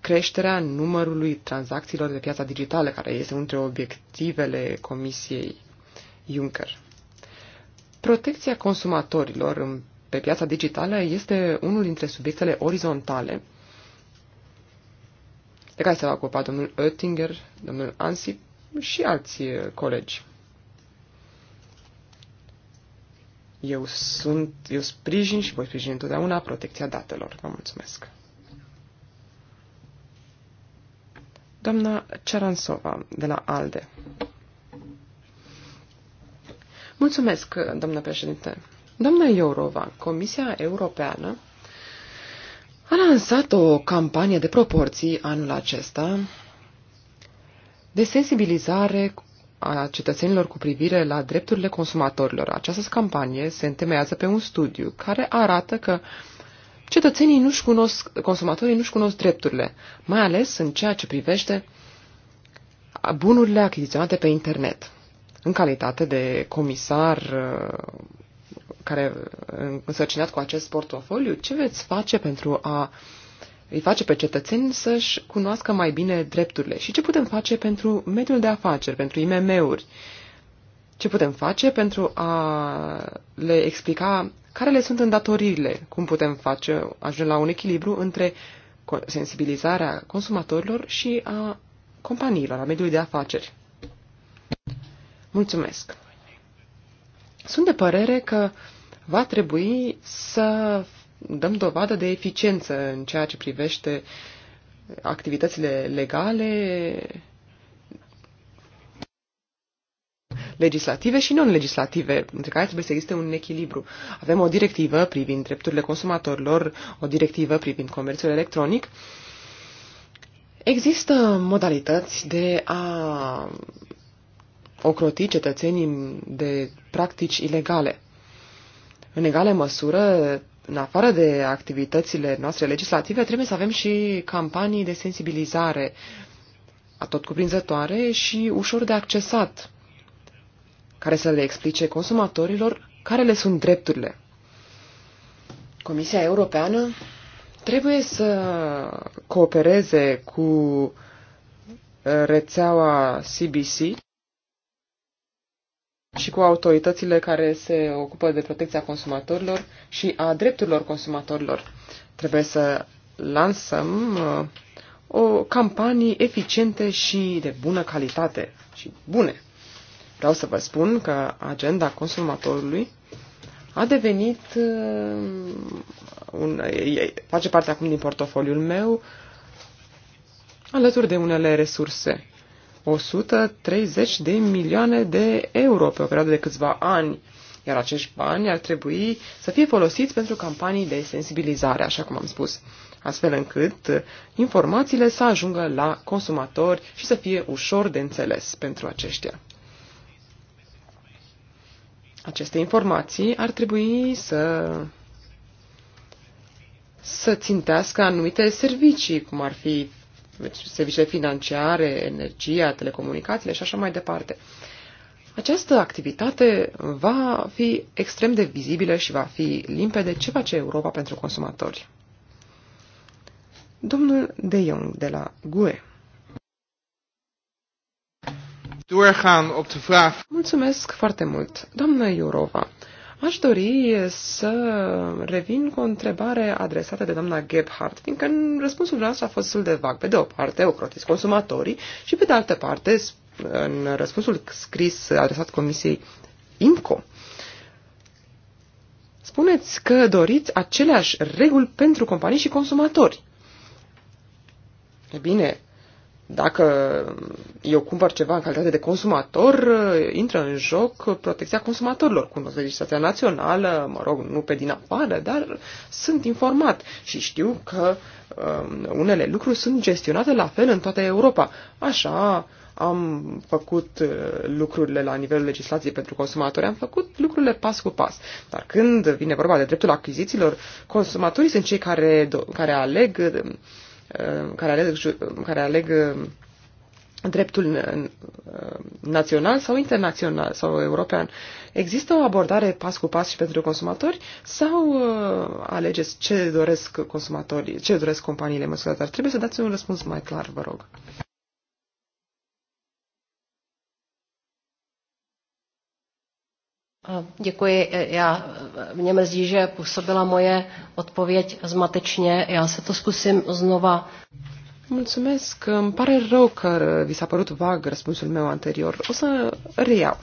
Speaker 4: creșterea numărului tranzacțiilor de piața digitală, care este unul dintre obiectivele Comisiei Juncker. Protecția consumatorilor pe piața digitală este unul dintre subiectele orizontale de care se va ocupa domnul Oettinger, domnul Ansip și alți eh, colegi. Eu sunt, eu sprijin și voi sprijini întotdeauna protecția datelor. Vă mulțumesc. Doamna Ceransova, de la ALDE. Mulțumesc, doamnă președinte. Doamna Iorova, Comisia Europeană a lansat o campanie de proporții anul acesta de sensibilizare a cetățenilor cu privire la drepturile consumatorilor. Această campanie se întemeiază pe un studiu care arată că cetățenii nu-și cunosc, consumatorii nu-și cunosc drepturile, mai ales în ceea ce privește bunurile achiziționate pe internet în calitate de comisar uh, care uh, însărcinat cu acest portofoliu, ce veți face pentru a îi face pe cetățeni să-și cunoască mai bine drepturile și ce putem face pentru mediul de afaceri, pentru IMM-uri, ce putem face pentru a le explica care le sunt îndatoririle, cum putem face, ajunge la un echilibru între sensibilizarea consumatorilor și a companiilor, a mediului de afaceri. Mulțumesc! Sunt de părere că va trebui să dăm dovadă de eficiență în ceea ce privește activitățile legale, legislative și non-legislative, între care trebuie să existe un echilibru. Avem o directivă privind drepturile consumatorilor, o directivă privind comerțul electronic. Există modalități de a ocroti cetățenii de practici ilegale. În egală măsură, în afară de activitățile noastre legislative, trebuie să avem și campanii de sensibilizare tot cuprinzătoare și ușor de accesat, care să le explice consumatorilor care le sunt drepturile. Comisia Europeană trebuie să coopereze cu rețeaua CBC și cu autoritățile care se ocupă de protecția consumatorilor și a drepturilor consumatorilor. Trebuie să lansăm uh, o campanii eficiente și de bună calitate și bune. Vreau să vă spun că agenda consumatorului a devenit uh, un, face parte acum din portofoliul meu alături de unele resurse 130 de milioane de euro pe o perioadă de câțiva ani, iar acești bani ar trebui să fie folosiți pentru campanii de sensibilizare, așa cum am spus, astfel încât informațiile să ajungă la consumatori și să fie ușor de înțeles pentru aceștia. Aceste informații ar trebui să să țintească anumite servicii, cum ar fi serviciile financiare, energia, telecomunicațiile și așa mai departe. Această activitate va fi extrem de vizibilă și va fi limpede ce face Europa pentru consumatori. Domnul De Jong de la GUE. Doorgaan op de vraag. Mulțumesc foarte mult, doamnă Iurova. Aș dori să revin cu o întrebare adresată de doamna Gebhardt, fiindcă răspunsul noastră a fost destul de vag. Pe de o parte, ocrotiți consumatorii și pe de altă parte, în răspunsul scris adresat Comisiei IMCO, spuneți că doriți aceleași reguli pentru companii și consumatori. E bine, dacă eu cumpăr ceva în calitate de consumator, uh, intră în joc protecția consumatorilor. Cunosc legislația națională, mă rog, nu pe din afară, dar sunt informat și știu că um, unele lucruri sunt gestionate la fel în toată Europa. Așa am făcut uh, lucrurile la nivelul legislației pentru consumatori, am făcut lucrurile pas cu pas. Dar când vine vorba de dreptul achizițiilor, consumatorii sunt cei care, care aleg uh, Uh, care aleg, care aleg uh, dreptul uh, național sau internațional sau european. Există o abordare pas cu pas și pentru consumatori sau alegeți ce doresc consumatorii, ce doresc companiile, măsurate? trebuie să dați un răspuns mai clar, vă rog.
Speaker 1: Děkuji. Já, mě mrzí, že působila moje odpověď zmatečně. Já se to zkusím znova.
Speaker 4: Mulțumesc. Îmi pare rău că vi s-a părut vag răspunsul meu anterior. O să reiau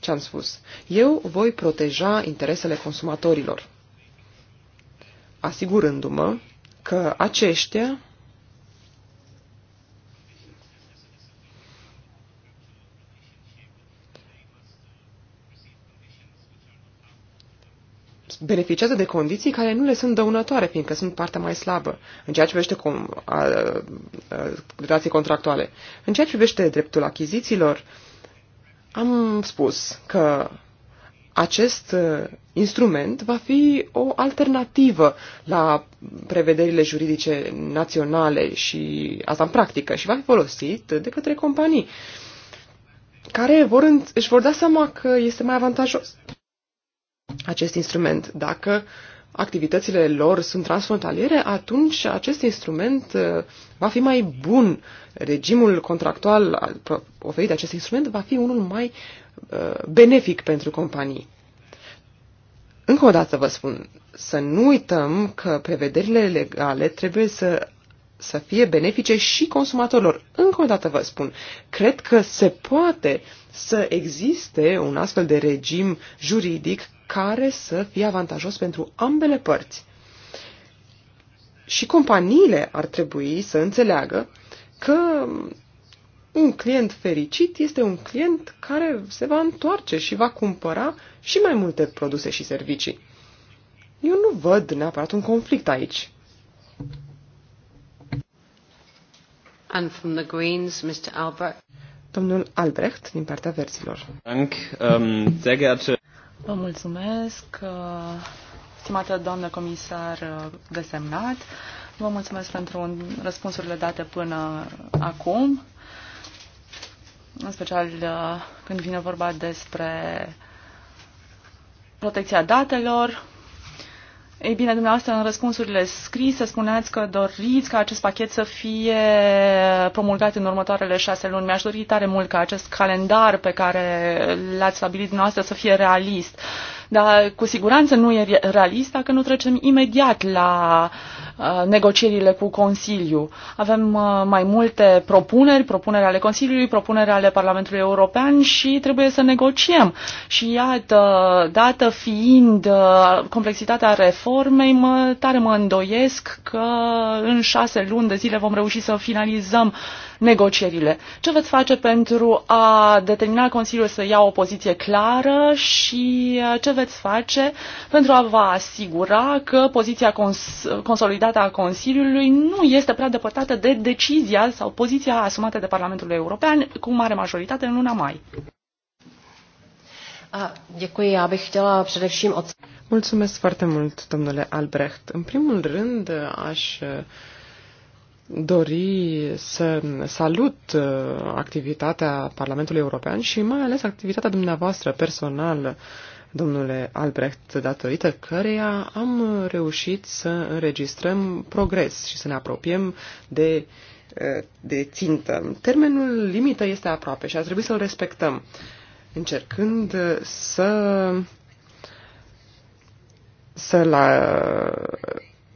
Speaker 4: ce am spus. Eu voi proteja interesele consumatorilor, asigurându-mă că aceștia beneficiază de condiții care nu le sunt dăunătoare, fiindcă sunt partea mai slabă în ceea ce privește com, a, a, a, relații contractuale. În ceea ce privește dreptul achizițiilor, am spus că acest uh, instrument va fi o alternativă la prevederile juridice naționale și asta în practică și va fi folosit de către companii care vor, își vor da seama că este mai avantajos acest instrument. Dacă activitățile lor sunt transfrontaliere, atunci acest instrument uh, va fi mai bun. Regimul contractual oferit de acest instrument va fi unul mai uh, benefic pentru companii. Încă o dată vă spun, să nu uităm că prevederile legale trebuie să, să fie benefice și consumatorilor. Încă o dată vă spun, cred că se poate să existe un astfel de regim juridic care să fie avantajos pentru ambele părți. Și companiile ar trebui să înțeleagă că un client fericit este un client care se va întoarce și va cumpăra și mai multe produse și servicii. Eu nu văd neapărat un conflict aici.
Speaker 1: And from the Greens, Mr. Albert.
Speaker 4: Domnul Albrecht, din partea verzilor.
Speaker 1: Dank, um, sehr geehrte... Vă
Speaker 3: mulțumesc, uh, stimată doamnă comisar uh, desemnat. Vă mulțumesc pentru răspunsurile date până acum, în special uh, când vine vorba despre protecția datelor, ei bine, dumneavoastră, în răspunsurile scrise spuneați că doriți ca acest pachet să fie promulgat în următoarele șase luni. Mi-aș dori tare mult ca acest calendar pe care l-ați stabilit dumneavoastră să fie realist dar cu siguranță nu e realist dacă nu trecem imediat la uh, negocierile cu Consiliu. Avem uh, mai multe propuneri, propuneri ale Consiliului, propuneri ale Parlamentului European și trebuie să negociem. Și iată, dată fiind uh, complexitatea reformei, mă, tare mă îndoiesc că în șase luni de zile vom reuși să finalizăm negocierile. Ce veți face pentru a determina Consiliul să ia o poziție clară și uh, ce veți face pentru a vă asigura că poziția cons- consolidată a Consiliului nu este prea depărtată de decizia sau poziția asumată de Parlamentul European cu mare majoritate în luna mai?
Speaker 4: Mulțumesc foarte mult, domnule Albrecht. În primul rând, aș dori să salut uh, activitatea Parlamentului European și mai ales activitatea dumneavoastră personală, domnule Albrecht, datorită căreia am reușit să înregistrăm progres și să ne apropiem de uh, de țintă. Termenul limită este aproape și ar trebui să-l respectăm, încercând să să la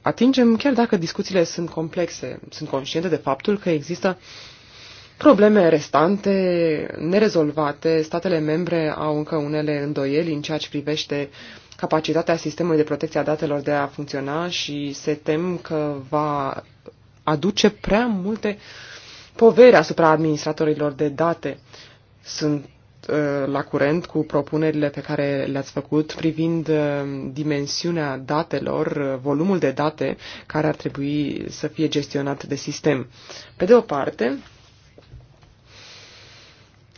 Speaker 4: atingem, chiar dacă discuțiile sunt complexe. Sunt conștiente de faptul că există probleme restante, nerezolvate. Statele membre au încă unele îndoieli în ceea ce privește capacitatea sistemului de protecție a datelor de a funcționa și se tem că va aduce prea multe povere asupra administratorilor de date. Sunt Uh, la curent cu propunerile pe care le-ați făcut privind uh, dimensiunea datelor, uh, volumul de date care ar trebui să fie gestionat de sistem. Pe de o parte,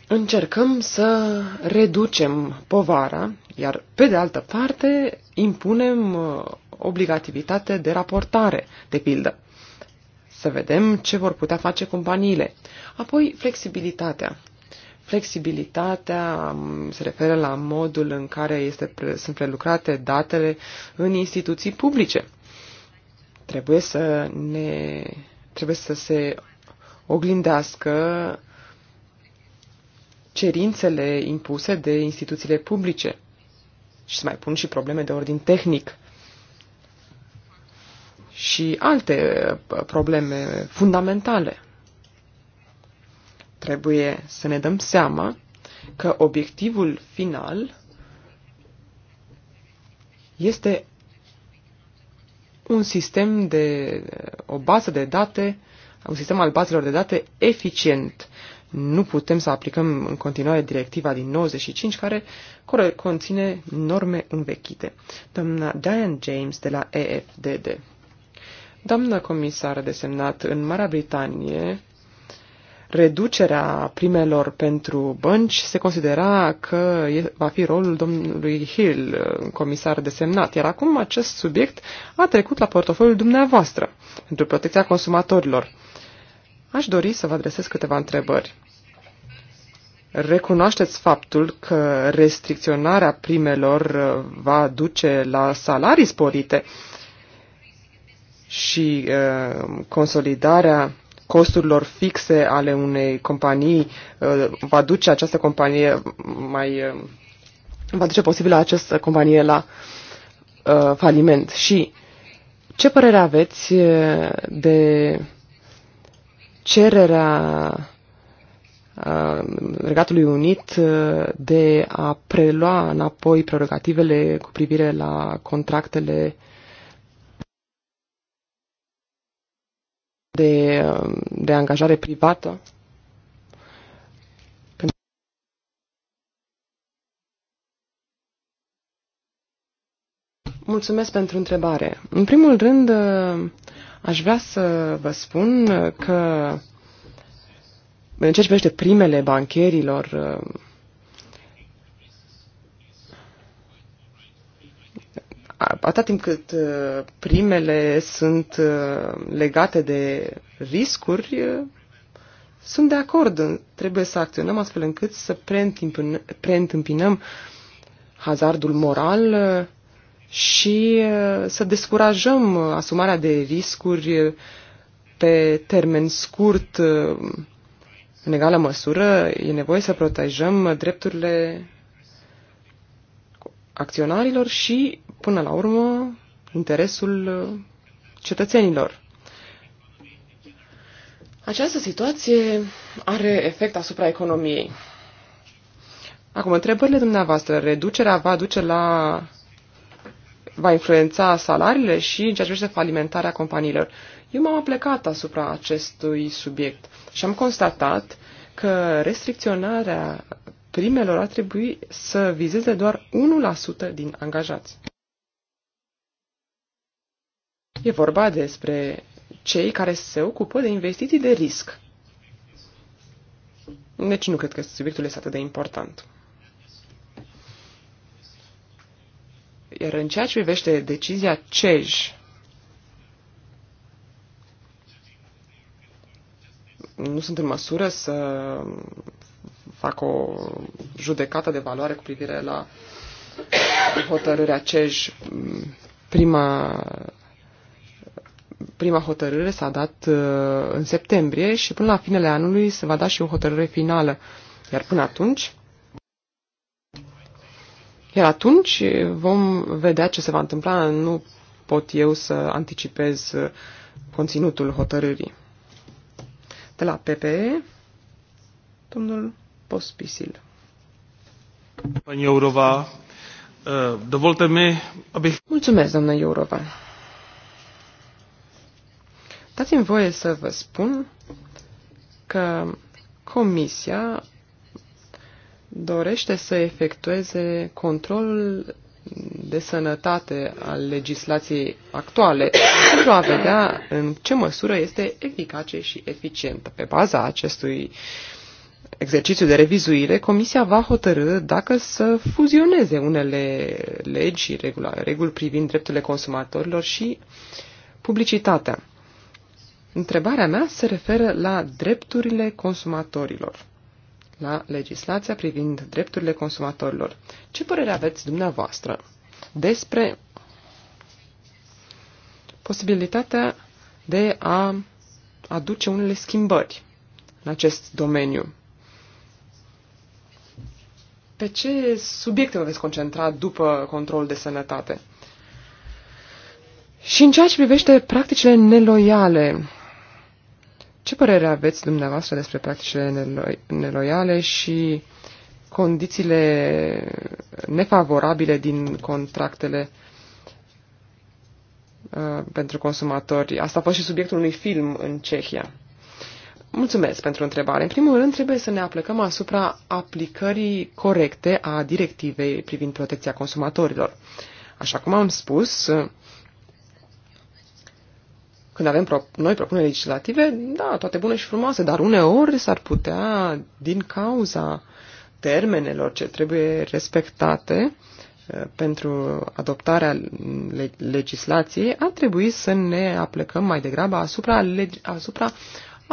Speaker 4: încercăm să reducem povara, iar pe de altă parte impunem obligativitate de raportare, de pildă. Să vedem ce vor putea face companiile. Apoi, flexibilitatea. Flexibilitatea se referă la modul în care este, sunt prelucrate datele în instituții publice. Trebuie să, ne, trebuie să se oglindească cerințele impuse de instituțiile publice. Și să mai pun și probleme de ordin tehnic și alte uh, probleme fundamentale. Trebuie să ne dăm seama că obiectivul final este un sistem de o bază de date, un sistem al bazelor de date eficient. Nu putem să aplicăm în continuare directiva din 95 care conține norme învechite. Doamna Diane James de la EFDD. Doamna comisară desemnat, în Marea Britanie reducerea primelor pentru bănci, se considera că va fi rolul domnului Hill, comisar desemnat, iar acum acest subiect a trecut la portofoliul dumneavoastră pentru protecția consumatorilor. Aș dori să vă adresez câteva întrebări. Recunoașteți faptul că restricționarea primelor uh, va duce la salarii sporite și uh, consolidarea costurilor fixe ale unei companii uh, va duce această companie mai uh, va duce posibil această companie la uh, faliment. Și ce părere aveți uh, de cererea Regatului Unit de a prelua înapoi prerogativele cu privire la contractele uh, de, de angajare privată. Mulțumesc pentru întrebare. În primul rând, aș vrea să vă spun că în ceea ce privește primele bancherilor, atâta timp cât uh, primele sunt uh, legate de riscuri, uh, sunt de acord. Trebuie să acționăm astfel încât să preîntâmpinăm hazardul moral și să descurajăm asumarea de riscuri pe termen scurt. În egală măsură, e nevoie să protejăm drepturile acționarilor și, până la urmă, interesul uh, cetățenilor. Această situație are efect asupra economiei. Acum, întrebările dumneavoastră. Reducerea va duce la... va influența salariile și în ceea ce privește falimentarea companiilor. Eu m-am plecat asupra acestui subiect și am constatat că restricționarea primelor ar trebui să vizeze doar 1% din angajați. E vorba despre cei care se ocupă de investiții de risc. Deci nu cred că subiectul este atât de important. Iar în ceea ce privește decizia CEJ, nu sunt în măsură să fac o judecată de valoare cu privire la hotărârea CEJ. Prima, prima hotărâre s-a dat uh, în septembrie și până la finele anului se va da și o hotărâre finală. Iar până atunci, iar atunci vom vedea ce se va întâmpla. Nu pot eu să anticipez uh, conținutul hotărârii. De la PPE, domnul Pospisil.
Speaker 1: Pani Jourová, eh, dovolte mi, abych...
Speaker 4: Mulțumesc, domnule Jourová. Dați-mi voie să vă spun că Comisia dorește să efectueze controlul de sănătate al legislației actuale pentru a vedea în ce măsură este eficace și eficientă. Pe baza acestui uh, exercițiu de revizuire, Comisia va hotărâ dacă să fuzioneze unele legi și reguli privind drepturile consumatorilor și publicitatea. Întrebarea mea se referă la drepturile consumatorilor, la legislația privind drepturile consumatorilor. Ce părere aveți dumneavoastră despre posibilitatea de a aduce unele schimbări în acest domeniu? pe ce subiecte vă veți concentra după controlul de sănătate? Și în ceea ce privește practicile neloiale, ce părere aveți dumneavoastră despre practicile nelo neloiale și condițiile nefavorabile din contractele uh, pentru consumatori? Asta a fost și subiectul unui film în Cehia. Mulțumesc pentru întrebare. În primul rând, trebuie să ne aplicăm asupra aplicării corecte a directivei privind protecția consumatorilor. Așa cum am spus, când avem pro- noi propuneri legislative, da, toate bune și frumoase, dar uneori s-ar putea, din cauza termenelor ce trebuie respectate eh, pentru adoptarea legislației, ar trebui să ne aplicăm mai degrabă asupra, asupra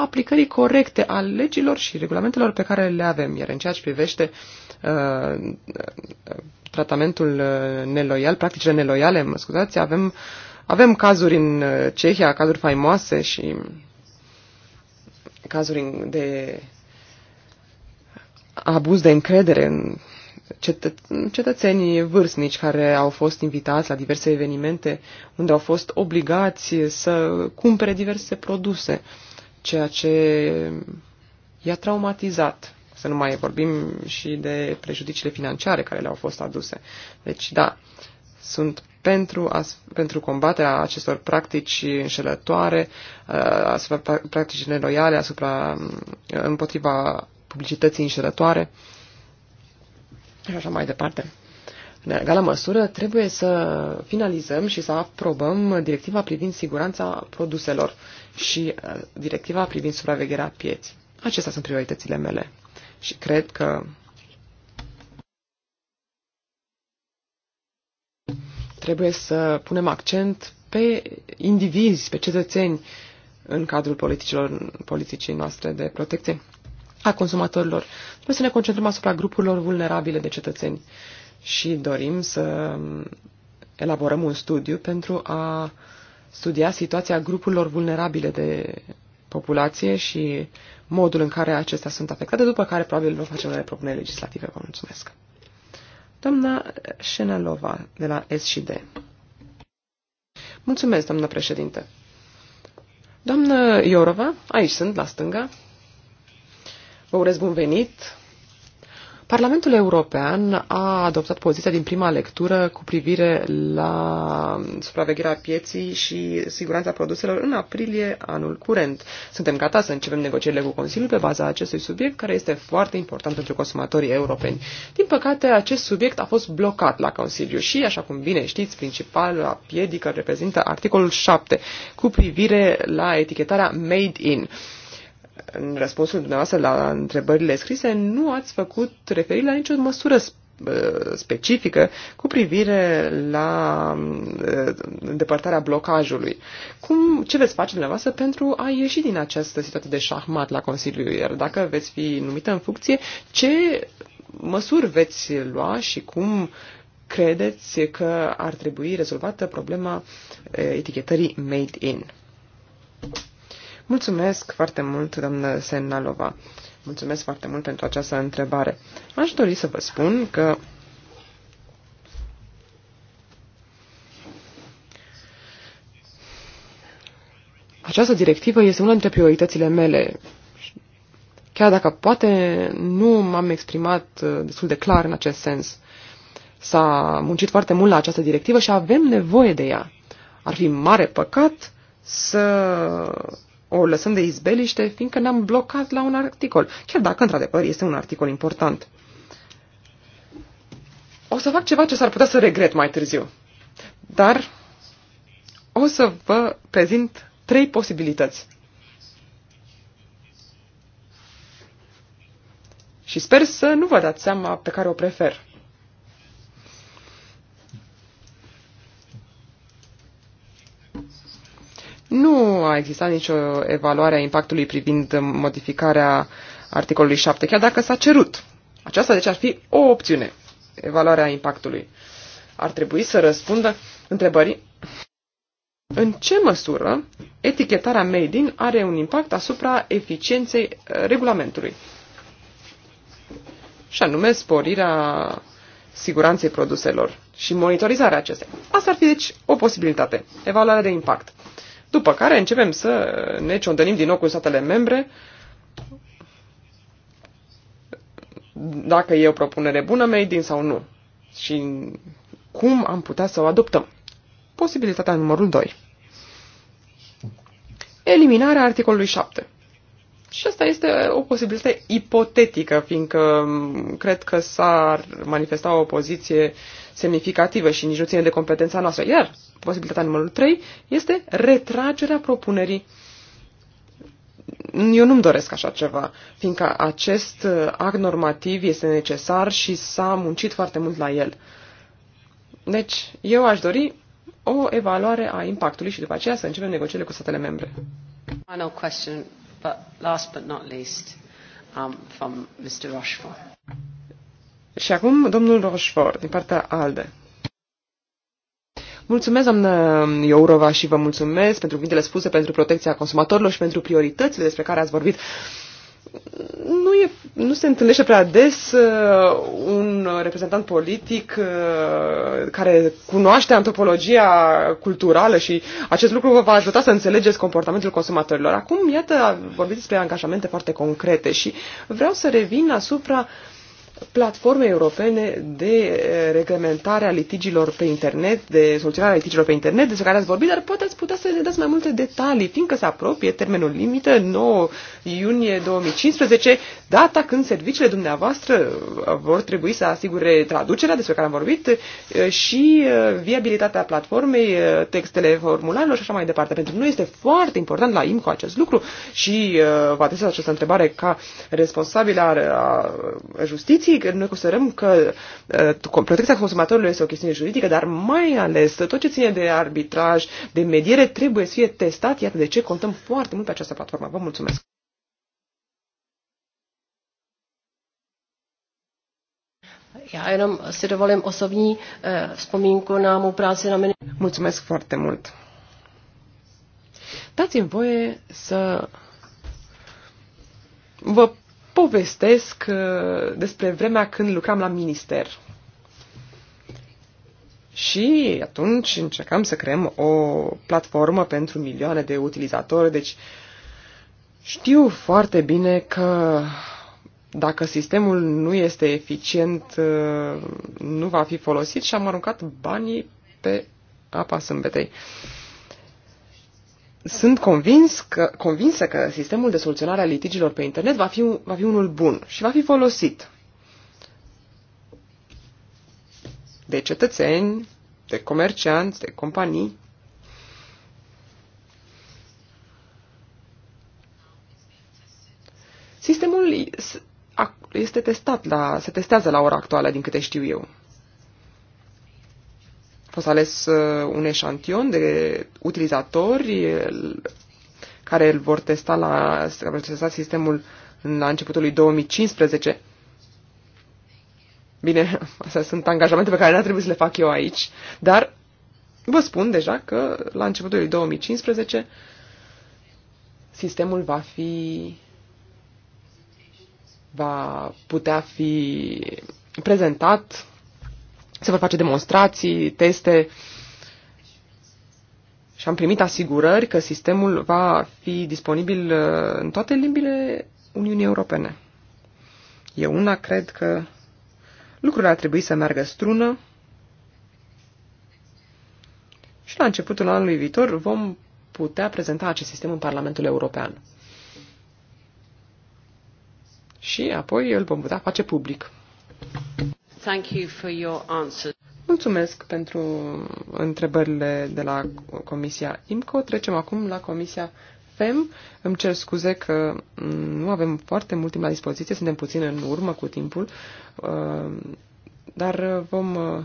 Speaker 4: aplicării corecte a legilor și regulamentelor pe care le avem. Iar în ceea ce privește uh, uh tratamentul uh, neloial, practicile neloiale, mă scuzați, avem, avem cazuri în uh, Cehia, cazuri faimoase și cazuri de abuz de încredere în cetățenii vârstnici care au fost invitați la diverse evenimente unde au fost obligați să cumpere diverse produse uh, ceea ce i-a traumatizat. Să nu mai vorbim și de prejudiciile financiare care le-au fost aduse. Deci, da, sunt pentru, as, pentru combaterea acestor practici înșelătoare, uh, asupra practici neloiale, asupra, uh, împotriva publicității înșelătoare și așa mai departe. În egală măsură, trebuie să finalizăm și să aprobăm directiva privind siguranța produselor și uh, directiva privind supravegherea pieții. Acestea sunt prioritățile mele și cred că trebuie să punem accent pe indivizi, pe cetățeni în cadrul politicilor, politicii noastre de protecție a consumatorilor. Trebuie să ne concentrăm asupra grupurilor vulnerabile de cetățeni și dorim să elaborăm un studiu pentru a studia situația grupurilor vulnerabile de populație și modul în care acestea sunt afectate, după care probabil vom face unele propuneri legislative. Vă mulțumesc. Doamna Șenelova, de la SCD. Mulțumesc, doamnă președinte. Doamnă Iorova, aici sunt, la stânga. Vă urez bun venit Parlamentul European a adoptat poziția din prima lectură cu privire la supravegherea pieții și siguranța produselor în aprilie anul curent. Suntem gata să începem negocierile cu Consiliul pe baza acestui subiect, care este foarte important pentru consumatorii europeni. Din păcate, acest subiect a fost blocat la Consiliu și, așa cum bine știți, principala piedică reprezintă articolul 7 cu privire la etichetarea Made in în răspunsul dumneavoastră la întrebările scrise, nu ați făcut referire la nicio măsură uh, specifică cu privire la uh, îndepărtarea blocajului. Cum, ce veți face dumneavoastră pentru a ieși din această situație de șahmat la Consiliu? Iar dacă veți fi numită în funcție, ce măsuri veți lua și cum credeți că ar trebui rezolvată problema uh, etichetării made in? Mulțumesc foarte mult, doamnă Semnalova. Mulțumesc foarte mult pentru această întrebare. Aș dori să vă spun că această directivă este una dintre prioritățile mele. Chiar dacă poate nu m-am exprimat uh, destul de clar în acest sens. S-a muncit foarte mult la această directivă și avem nevoie de ea. Ar fi mare păcat să o lăsăm de izbeliște, fiindcă ne-am blocat la un articol, chiar dacă, într-adevăr, este un articol important. O să fac ceva ce s-ar putea să regret mai târziu, dar o să vă prezint trei posibilități. Și sper să nu vă dați seama pe care o prefer. Nu a existat nicio evaluare a impactului privind modificarea articolului 7, chiar dacă s-a cerut. Aceasta, deci, ar fi o opțiune, evaluarea impactului. Ar trebui să răspundă întrebării în ce măsură etichetarea made in are un impact asupra eficienței uh, regulamentului. Și anume sporirea siguranței produselor și monitorizarea acestea. Asta ar fi, deci, o posibilitate, evaluarea de impact. După care începem să ne ciondănim din nou cu statele membre dacă e o propunere bună made in sau nu și cum am putea să o adoptăm. Posibilitatea numărul 2. Eliminarea articolului 7. Și asta este o posibilitate ipotetică, fiindcă cred că s-ar manifesta o opoziție semnificativă și nici nu ține de competența noastră. Iar posibilitatea numărul 3 este retragerea propunerii. Eu nu-mi doresc așa ceva, fiindcă acest uh, act normativ este necesar și s-a muncit foarte mult la el. Deci, eu aș dori o evaluare a impactului și după aceea să începem negocierile cu statele membre.
Speaker 1: Final question, but last but not least, um, from Mr. Rochefort.
Speaker 4: Și acum domnul Rochefort, din partea ALDE. Mulțumesc, doamnă Iourova, și vă mulțumesc pentru cuvintele spuse, pentru protecția consumatorilor și pentru prioritățile despre care ați vorbit nu, e, nu se întâlnește prea des uh, un reprezentant politic uh, care cunoaște antropologia culturală și acest lucru vă va ajuta să înțelegeți comportamentul consumatorilor. Acum, iată, vorbiți despre angajamente foarte concrete și vreau să revin asupra uh, platforme europene de eh, reglementare a litigilor pe internet, de soluționarea litigilor pe internet, despre care ați vorbit, dar poate ați putea să ne dați mai multe detalii, fiindcă se apropie termenul limită, 9 iunie 2015, data când serviciile dumneavoastră eh, vor trebui să asigure traducerea despre care am vorbit eh, și viabilitatea platformei, textele formularilor și așa mai departe. Pentru noi este foarte important la IMCO acest lucru și vă adresez această întrebare ca responsabilă a justiției condiții. Noi considerăm că uh, protecția consumatorului este o chestiune juridică, dar mai ales tot ce ține de arbitraj, de mediere, trebuie să fie testat. Iată de ce contăm
Speaker 1: foarte mult pe această platformă. Vă mulțumesc! Já jenom si dovolím osobní eh, vzpomínku na mou práci na mini... Mulțumesc foarte mult. Dați-mi voie să vă povestesc
Speaker 4: uh, despre vremea când lucram la minister. Și atunci încercam să creăm o platformă pentru milioane de utilizatori. Deci știu foarte bine că dacă sistemul nu este eficient, uh, nu va fi folosit și am aruncat banii pe apa sâmbetei. Uh, sunt convins că, convinsă că sistemul de soluționare a litigilor pe internet va fi, va fi unul bun și va fi folosit de cetățeni, de comercianți, de companii. Sistemul este testat la, se testează la ora actuală, din câte știu eu fost ales uh, un eșantion de utilizatori care îl vor testa la vor testa sistemul la începutul lui 2015. Bine, astea sunt angajamente pe care nu ar trebui să le fac eu aici, dar vă spun deja că la începutul lui 2015 sistemul va fi va putea fi prezentat se vor face demonstrații, teste și am primit asigurări că sistemul va fi disponibil uh, în toate limbile Uniunii Europene. Eu una cred că lucrurile ar trebui să meargă strună și la începutul anului viitor vom putea prezenta acest sistem în Parlamentul European. Și apoi îl vom putea face public.
Speaker 1: Thank you for your answers.
Speaker 4: Mulțumesc pentru întrebările de la Comisia IMCO. Trecem acum la Comisia FEM. Îmi cer scuze că nu avem foarte mult timp la dispoziție, suntem puțin în urmă cu timpul, uh, dar vom, uh,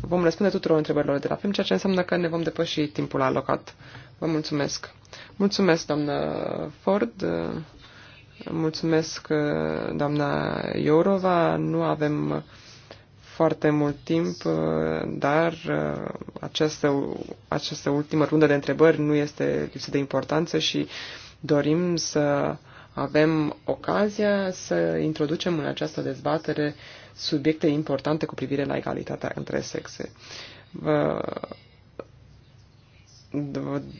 Speaker 4: vom răspunde tuturor întrebărilor de la FEM, ceea ce înseamnă că ne vom depăși timpul alocat. Vă mulțumesc. Mulțumesc, doamnă Ford. Mulțumesc, uh, doamna Iorova. Nu avem foarte mult timp, uh, dar uh, această, această ultimă rundă de întrebări nu este lipsă de importanță și dorim să avem ocazia să introducem în această dezbatere subiecte importante cu privire la egalitatea între sexe. Vă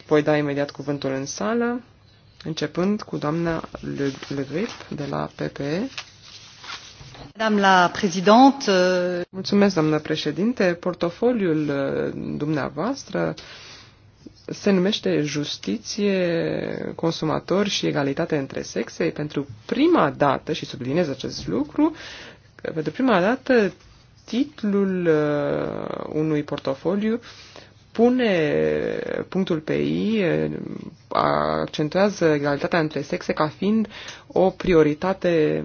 Speaker 4: voi da imediat cuvântul în sală. Începând cu doamna Le, Le Grip de la PPE. Madame la Présidente. Euh, Mulțumesc, doamnă președinte. Portofoliul uh, dumneavoastră se numește Justiție, Consumator și Egalitate între Sexe. Pentru prima dată, și subliniez acest lucru, pentru prima dată titlul uh, unui portofoliu pune punctul pe I uh, accentuează egalitatea între sexe ca fiind o prioritate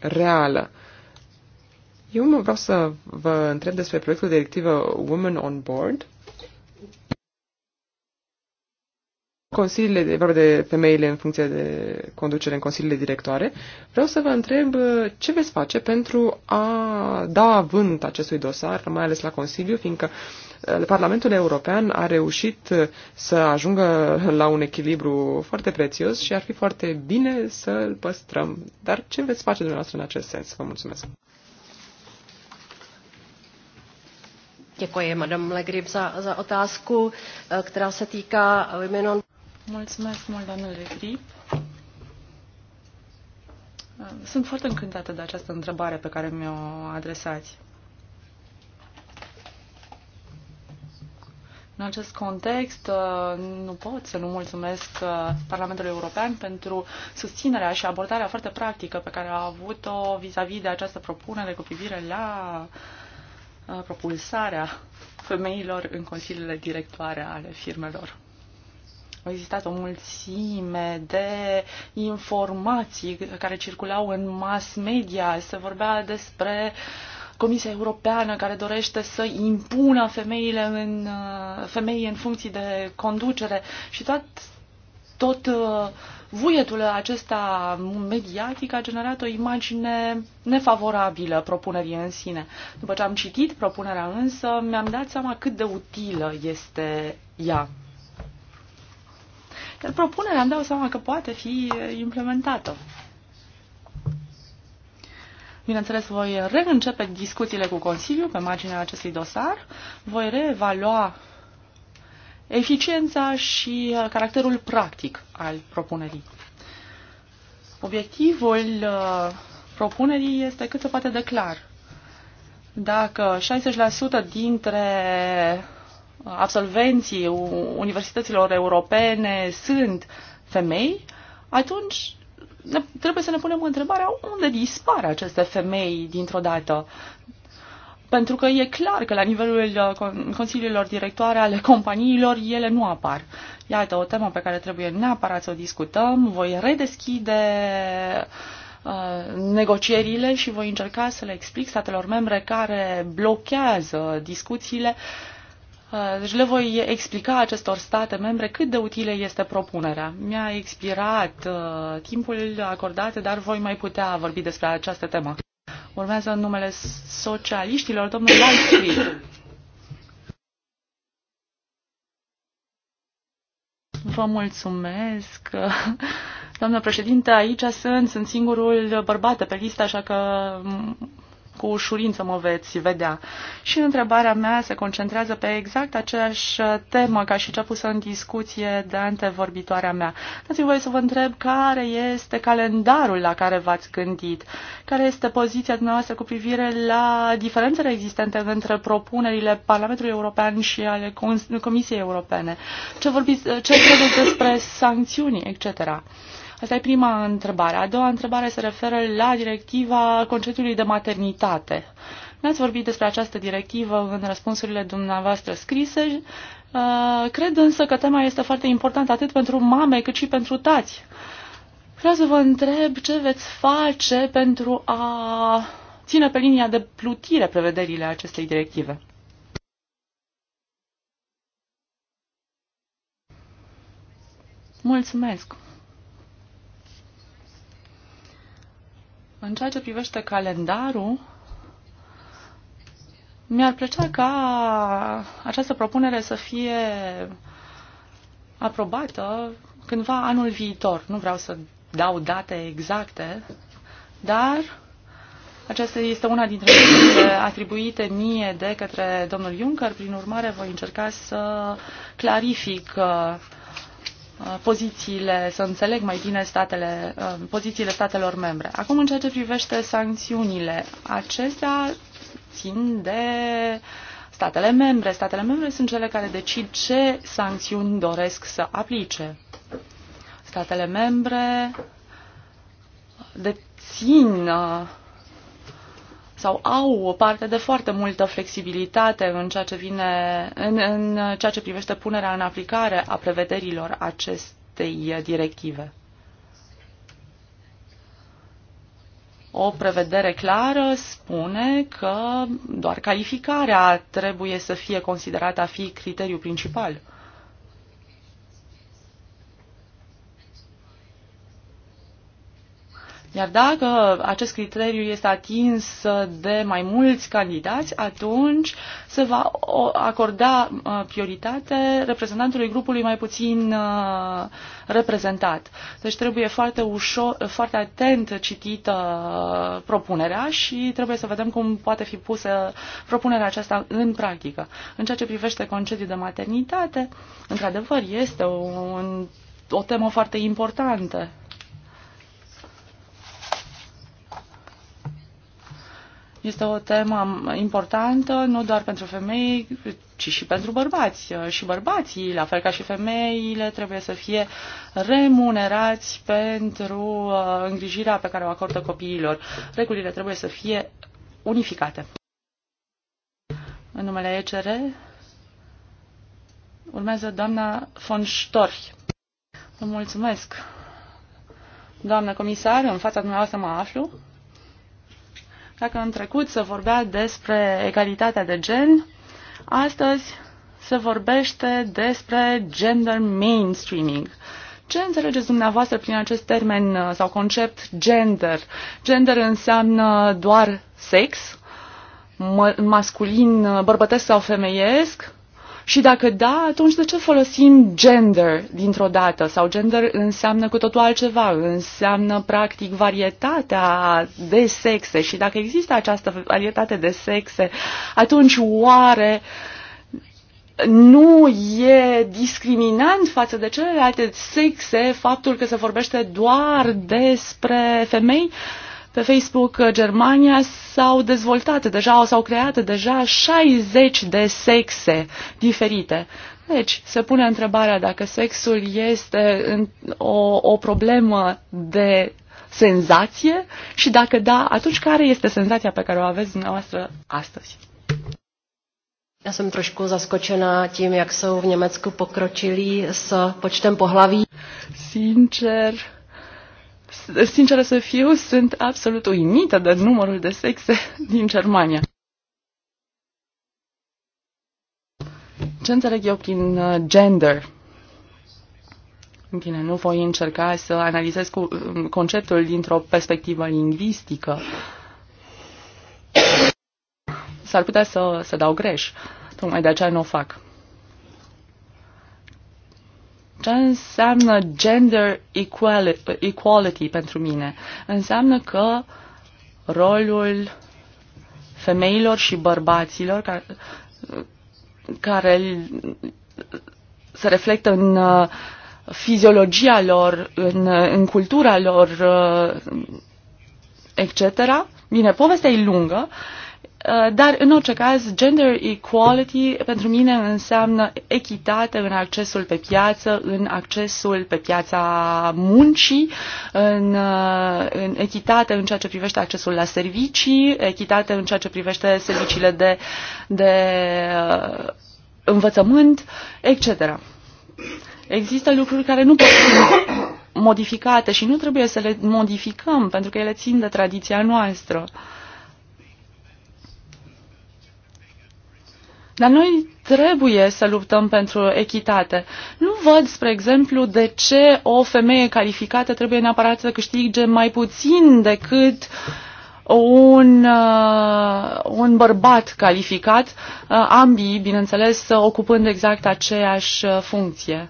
Speaker 4: reală. Eu vreau să vă întreb despre proiectul directivă Women on Board consiliile, de vorba de femeile în funcție de conducere în consiliile directoare, vreau să vă întreb uh, ce veți face pentru a da avânt acestui dosar, mai ales la Consiliu, fiindcă uh, Parlamentul European a reușit uh, să ajungă la un echilibru foarte prețios și ar fi foarte bine să îl păstrăm. Dar ce veți face dumneavoastră în acest sens? Vă mulțumesc!
Speaker 1: Děkuji, madam Legrib, za, za otázku, eh, která se týká eh, jmenon...
Speaker 3: Mulțumesc mult, domnule Grip. Sunt foarte încântată de această întrebare pe care mi-o adresați. În acest context, nu pot să nu mulțumesc Parlamentului European pentru susținerea și abordarea foarte practică pe care a avut-o vis-a-vis de această propunere cu privire la uh, propulsarea femeilor în consiliile directoare ale firmelor. Au existat o mulțime de informații care circulau în mass media. Se vorbea despre Comisia Europeană care dorește să impună femeile în, femei în funcții de conducere și tot, tot uh, vuietul acesta mediatic a generat o imagine nefavorabilă propunerii în sine. După ce am citit propunerea însă, mi-am dat seama cât de utilă este ea. Dar propunerea îmi dau seama că poate fi implementată. Bineînțeles, voi reîncepe discuțiile cu Consiliul pe marginea acestui dosar, voi reevalua eficiența și uh, caracterul practic al propunerii. Obiectivul uh, propunerii este cât se poate de clar. Dacă 60% dintre absolvenții universităților europene sunt femei, atunci ne, trebuie să ne punem întrebarea unde dispar aceste femei dintr-o dată. Pentru că e clar că la nivelul uh, consiliilor directoare ale companiilor ele nu apar. Iată o temă pe care trebuie neapărat să o discutăm. Voi redeschide uh, negocierile și voi încerca să le explic statelor membre care blochează discuțiile uh, Uh, deci le voi explica acestor state membre cât de utile este propunerea. Mi-a expirat uh, timpul acordat, dar voi mai putea vorbi despre această temă. Urmează în numele socialiștilor, domnul Lightfield. Vă mulțumesc. Doamnă președinte, aici sunt, sunt singurul bărbat pe listă, așa că cu ușurință mă veți vedea. Și întrebarea mea se concentrează pe exact aceeași temă ca și cea pusă în discuție de antevorbitoarea mea. Dați-mi voie să vă întreb care este calendarul la care v-ați gândit, care este poziția dumneavoastră cu privire la diferențele existente între propunerile Parlamentului European și ale Comisiei Europene, ce, vorbiți, ce credeți despre sancțiuni, etc. Asta e prima întrebare. A doua întrebare se referă la directiva conceptului de maternitate. Ne-ați vorbit despre această directivă în răspunsurile dumneavoastră scrise. Uh, cred însă că tema este foarte importantă atât pentru mame cât și pentru tați. Vreau să vă întreb ce veți face pentru a ține pe linia de plutire prevederile acestei directive. Mulțumesc! În ceea ce privește calendarul, mi-ar plăcea ca această propunere să fie aprobată cândva anul viitor. Nu vreau să dau date exacte, dar aceasta este una dintre lucrurile atribuite mie de către domnul Juncker. Prin urmare, voi încerca să clarific uh, Uh, pozițiile, să înțeleg mai bine statele, uh, pozițiile statelor membre. Acum, în ceea ce privește sancțiunile, acestea țin de statele membre. Statele membre sunt cele care decid ce sancțiuni doresc să aplice. Statele membre dețin uh, sau au o parte de foarte multă flexibilitate în ceea ce, vine, în, în ceea ce privește punerea în aplicare a prevederilor acestei directive. O prevedere clară spune că doar calificarea trebuie să fie considerată a fi criteriul principal. Iar dacă acest criteriu este atins de mai mulți candidați, atunci se va acorda uh, prioritate reprezentantului grupului mai puțin uh, reprezentat. Deci trebuie foarte ușor, foarte atent citită uh, propunerea și trebuie să vedem cum poate fi pusă propunerea aceasta în practică. În ceea ce privește concediul de maternitate, într-adevăr, este un, o temă foarte importantă Este o temă importantă, nu doar pentru femei, ci și pentru bărbați. Și bărbații, la fel ca și femeile, trebuie să fie remunerați pentru uh, îngrijirea pe care o acordă copiilor. Regulile trebuie să fie unificate. În numele ECR urmează doamna von Storch. Vă mulțumesc. Doamnă comisar, în fața dumneavoastră mă aflu. Dacă în trecut se vorbea despre egalitatea de gen, astăzi se vorbește despre gender mainstreaming. Ce înțelegeți dumneavoastră prin acest termen uh, sau concept gender? Gender înseamnă doar sex, masculin, uh, bărbătesc sau femeiesc, și dacă da, atunci de ce folosim gender dintr-o dată? Sau gender înseamnă cu totul altceva, înseamnă practic varietatea de sexe și dacă există această varietate de sexe, atunci oare nu e discriminant față de celelalte sexe faptul că se vorbește doar despre femei? Uh, pe Facebook uh, Germania s-au dezvoltat deja, s-au creat deja 60 de sexe diferite. Deci, se pune întrebarea dacă sexul este o, o problemă de senzație și dacă da, atunci care este senzația pe care
Speaker 1: o aveți dumneavoastră astăzi? Já jsem trošku zaskočena tím, jak jsou v Německu pokročilí s počtem pohlaví. Sincer, sinceră să fiu, sunt absolut
Speaker 3: uimită de numărul de sexe din Germania. Ce înțeleg eu prin uh, gender? În fine, nu voi încerca să analizez cu, um, conceptul dintr-o perspectivă lingvistică. S-ar putea să, să dau greș. Tocmai de aceea nu o fac. Ce înseamnă gender equality pentru mine? Înseamnă că rolul femeilor și bărbaților care, care se reflectă în uh, fiziologia lor, în, uh, în cultura lor, uh, etc. Bine, povestea e lungă Uh, dar, în orice caz, gender equality pentru mine înseamnă echitate în accesul pe piață, în accesul pe piața muncii, în, uh, în echitate în ceea ce privește accesul la servicii, echitate în ceea ce privește serviciile de, de uh, învățământ, etc. Există lucruri care nu pot fi modificate și nu trebuie să le modificăm pentru că ele țin de tradiția noastră. Uh, Dar noi trebuie să luptăm pentru echitate. Nu văd, spre exemplu, de ce o femeie calificată trebuie neapărat să câștige mai puțin decât un, uh, un bărbat calificat, uh, ambii, bineînțeles, ocupând exact aceeași uh, funcție.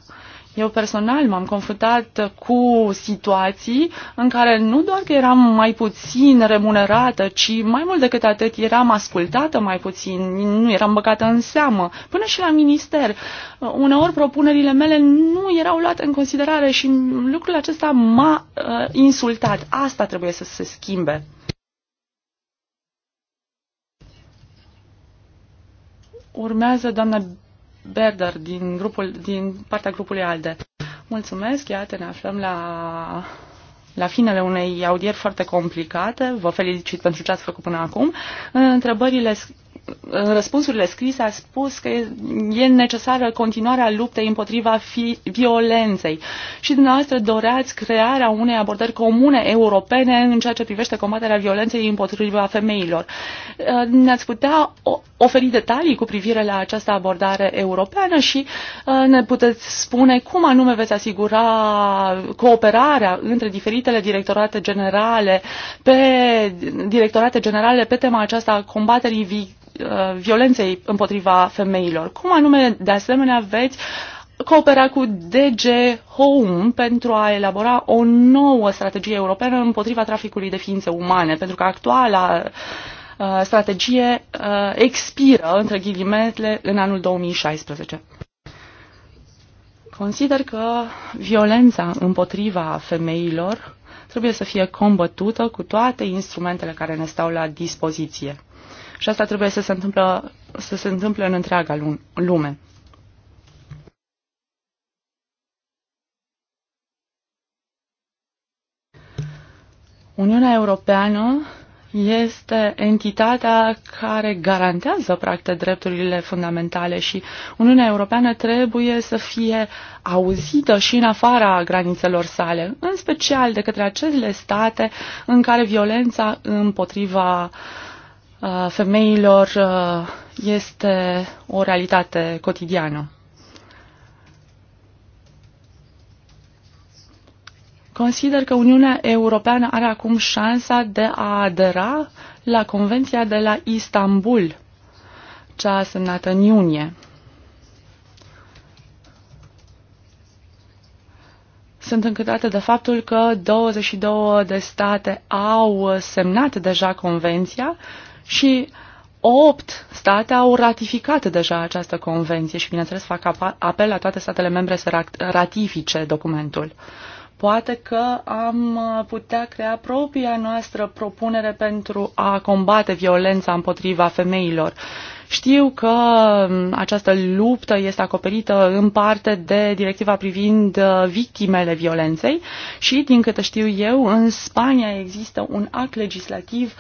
Speaker 3: Eu personal m-am confruntat cu situații în care nu doar că eram mai puțin remunerată, ci mai mult decât atât eram ascultată mai puțin, nu eram băgată în seamă, până și la minister. Uneori propunerile mele nu erau luate în considerare și lucrul acesta m-a uh, insultat. Asta trebuie să se schimbe. Urmează doamna Berder din, grupul, din partea grupului ALDE. Mulțumesc, iată, ne aflăm la, la finele unei audieri foarte complicate. Vă felicit pentru ce ați făcut până acum. Întrebările în răspunsurile scrise a spus că e necesară continuarea luptei împotriva fi, violenței și dumneavoastră doreați crearea unei abordări comune europene în ceea ce privește combaterea violenței împotriva femeilor. Uh, ne-ați putea oferi detalii cu privire la această abordare europeană și uh, ne puteți spune cum anume veți asigura cooperarea între diferitele directorate generale pe directorate generale pe tema aceasta a combaterii vi Uh, violenței împotriva femeilor. Cum anume, de asemenea, veți coopera cu DG Home pentru a elabora o nouă strategie europeană împotriva traficului de ființe umane, pentru că actuala uh, strategie uh, expiră, între ghilimele, în anul 2016. Consider că violența împotriva femeilor trebuie să fie combătută cu toate instrumentele care ne stau la dispoziție. Și asta trebuie să se, întâmplă, să se întâmple în întreaga lume. Uniunea Europeană este entitatea care garantează, practic, drepturile fundamentale și Uniunea Europeană trebuie să fie auzită și în afara granițelor sale, în special de către acele state în care violența împotriva uh, femeilor este o realitate cotidiană. Consider că Uniunea Europeană are acum șansa de a adera la Convenția de la Istanbul, cea semnată în iunie. sunt încântată de faptul că 22 de state au semnat deja convenția și 8 state au ratificat deja această convenție și, bineînțeles, fac apel la toate statele membre să ratifice documentul. Poate că am uh, putea crea propria noastră propunere pentru a combate violența împotriva femeilor. Știu că um, această luptă este acoperită în parte de directiva privind uh, victimele violenței și, din câte știu eu, în Spania există un act legislativ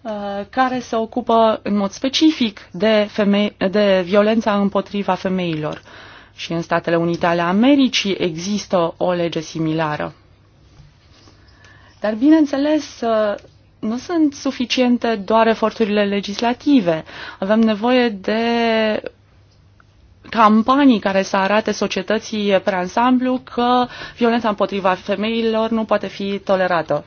Speaker 3: uh, care se ocupă în mod specific de, femei, de violența împotriva femeilor și în Statele Unite ale Americii există o lege similară. Dar, bineînțeles, uh, nu sunt suficiente doar eforturile legislative. Avem nevoie de campanii care să arate societății pe ansamblu că violența împotriva femeilor nu poate fi tolerată.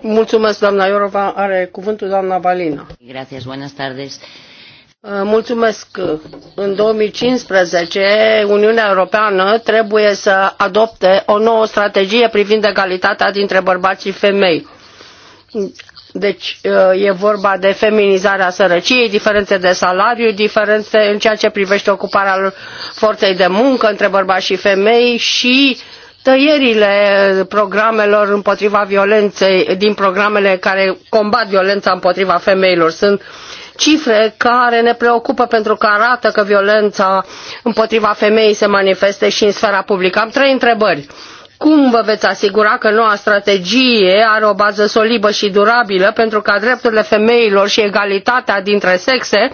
Speaker 2: Mulțumesc, doamna Iorova. Are cuvântul doamna Balina. Gracias, buenas tardes. Uh, mulțumesc. În 2015, Uniunea Europeană trebuie să adopte o nouă strategie privind egalitatea dintre bărbați și femei. Deci uh, e vorba de feminizarea sărăciei, diferențe de salariu, diferențe în ceea ce privește ocuparea forței de muncă între bărbați și femei și tăierile programelor împotriva violenței din programele care combat violența împotriva femeilor. Sunt cifre care ne preocupă pentru că arată că violența împotriva femeii se manifestă și în sfera publică. Am trei întrebări. Cum vă veți asigura că noua strategie are o bază solidă și durabilă pentru ca drepturile femeilor și egalitatea dintre sexe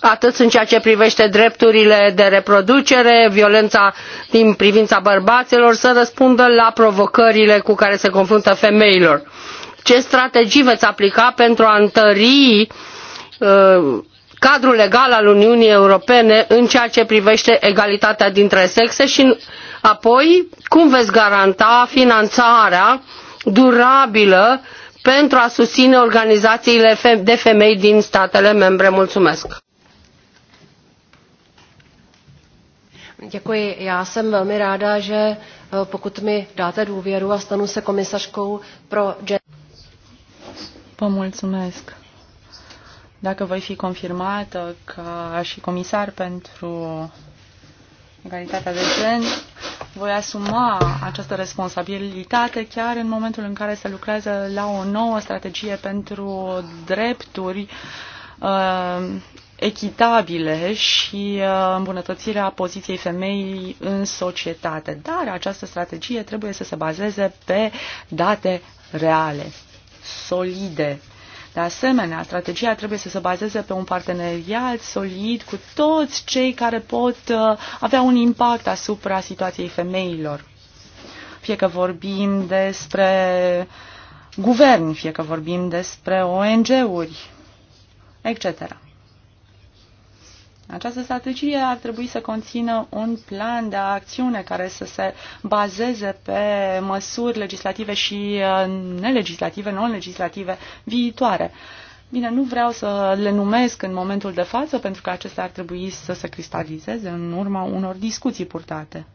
Speaker 2: atât în ceea ce privește drepturile de reproducere, violența din privința bărbaților, să răspundă la provocările cu care se confruntă femeilor. Ce strategii veți aplica pentru a întări uh, Uh, cadrul legal al Uniunii Europene în ceea ce privește egalitatea dintre sexe și apoi cum veți garanta finanțarea durabilă pentru a susține organizațiile de femei din statele membre. Mulțumesc!
Speaker 1: Děkuji. Já jsem velmi ráda, že eh, pokud mi dáte důvěru a stanu se komisařkou pro gender.
Speaker 3: mulțumesc dacă voi fi confirmată ca și comisar pentru egalitatea de gen, voi asuma această responsabilitate chiar în momentul în care se lucrează la o nouă strategie pentru drepturi uh, echitabile și uh, îmbunătățirea poziției femeii în societate. Dar această strategie trebuie să se bazeze pe date reale, solide de asemenea, strategia trebuie să se bazeze pe un parteneriat solid cu toți cei care pot uh, avea un impact asupra situației femeilor. Fie că vorbim despre guvern, fie că vorbim despre ONG-uri, etc. Această strategie ar trebui să conțină un plan de acțiune care să se bazeze pe măsuri legislative și uh, nelegislative, non-legislative viitoare. Bine, nu vreau să le numesc în momentul de față, pentru că acestea ar trebui să se cristalizeze în urma unor discuții purtate.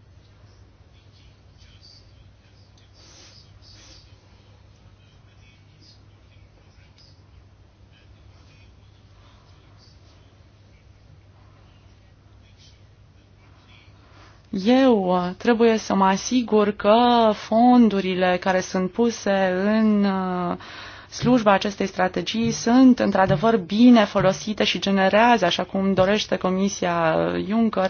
Speaker 3: Eu uh, trebuie să mă asigur că fondurile care sunt puse în uh, slujba acestei strategii sunt într-adevăr bine folosite și generează, așa cum dorește Comisia Juncker,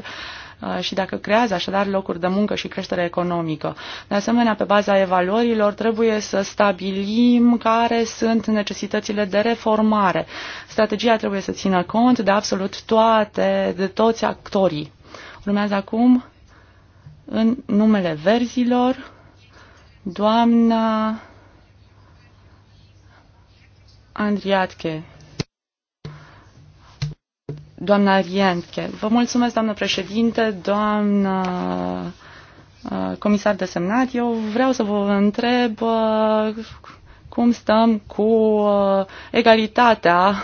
Speaker 3: uh, și dacă creează așadar locuri de muncă și creștere economică. De asemenea, pe baza evaluărilor, trebuie să stabilim care sunt necesitățile de reformare. Strategia trebuie să țină cont de absolut toate, de toți actorii. Urmează acum în numele verzilor, doamna Andriatche. Doamna Rientke. Vă mulțumesc, doamnă președinte, doamnă uh, comisar desemnat. Eu vreau să vă întreb uh, cum stăm cu uh, egalitatea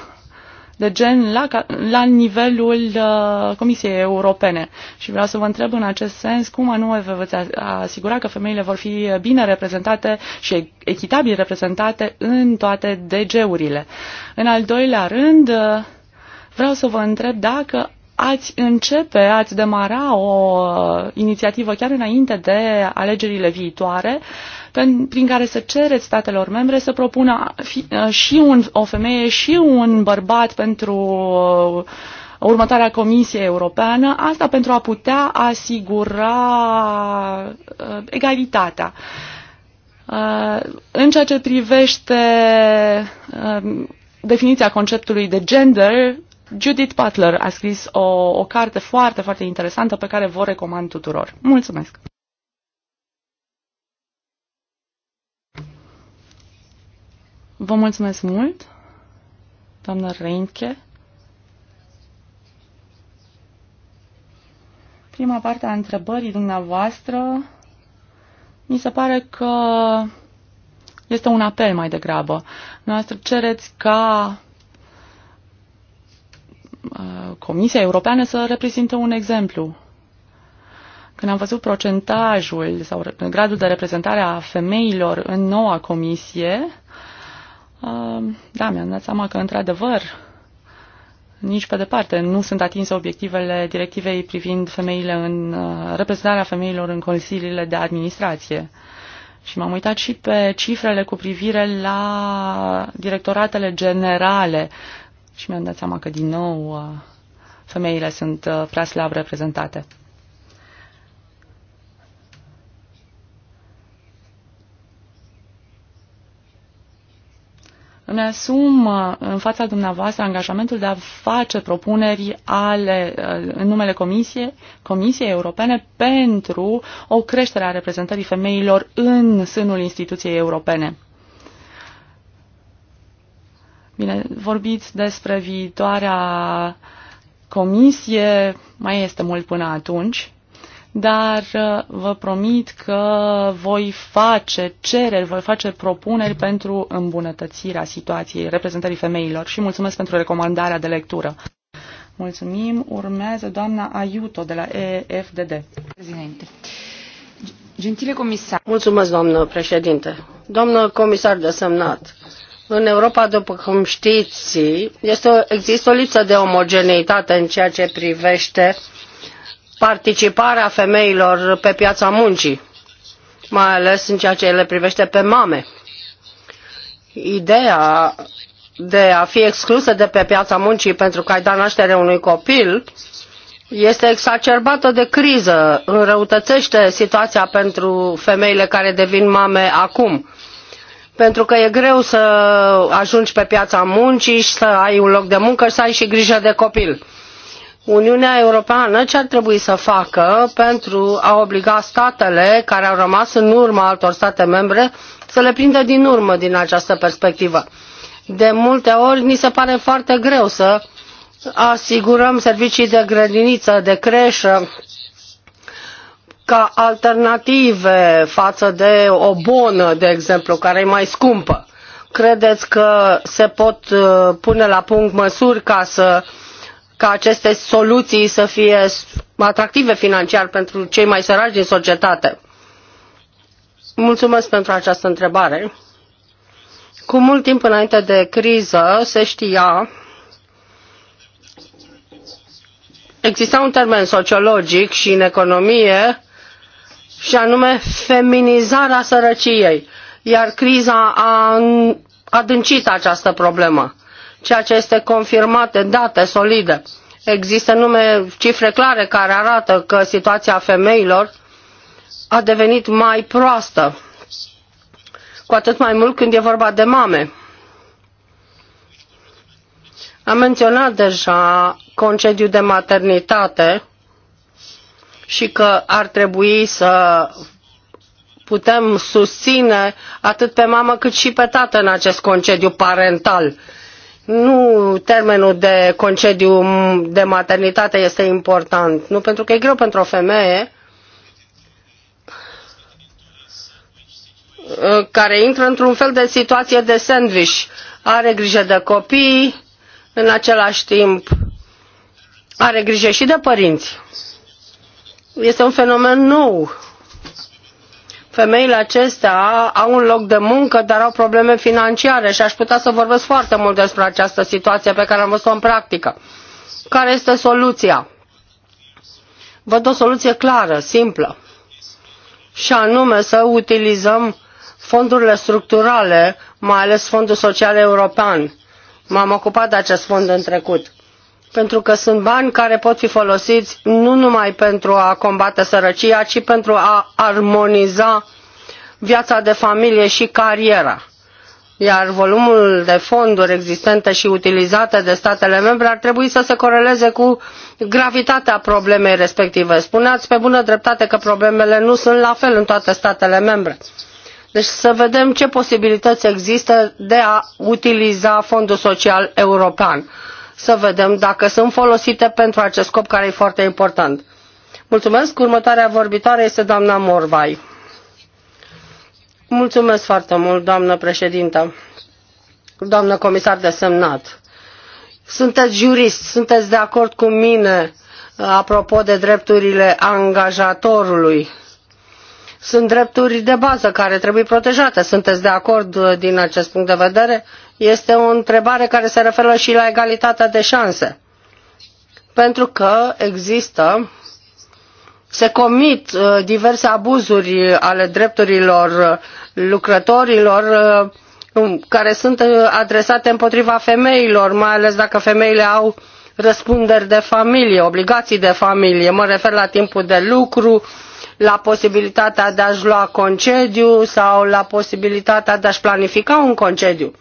Speaker 3: de gen la, la nivelul uh, Comisiei Europene. Și vreau să vă întreb în acest sens cum anume vă veți asigura că femeile vor fi bine reprezentate și echitabil reprezentate în toate DG-urile. În al doilea rând, uh, vreau să vă întreb dacă ați începe, ați demara o uh, inițiativă chiar înainte de alegerile viitoare uh, prin care să cereți statelor membre să propună uh, și un, o femeie și un bărbat pentru uh, următoarea Comisie Europeană, asta pentru a putea asigura uh, egalitatea. În ceea ce privește definiția conceptului de gender, Judith Butler a scris o, o carte foarte, foarte interesantă pe care vă recomand tuturor. Mulțumesc! Vă mulțumesc mult, doamnă Reinke. Prima parte a întrebării dumneavoastră mi se pare că este un apel mai degrabă. Noastră cereți ca uh, Comisia Europeană să reprezinte un exemplu. Când am văzut procentajul sau gradul de reprezentare a femeilor în noua comisie, uh, da, mi-am dat seama că, într-adevăr, nici pe departe nu sunt atinse obiectivele directivei privind femeile în uh, reprezentarea femeilor în consiliile de administrație. Și m-am uitat și pe cifrele cu privire la directoratele generale și mi-am dat seama că, din nou, uh, femeile sunt uh, prea slab reprezentate. Îmi asum în fața dumneavoastră angajamentul de a face propuneri ale, eh, în numele Comisiei, Comisie Europene pentru o creștere a reprezentării femeilor în sânul instituției europene. Bine, vorbiți despre viitoarea comisie, mai este mult până atunci dar uh, vă promit că voi face cereri, voi face propuneri pentru îmbunătățirea situației reprezentării femeilor și mulțumesc pentru recomandarea de lectură. Mulțumim. Urmează
Speaker 2: doamna Aiuto de la EFDD. Președinte. Gentile comisar. Mulțumesc, doamnă președinte. Doamnă comisar desemnat, în Europa, după cum știți, este, există o lipsă de omogeneitate în ceea ce privește participarea femeilor pe piața muncii, mai ales în ceea ce le privește pe mame. Ideea de a fi exclusă de pe piața muncii pentru că ai dat naștere unui copil este exacerbată de criză, înrăutățește situația pentru femeile care devin mame acum. Pentru că e greu să ajungi pe piața muncii și să ai un loc de muncă și să ai și grijă de copil. Uniunea Europeană ce ar trebui să facă pentru a obliga statele care au rămas în urma altor state membre să le prindă din urmă din această perspectivă. De multe ori ni se pare foarte greu să asigurăm servicii de grădiniță, de creșă, ca alternative față de o bonă, de exemplu, care e mai scumpă. Credeți că se pot uh, pune la punct măsuri ca să ca aceste soluții să fie atractive financiar pentru cei mai săraci din societate? Mulțumesc pentru această întrebare. Cu mult timp înainte de criză se știa exista un termen sociologic și în economie și anume feminizarea sărăciei, iar criza a adâncit această problemă ceea ce este confirmat de date solide. Există nume, cifre clare care arată că situația femeilor a devenit mai proastă, cu atât mai mult când e vorba de mame. Am menționat deja concediu de maternitate și că ar trebui să putem susține atât pe mamă cât și pe tată în acest concediu parental nu termenul de concediu de maternitate este important, nu pentru că e greu pentru o femeie uh, care intră într-un fel de situație de sandwich. Are grijă de copii, în același timp are grijă și de părinți. Este un fenomen nou femeile acestea au un loc de muncă, dar au probleme financiare și aș putea să vorbesc foarte mult despre această situație pe care am văzut-o în practică. Care este soluția? Văd o soluție clară, simplă, și anume să utilizăm fondurile structurale, mai ales Fondul Social European. M-am ocupat de acest fond în trecut pentru că sunt bani care pot fi folosiți nu numai pentru a combate sărăcia, ci pentru a armoniza viața de familie și cariera. Iar volumul de fonduri existente și utilizate de statele membre ar trebui să se coreleze cu gravitatea problemei respective. Spuneați pe bună dreptate că problemele nu sunt la fel în toate statele membre. Deci să vedem ce posibilități există de a utiliza Fondul Social European să vedem dacă sunt folosite pentru acest scop care e foarte important. Mulțumesc. Următoarea vorbitoare este doamna Morvai. Mulțumesc foarte mult, doamnă președintă, doamnă comisar de semnat. Sunteți jurist, sunteți de acord cu mine uh, apropo de drepturile angajatorului. Sunt drepturi de bază care trebuie protejate. Sunteți de acord uh, din acest punct de vedere? Este o întrebare care se referă și la egalitatea de șanse. Pentru că există, se comit uh, diverse abuzuri ale drepturilor uh, lucrătorilor uh, um, care sunt adresate împotriva femeilor, mai ales dacă femeile au răspunderi de familie, obligații de familie. Mă refer la timpul de lucru, la posibilitatea de a-și lua concediu sau la posibilitatea de a-și planifica un concediu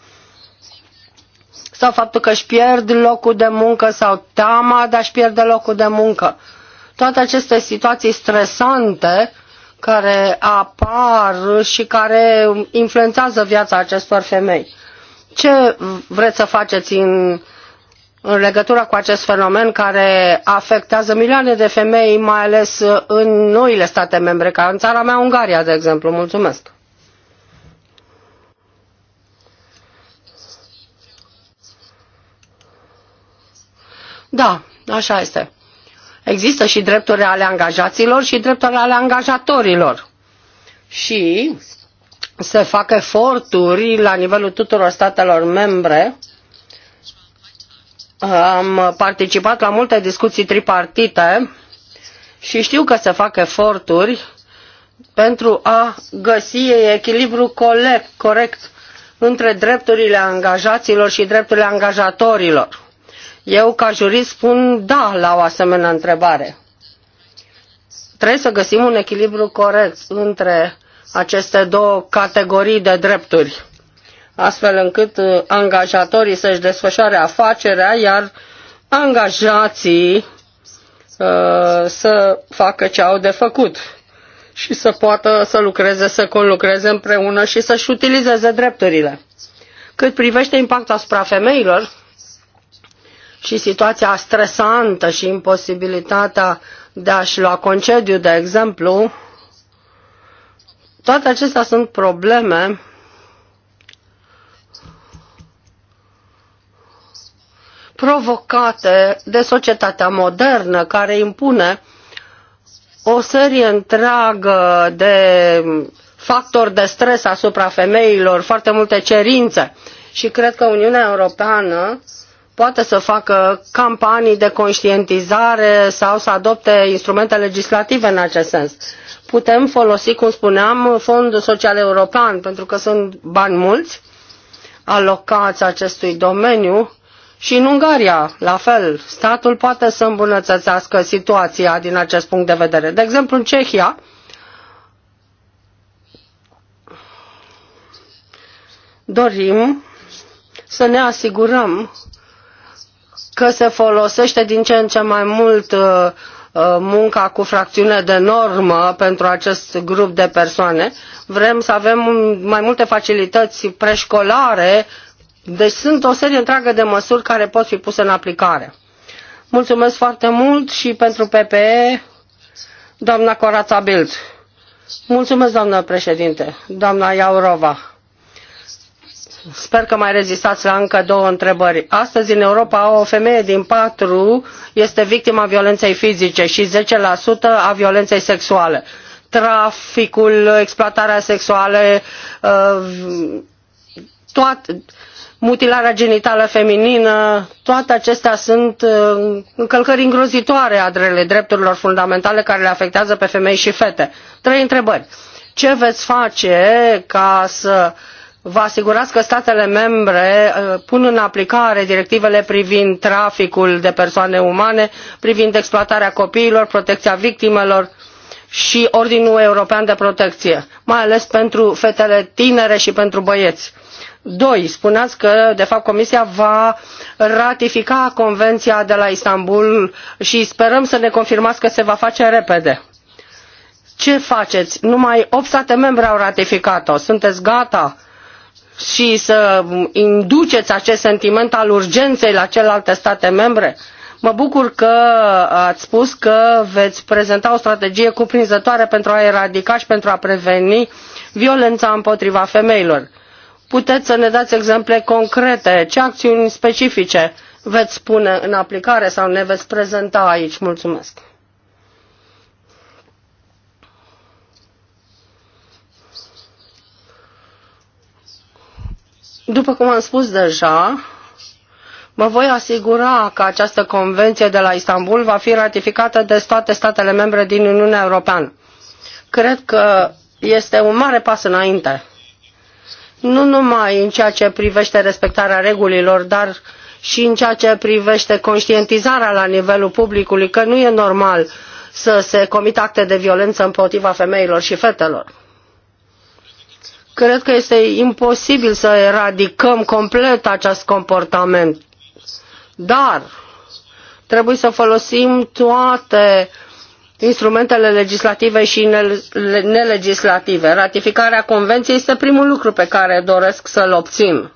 Speaker 2: sau faptul că își pierd locul de muncă sau teama de a-și pierde locul de muncă. Toate aceste situații stresante care apar și care influențează viața acestor femei. Ce vreți să faceți în, în legătură cu acest fenomen care afectează milioane de femei, mai ales în noile state membre, ca în țara mea, Ungaria, de exemplu? Mulțumesc! Da, așa este. Există și drepturile ale angajaților și drepturile ale angajatorilor. Și se fac eforturi la nivelul tuturor statelor membre. Am participat la multe discuții tripartite și știu că se fac eforturi pentru a găsi echilibru corect, corect între drepturile angajaților și drepturile angajatorilor. Eu, ca jurist, spun da la o asemenea întrebare. Trebuie să găsim un echilibru corect între aceste două categorii de drepturi, astfel încât uh, angajatorii să-și desfășoare afacerea, iar angajații uh, să facă ce au de făcut și să poată să lucreze, să conlucreze împreună și să-și utilizeze drepturile. Cât privește impactul asupra femeilor, și situația stresantă și imposibilitatea de a-și lua concediu, de exemplu, toate acestea sunt probleme provocate de societatea modernă care impune o serie întreagă de factori de stres asupra femeilor, foarte multe cerințe. Și cred că Uniunea Europeană poate să facă campanii de conștientizare sau să adopte instrumente legislative în acest sens. Putem folosi, cum spuneam, Fondul Social European, pentru că sunt bani mulți alocați acestui domeniu și în Ungaria, la fel, statul poate să îmbunătățească situația din acest punct de vedere. De exemplu, în Cehia, dorim să ne asigurăm că se folosește din ce în ce mai mult uh, uh, munca cu fracțiune de normă pentru acest grup de persoane. Vrem să avem mai multe facilități preșcolare, deci sunt o serie întreagă de măsuri care pot fi puse în aplicare. Mulțumesc foarte mult și pentru PPE, doamna Corața Bild. Mulțumesc, doamnă președinte, doamna Iaurova Sper că mai rezistați la încă două întrebări. Astăzi, în Europa, o femeie din patru este victima violenței fizice și 10% a violenței sexuale. Traficul, exploatarea sexuală, uh, toate, mutilarea genitală feminină, toate acestea sunt uh, încălcări îngrozitoare adrele drepturilor fundamentale care le afectează pe femei și fete. Trei întrebări. Ce veți face ca să uh, vă asigurați că statele membre uh, pun în aplicare directivele privind traficul de persoane umane, privind exploatarea copiilor, protecția victimelor și Ordinul European de Protecție, mai ales pentru fetele tinere și pentru băieți. Doi, spuneați că, de fapt, Comisia va ratifica Convenția de la Istanbul și sperăm să ne confirmați că se va face repede. Ce faceți? Numai 8 state membre au ratificat-o. Sunteți gata? și să induceți acest sentiment al urgenței la celelalte state membre? Mă bucur că ați spus că veți prezenta o strategie cuprinzătoare pentru a eradica și pentru a preveni violența împotriva femeilor. Puteți să ne dați exemple concrete? Ce acțiuni specifice veți pune în aplicare sau ne veți prezenta aici? Mulțumesc! După cum am spus deja, mă voi asigura că această convenție de la Istanbul va fi ratificată de toate statele membre din Uniunea Europeană. Cred că este un mare pas înainte, nu numai în ceea ce privește respectarea regulilor, dar și în ceea ce privește conștientizarea la nivelul publicului că nu e normal să se comită acte de violență împotriva femeilor și fetelor. Cred că este imposibil să eradicăm complet acest comportament. Dar trebuie să folosim toate instrumentele legislative și nelegislative. Ratificarea convenției este primul lucru pe care doresc să-l obțin.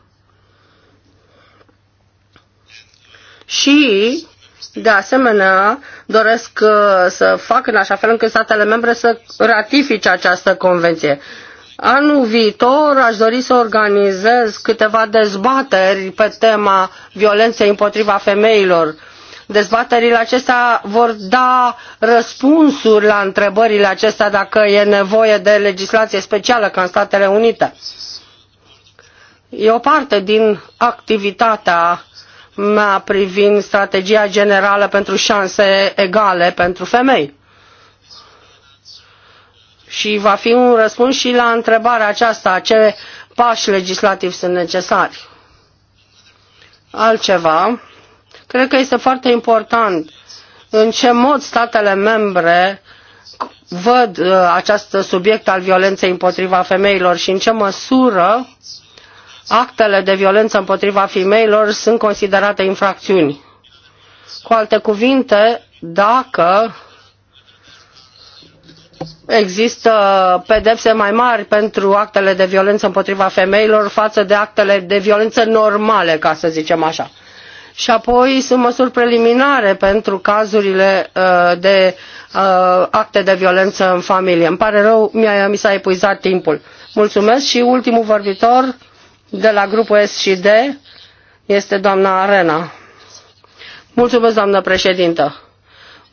Speaker 2: Și, de asemenea, doresc uh, să fac în așa fel încât statele membre să ratifice această convenție. Anul viitor aș dori să organizez câteva dezbateri pe tema violenței împotriva femeilor. Dezbaterile acestea vor da răspunsuri la întrebările acestea dacă e nevoie de legislație specială ca în Statele Unite. E o parte din activitatea mea privind strategia generală pentru șanse egale pentru femei și va fi un răspuns și la întrebarea aceasta, ce pași legislativi sunt necesari. Altceva, cred că este foarte important în ce mod statele membre văd uh, acest subiect al violenței împotriva femeilor și în ce măsură actele de violență împotriva femeilor sunt considerate infracțiuni. Cu alte cuvinte, dacă există pedepse mai mari pentru actele de violență împotriva femeilor față de actele de violență normale, ca să zicem așa. Și apoi sunt măsuri preliminare pentru cazurile uh, de uh, acte de violență în familie. Îmi pare rău, mi, mi s-a epuizat timpul. Mulțumesc și ultimul vorbitor de la grupul S și D este doamna Arena. Mulțumesc, doamnă președintă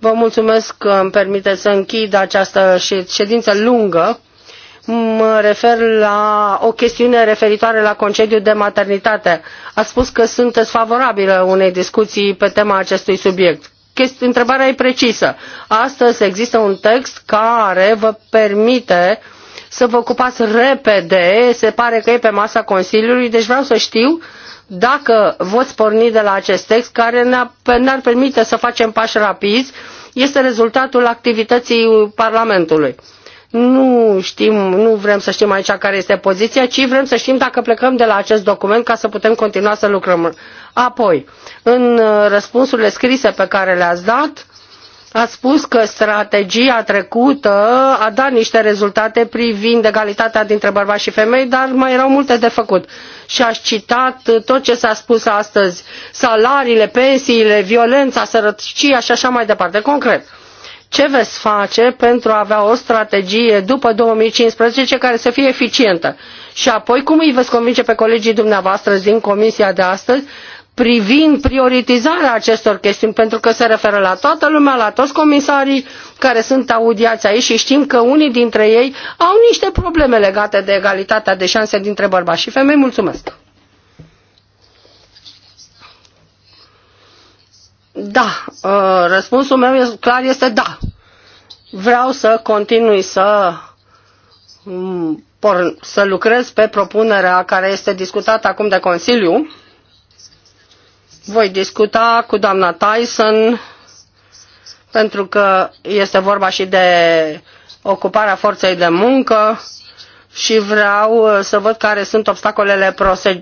Speaker 2: Vă mulțumesc că îmi permite să închid această ședință lungă. Mă refer la o chestiune referitoare la concediu de maternitate. A spus că sunteți favorabilă unei discuții pe tema acestui subiect. Întrebarea e precisă. Astăzi există un text care vă permite să vă ocupați repede, se pare că e pe masa Consiliului, deci vreau să știu uh, dacă voți porni de la acest text care ne-ar permite să facem pași rapizi, este rezultatul activității Parlamentului. Nu știm, nu vrem să știm aici care este poziția, ci vrem să știm dacă plecăm de la acest document ca să putem continua să lucrăm. Apoi, în uh, răspunsurile scrise pe care le-ați dat, Ați spus că strategia trecută a dat niște rezultate privind egalitatea dintre bărbați și femei, dar mai erau multe de făcut. Și aș citat tot ce s-a spus astăzi, salariile, pensiile, violența, sărăcia și așa mai departe, concret. Ce veți face pentru a avea o strategie după 2015 care să fie eficientă? Și apoi cum îi veți convinge pe colegii dumneavoastră din comisia de astăzi privind prioritizarea acestor chestiuni, pentru că se referă la toată lumea, la toți comisarii care sunt audiați aici și știm că unii dintre ei au niște probleme legate de egalitatea de șanse dintre bărbați și femei. Mulțumesc! Da, uh, răspunsul meu clar este da. Vreau să continui să mm, să lucrez pe propunerea care este discutată acum de Consiliu voi discuta cu doamna Tyson pentru că este vorba și de ocuparea forței de muncă și vreau uh, să văd care sunt obstacolele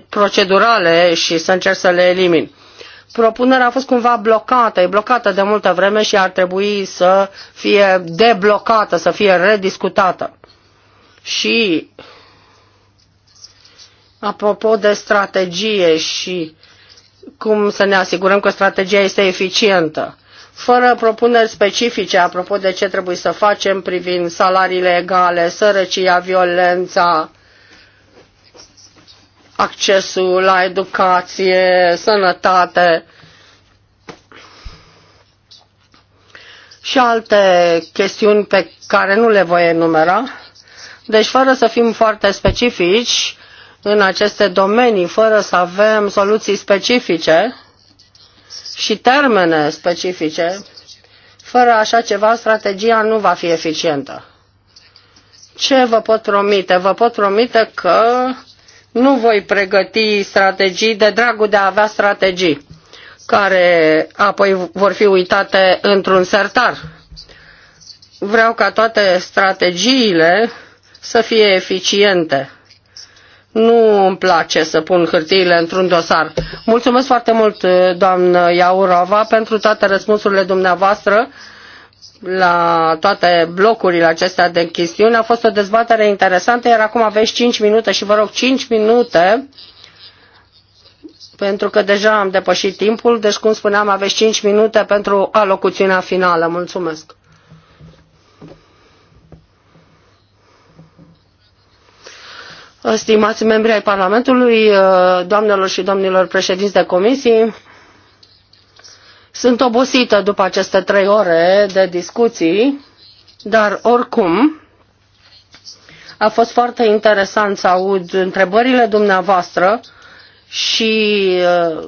Speaker 2: procedurale și să încerc să le elimin. Propunerea a fost cumva blocată, e blocată de multă vreme și ar trebui să fie deblocată, să fie rediscutată. Și apropo de strategie și cum să ne asigurăm că strategia este eficientă. Fără propuneri specifice apropo de ce trebuie să facem privind salariile egale, sărăcia, violența, accesul la educație, sănătate și alte chestiuni pe care nu le voi enumera. Deci, fără să fim foarte specifici, în aceste domenii fără să avem soluții specifice și termene specifice, fără așa ceva, strategia nu va fi eficientă. Ce vă pot promite? Vă pot promite că nu voi pregăti strategii de dragul de a avea strategii, care apoi vor fi uitate într-un sertar. Vreau ca toate strategiile să fie eficiente nu îmi place să pun hârtiile într-un dosar. Mulțumesc foarte mult, eh, doamnă Iaurova, pentru toate răspunsurile dumneavoastră la toate blocurile acestea de chestiuni. A fost o dezbatere interesantă, iar acum aveți 5 minute și vă rog 5 minute pentru că deja am depășit timpul, deci cum spuneam aveți 5 minute pentru alocuțiunea finală. Mulțumesc! Uh, stimați membri ai Parlamentului, uh, doamnelor și domnilor președinți de comisii, sunt obosită după aceste trei ore de discuții, dar oricum a fost foarte interesant să aud întrebările dumneavoastră și uh,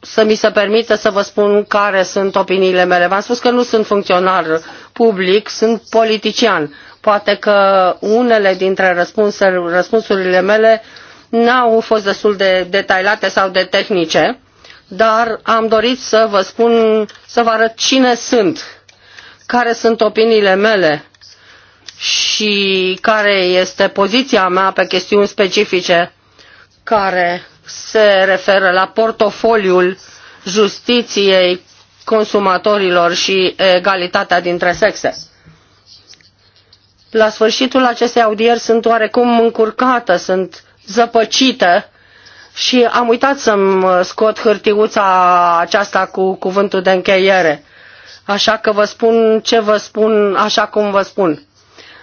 Speaker 2: să mi se permită să vă spun care sunt opiniile mele. V-am spus că nu sunt funcționar public, sunt politician Poate că unele dintre răspunsurile mele n-au fost destul de detaliate sau de tehnice, dar am dorit să vă spun, să vă arăt cine sunt, care sunt opiniile mele și care este poziția mea pe chestiuni specifice care se referă la portofoliul justiției consumatorilor și egalitatea dintre sexe la sfârșitul acestei audieri sunt oarecum încurcată, sunt zăpăcită și am uitat să-mi scot hârtiuța aceasta cu cuvântul de încheiere. Așa că vă spun ce vă spun, așa cum vă spun.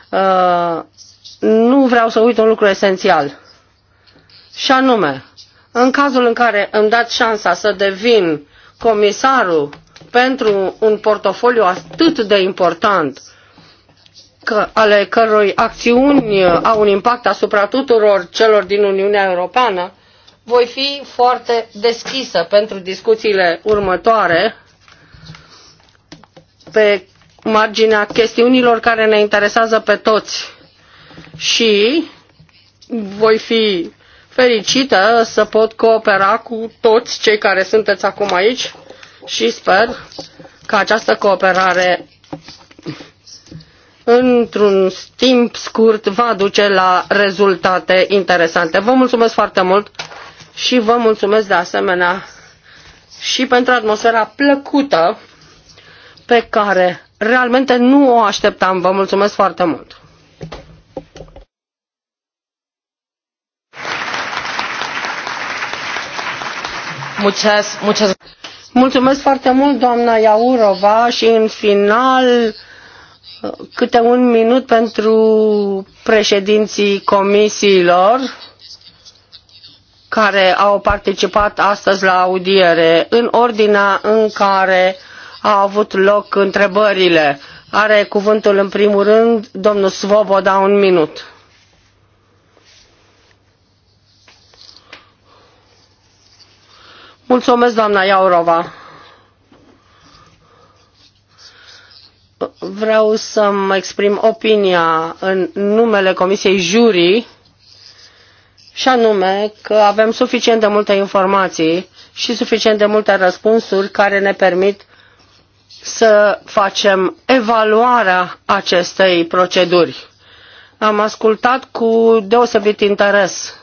Speaker 2: Uh, nu vreau să uit un lucru esențial. Și anume, în cazul în care îmi dați șansa să devin comisarul pentru un portofoliu atât de important, ale căror acțiuni uh, au un impact asupra tuturor celor din Uniunea Europeană, voi fi foarte deschisă pentru discuțiile următoare pe marginea chestiunilor care ne interesează pe toți și voi fi fericită să pot coopera cu toți cei care sunteți acum aici și sper că această cooperare într-un timp scurt va duce la rezultate interesante. Vă mulțumesc foarte mult și vă mulțumesc de asemenea și pentru atmosfera plăcută pe care realmente nu o așteptam. Vă mulțumesc foarte mult! Mulțumesc, mulțumesc. mulțumesc foarte mult, doamna Iaurova, și în final câte un minut pentru președinții comisiilor care au participat astăzi la audiere în ordinea în care au avut loc întrebările. Are cuvântul în primul rând domnul Svoboda un minut. Mulțumesc, doamna Iaurova. vreau să-mi exprim opinia în numele Comisiei juri și anume că avem suficient de multe informații și suficient de multe răspunsuri care ne permit să facem evaluarea acestei proceduri. Am ascultat cu deosebit interes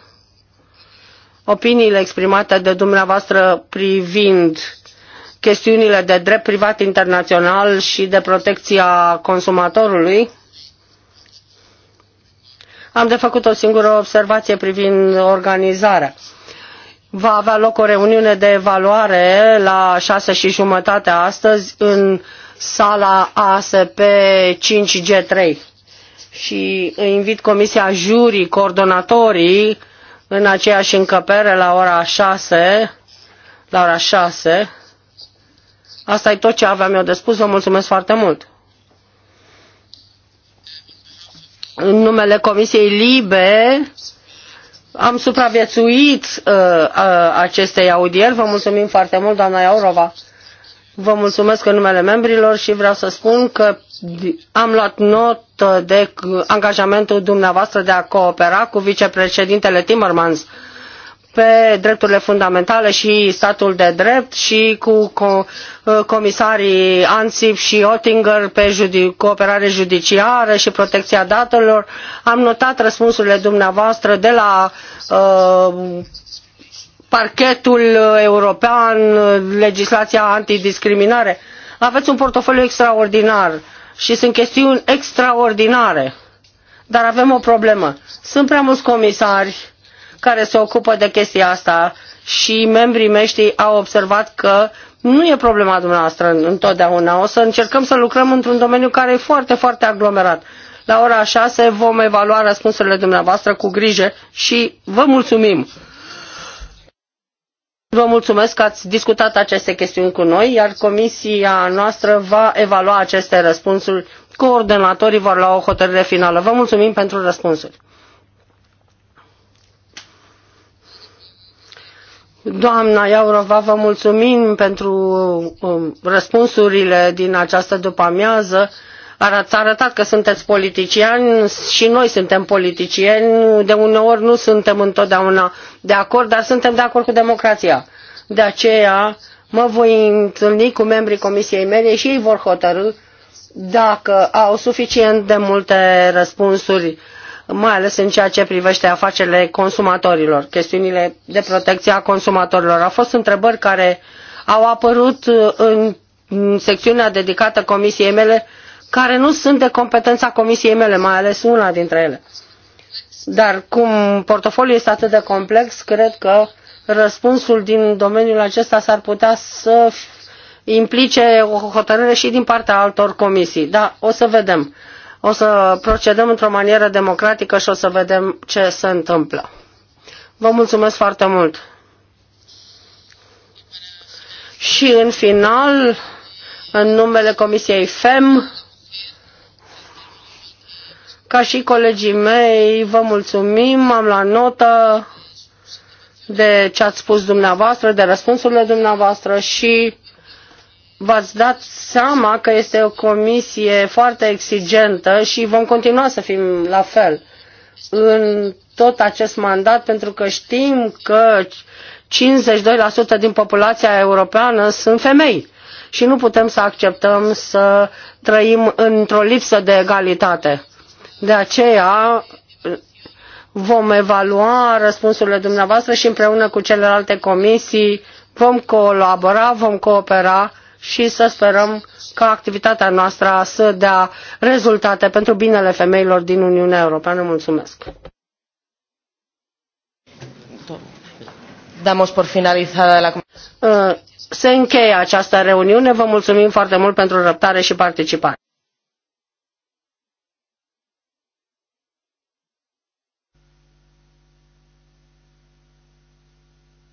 Speaker 2: opiniile exprimate de dumneavoastră privind chestiunile de drept privat internațional și de protecția consumatorului. Am de făcut o singură observație privind organizarea. Va avea loc o reuniune de evaluare la șase și jumătate astăzi în sala ASP 5G3 și invit Comisia Jurii, coordonatorii, în aceeași încăpere la ora 6, la ora 6 Asta e tot ce aveam eu de spus. Vă mulțumesc foarte mult. În numele Comisiei Libe am supraviețuit uh, uh, acestei audieri. Vă mulțumim foarte mult, doamna Iaurova. Vă mulțumesc în numele membrilor și vreau să spun că am luat notă de angajamentul dumneavoastră de a coopera cu vicepreședintele Timmermans pe drepturile fundamentale și statul de drept și cu uh, comisarii Ansip și Oettinger pe cooperare judiciară și protecția datelor. Am notat răspunsurile dumneavoastră de la uh, parchetul european, legislația antidiscriminare. Aveți un portofoliu extraordinar și sunt chestiuni extraordinare. Dar avem o problemă. Sunt prea mulți comisari care se ocupă de chestia asta și membrii mei au observat că nu e problema dumneavoastră întotdeauna. O să încercăm să lucrăm într-un domeniu care e foarte, foarte aglomerat. La ora 6 vom evalua răspunsurile dumneavoastră cu grijă și vă mulțumim. Vă mulțumesc că ați discutat aceste chestiuni cu noi, iar comisia noastră va evalua aceste răspunsuri. Coordonatorii vor lua o hotărâre finală. Vă mulțumim pentru răspunsuri. Doamna Iaurova, vă mulțumim pentru um, răspunsurile din această după-amiază. Ați arătat că sunteți politicieni și noi suntem politicieni. De uneori nu suntem întotdeauna de acord, dar suntem de acord cu democrația. De aceea mă voi întâlni cu membrii comisiei mele și ei vor hotărâ dacă au suficient de multe răspunsuri mai ales în ceea ce privește afacerile consumatorilor, chestiunile de protecție a consumatorilor. Au fost întrebări care au apărut uh, în secțiunea dedicată comisiei mele, care nu sunt de competența comisiei mele, mai ales una dintre ele. Dar cum portofoliul este atât de complex, cred că răspunsul din domeniul acesta s-ar putea să implice o hotărâre și din partea altor comisii. Da, o să vedem o să procedăm într-o manieră democratică și o să vedem ce se întâmplă. Vă mulțumesc foarte mult! Și în final, în numele Comisiei FEM, ca și colegii mei, vă mulțumim, am la notă de ce ați spus dumneavoastră, de răspunsurile dumneavoastră și v-ați dat seama că este o comisie foarte exigentă și vom continua să fim la fel în tot acest mandat, pentru că știm că 52% din populația europeană sunt femei și nu putem să acceptăm să trăim într-o lipsă de egalitate. De aceea vom evalua răspunsurile dumneavoastră și împreună cu celelalte comisii vom colabora, vom coopera și să sperăm ca activitatea noastră să dea rezultate pentru binele femeilor din Uniunea Europeană. Mulțumesc! Damos por finalizada la... Uh, se încheie această reuniune. Vă mulțumim foarte mult pentru răbdare și participare.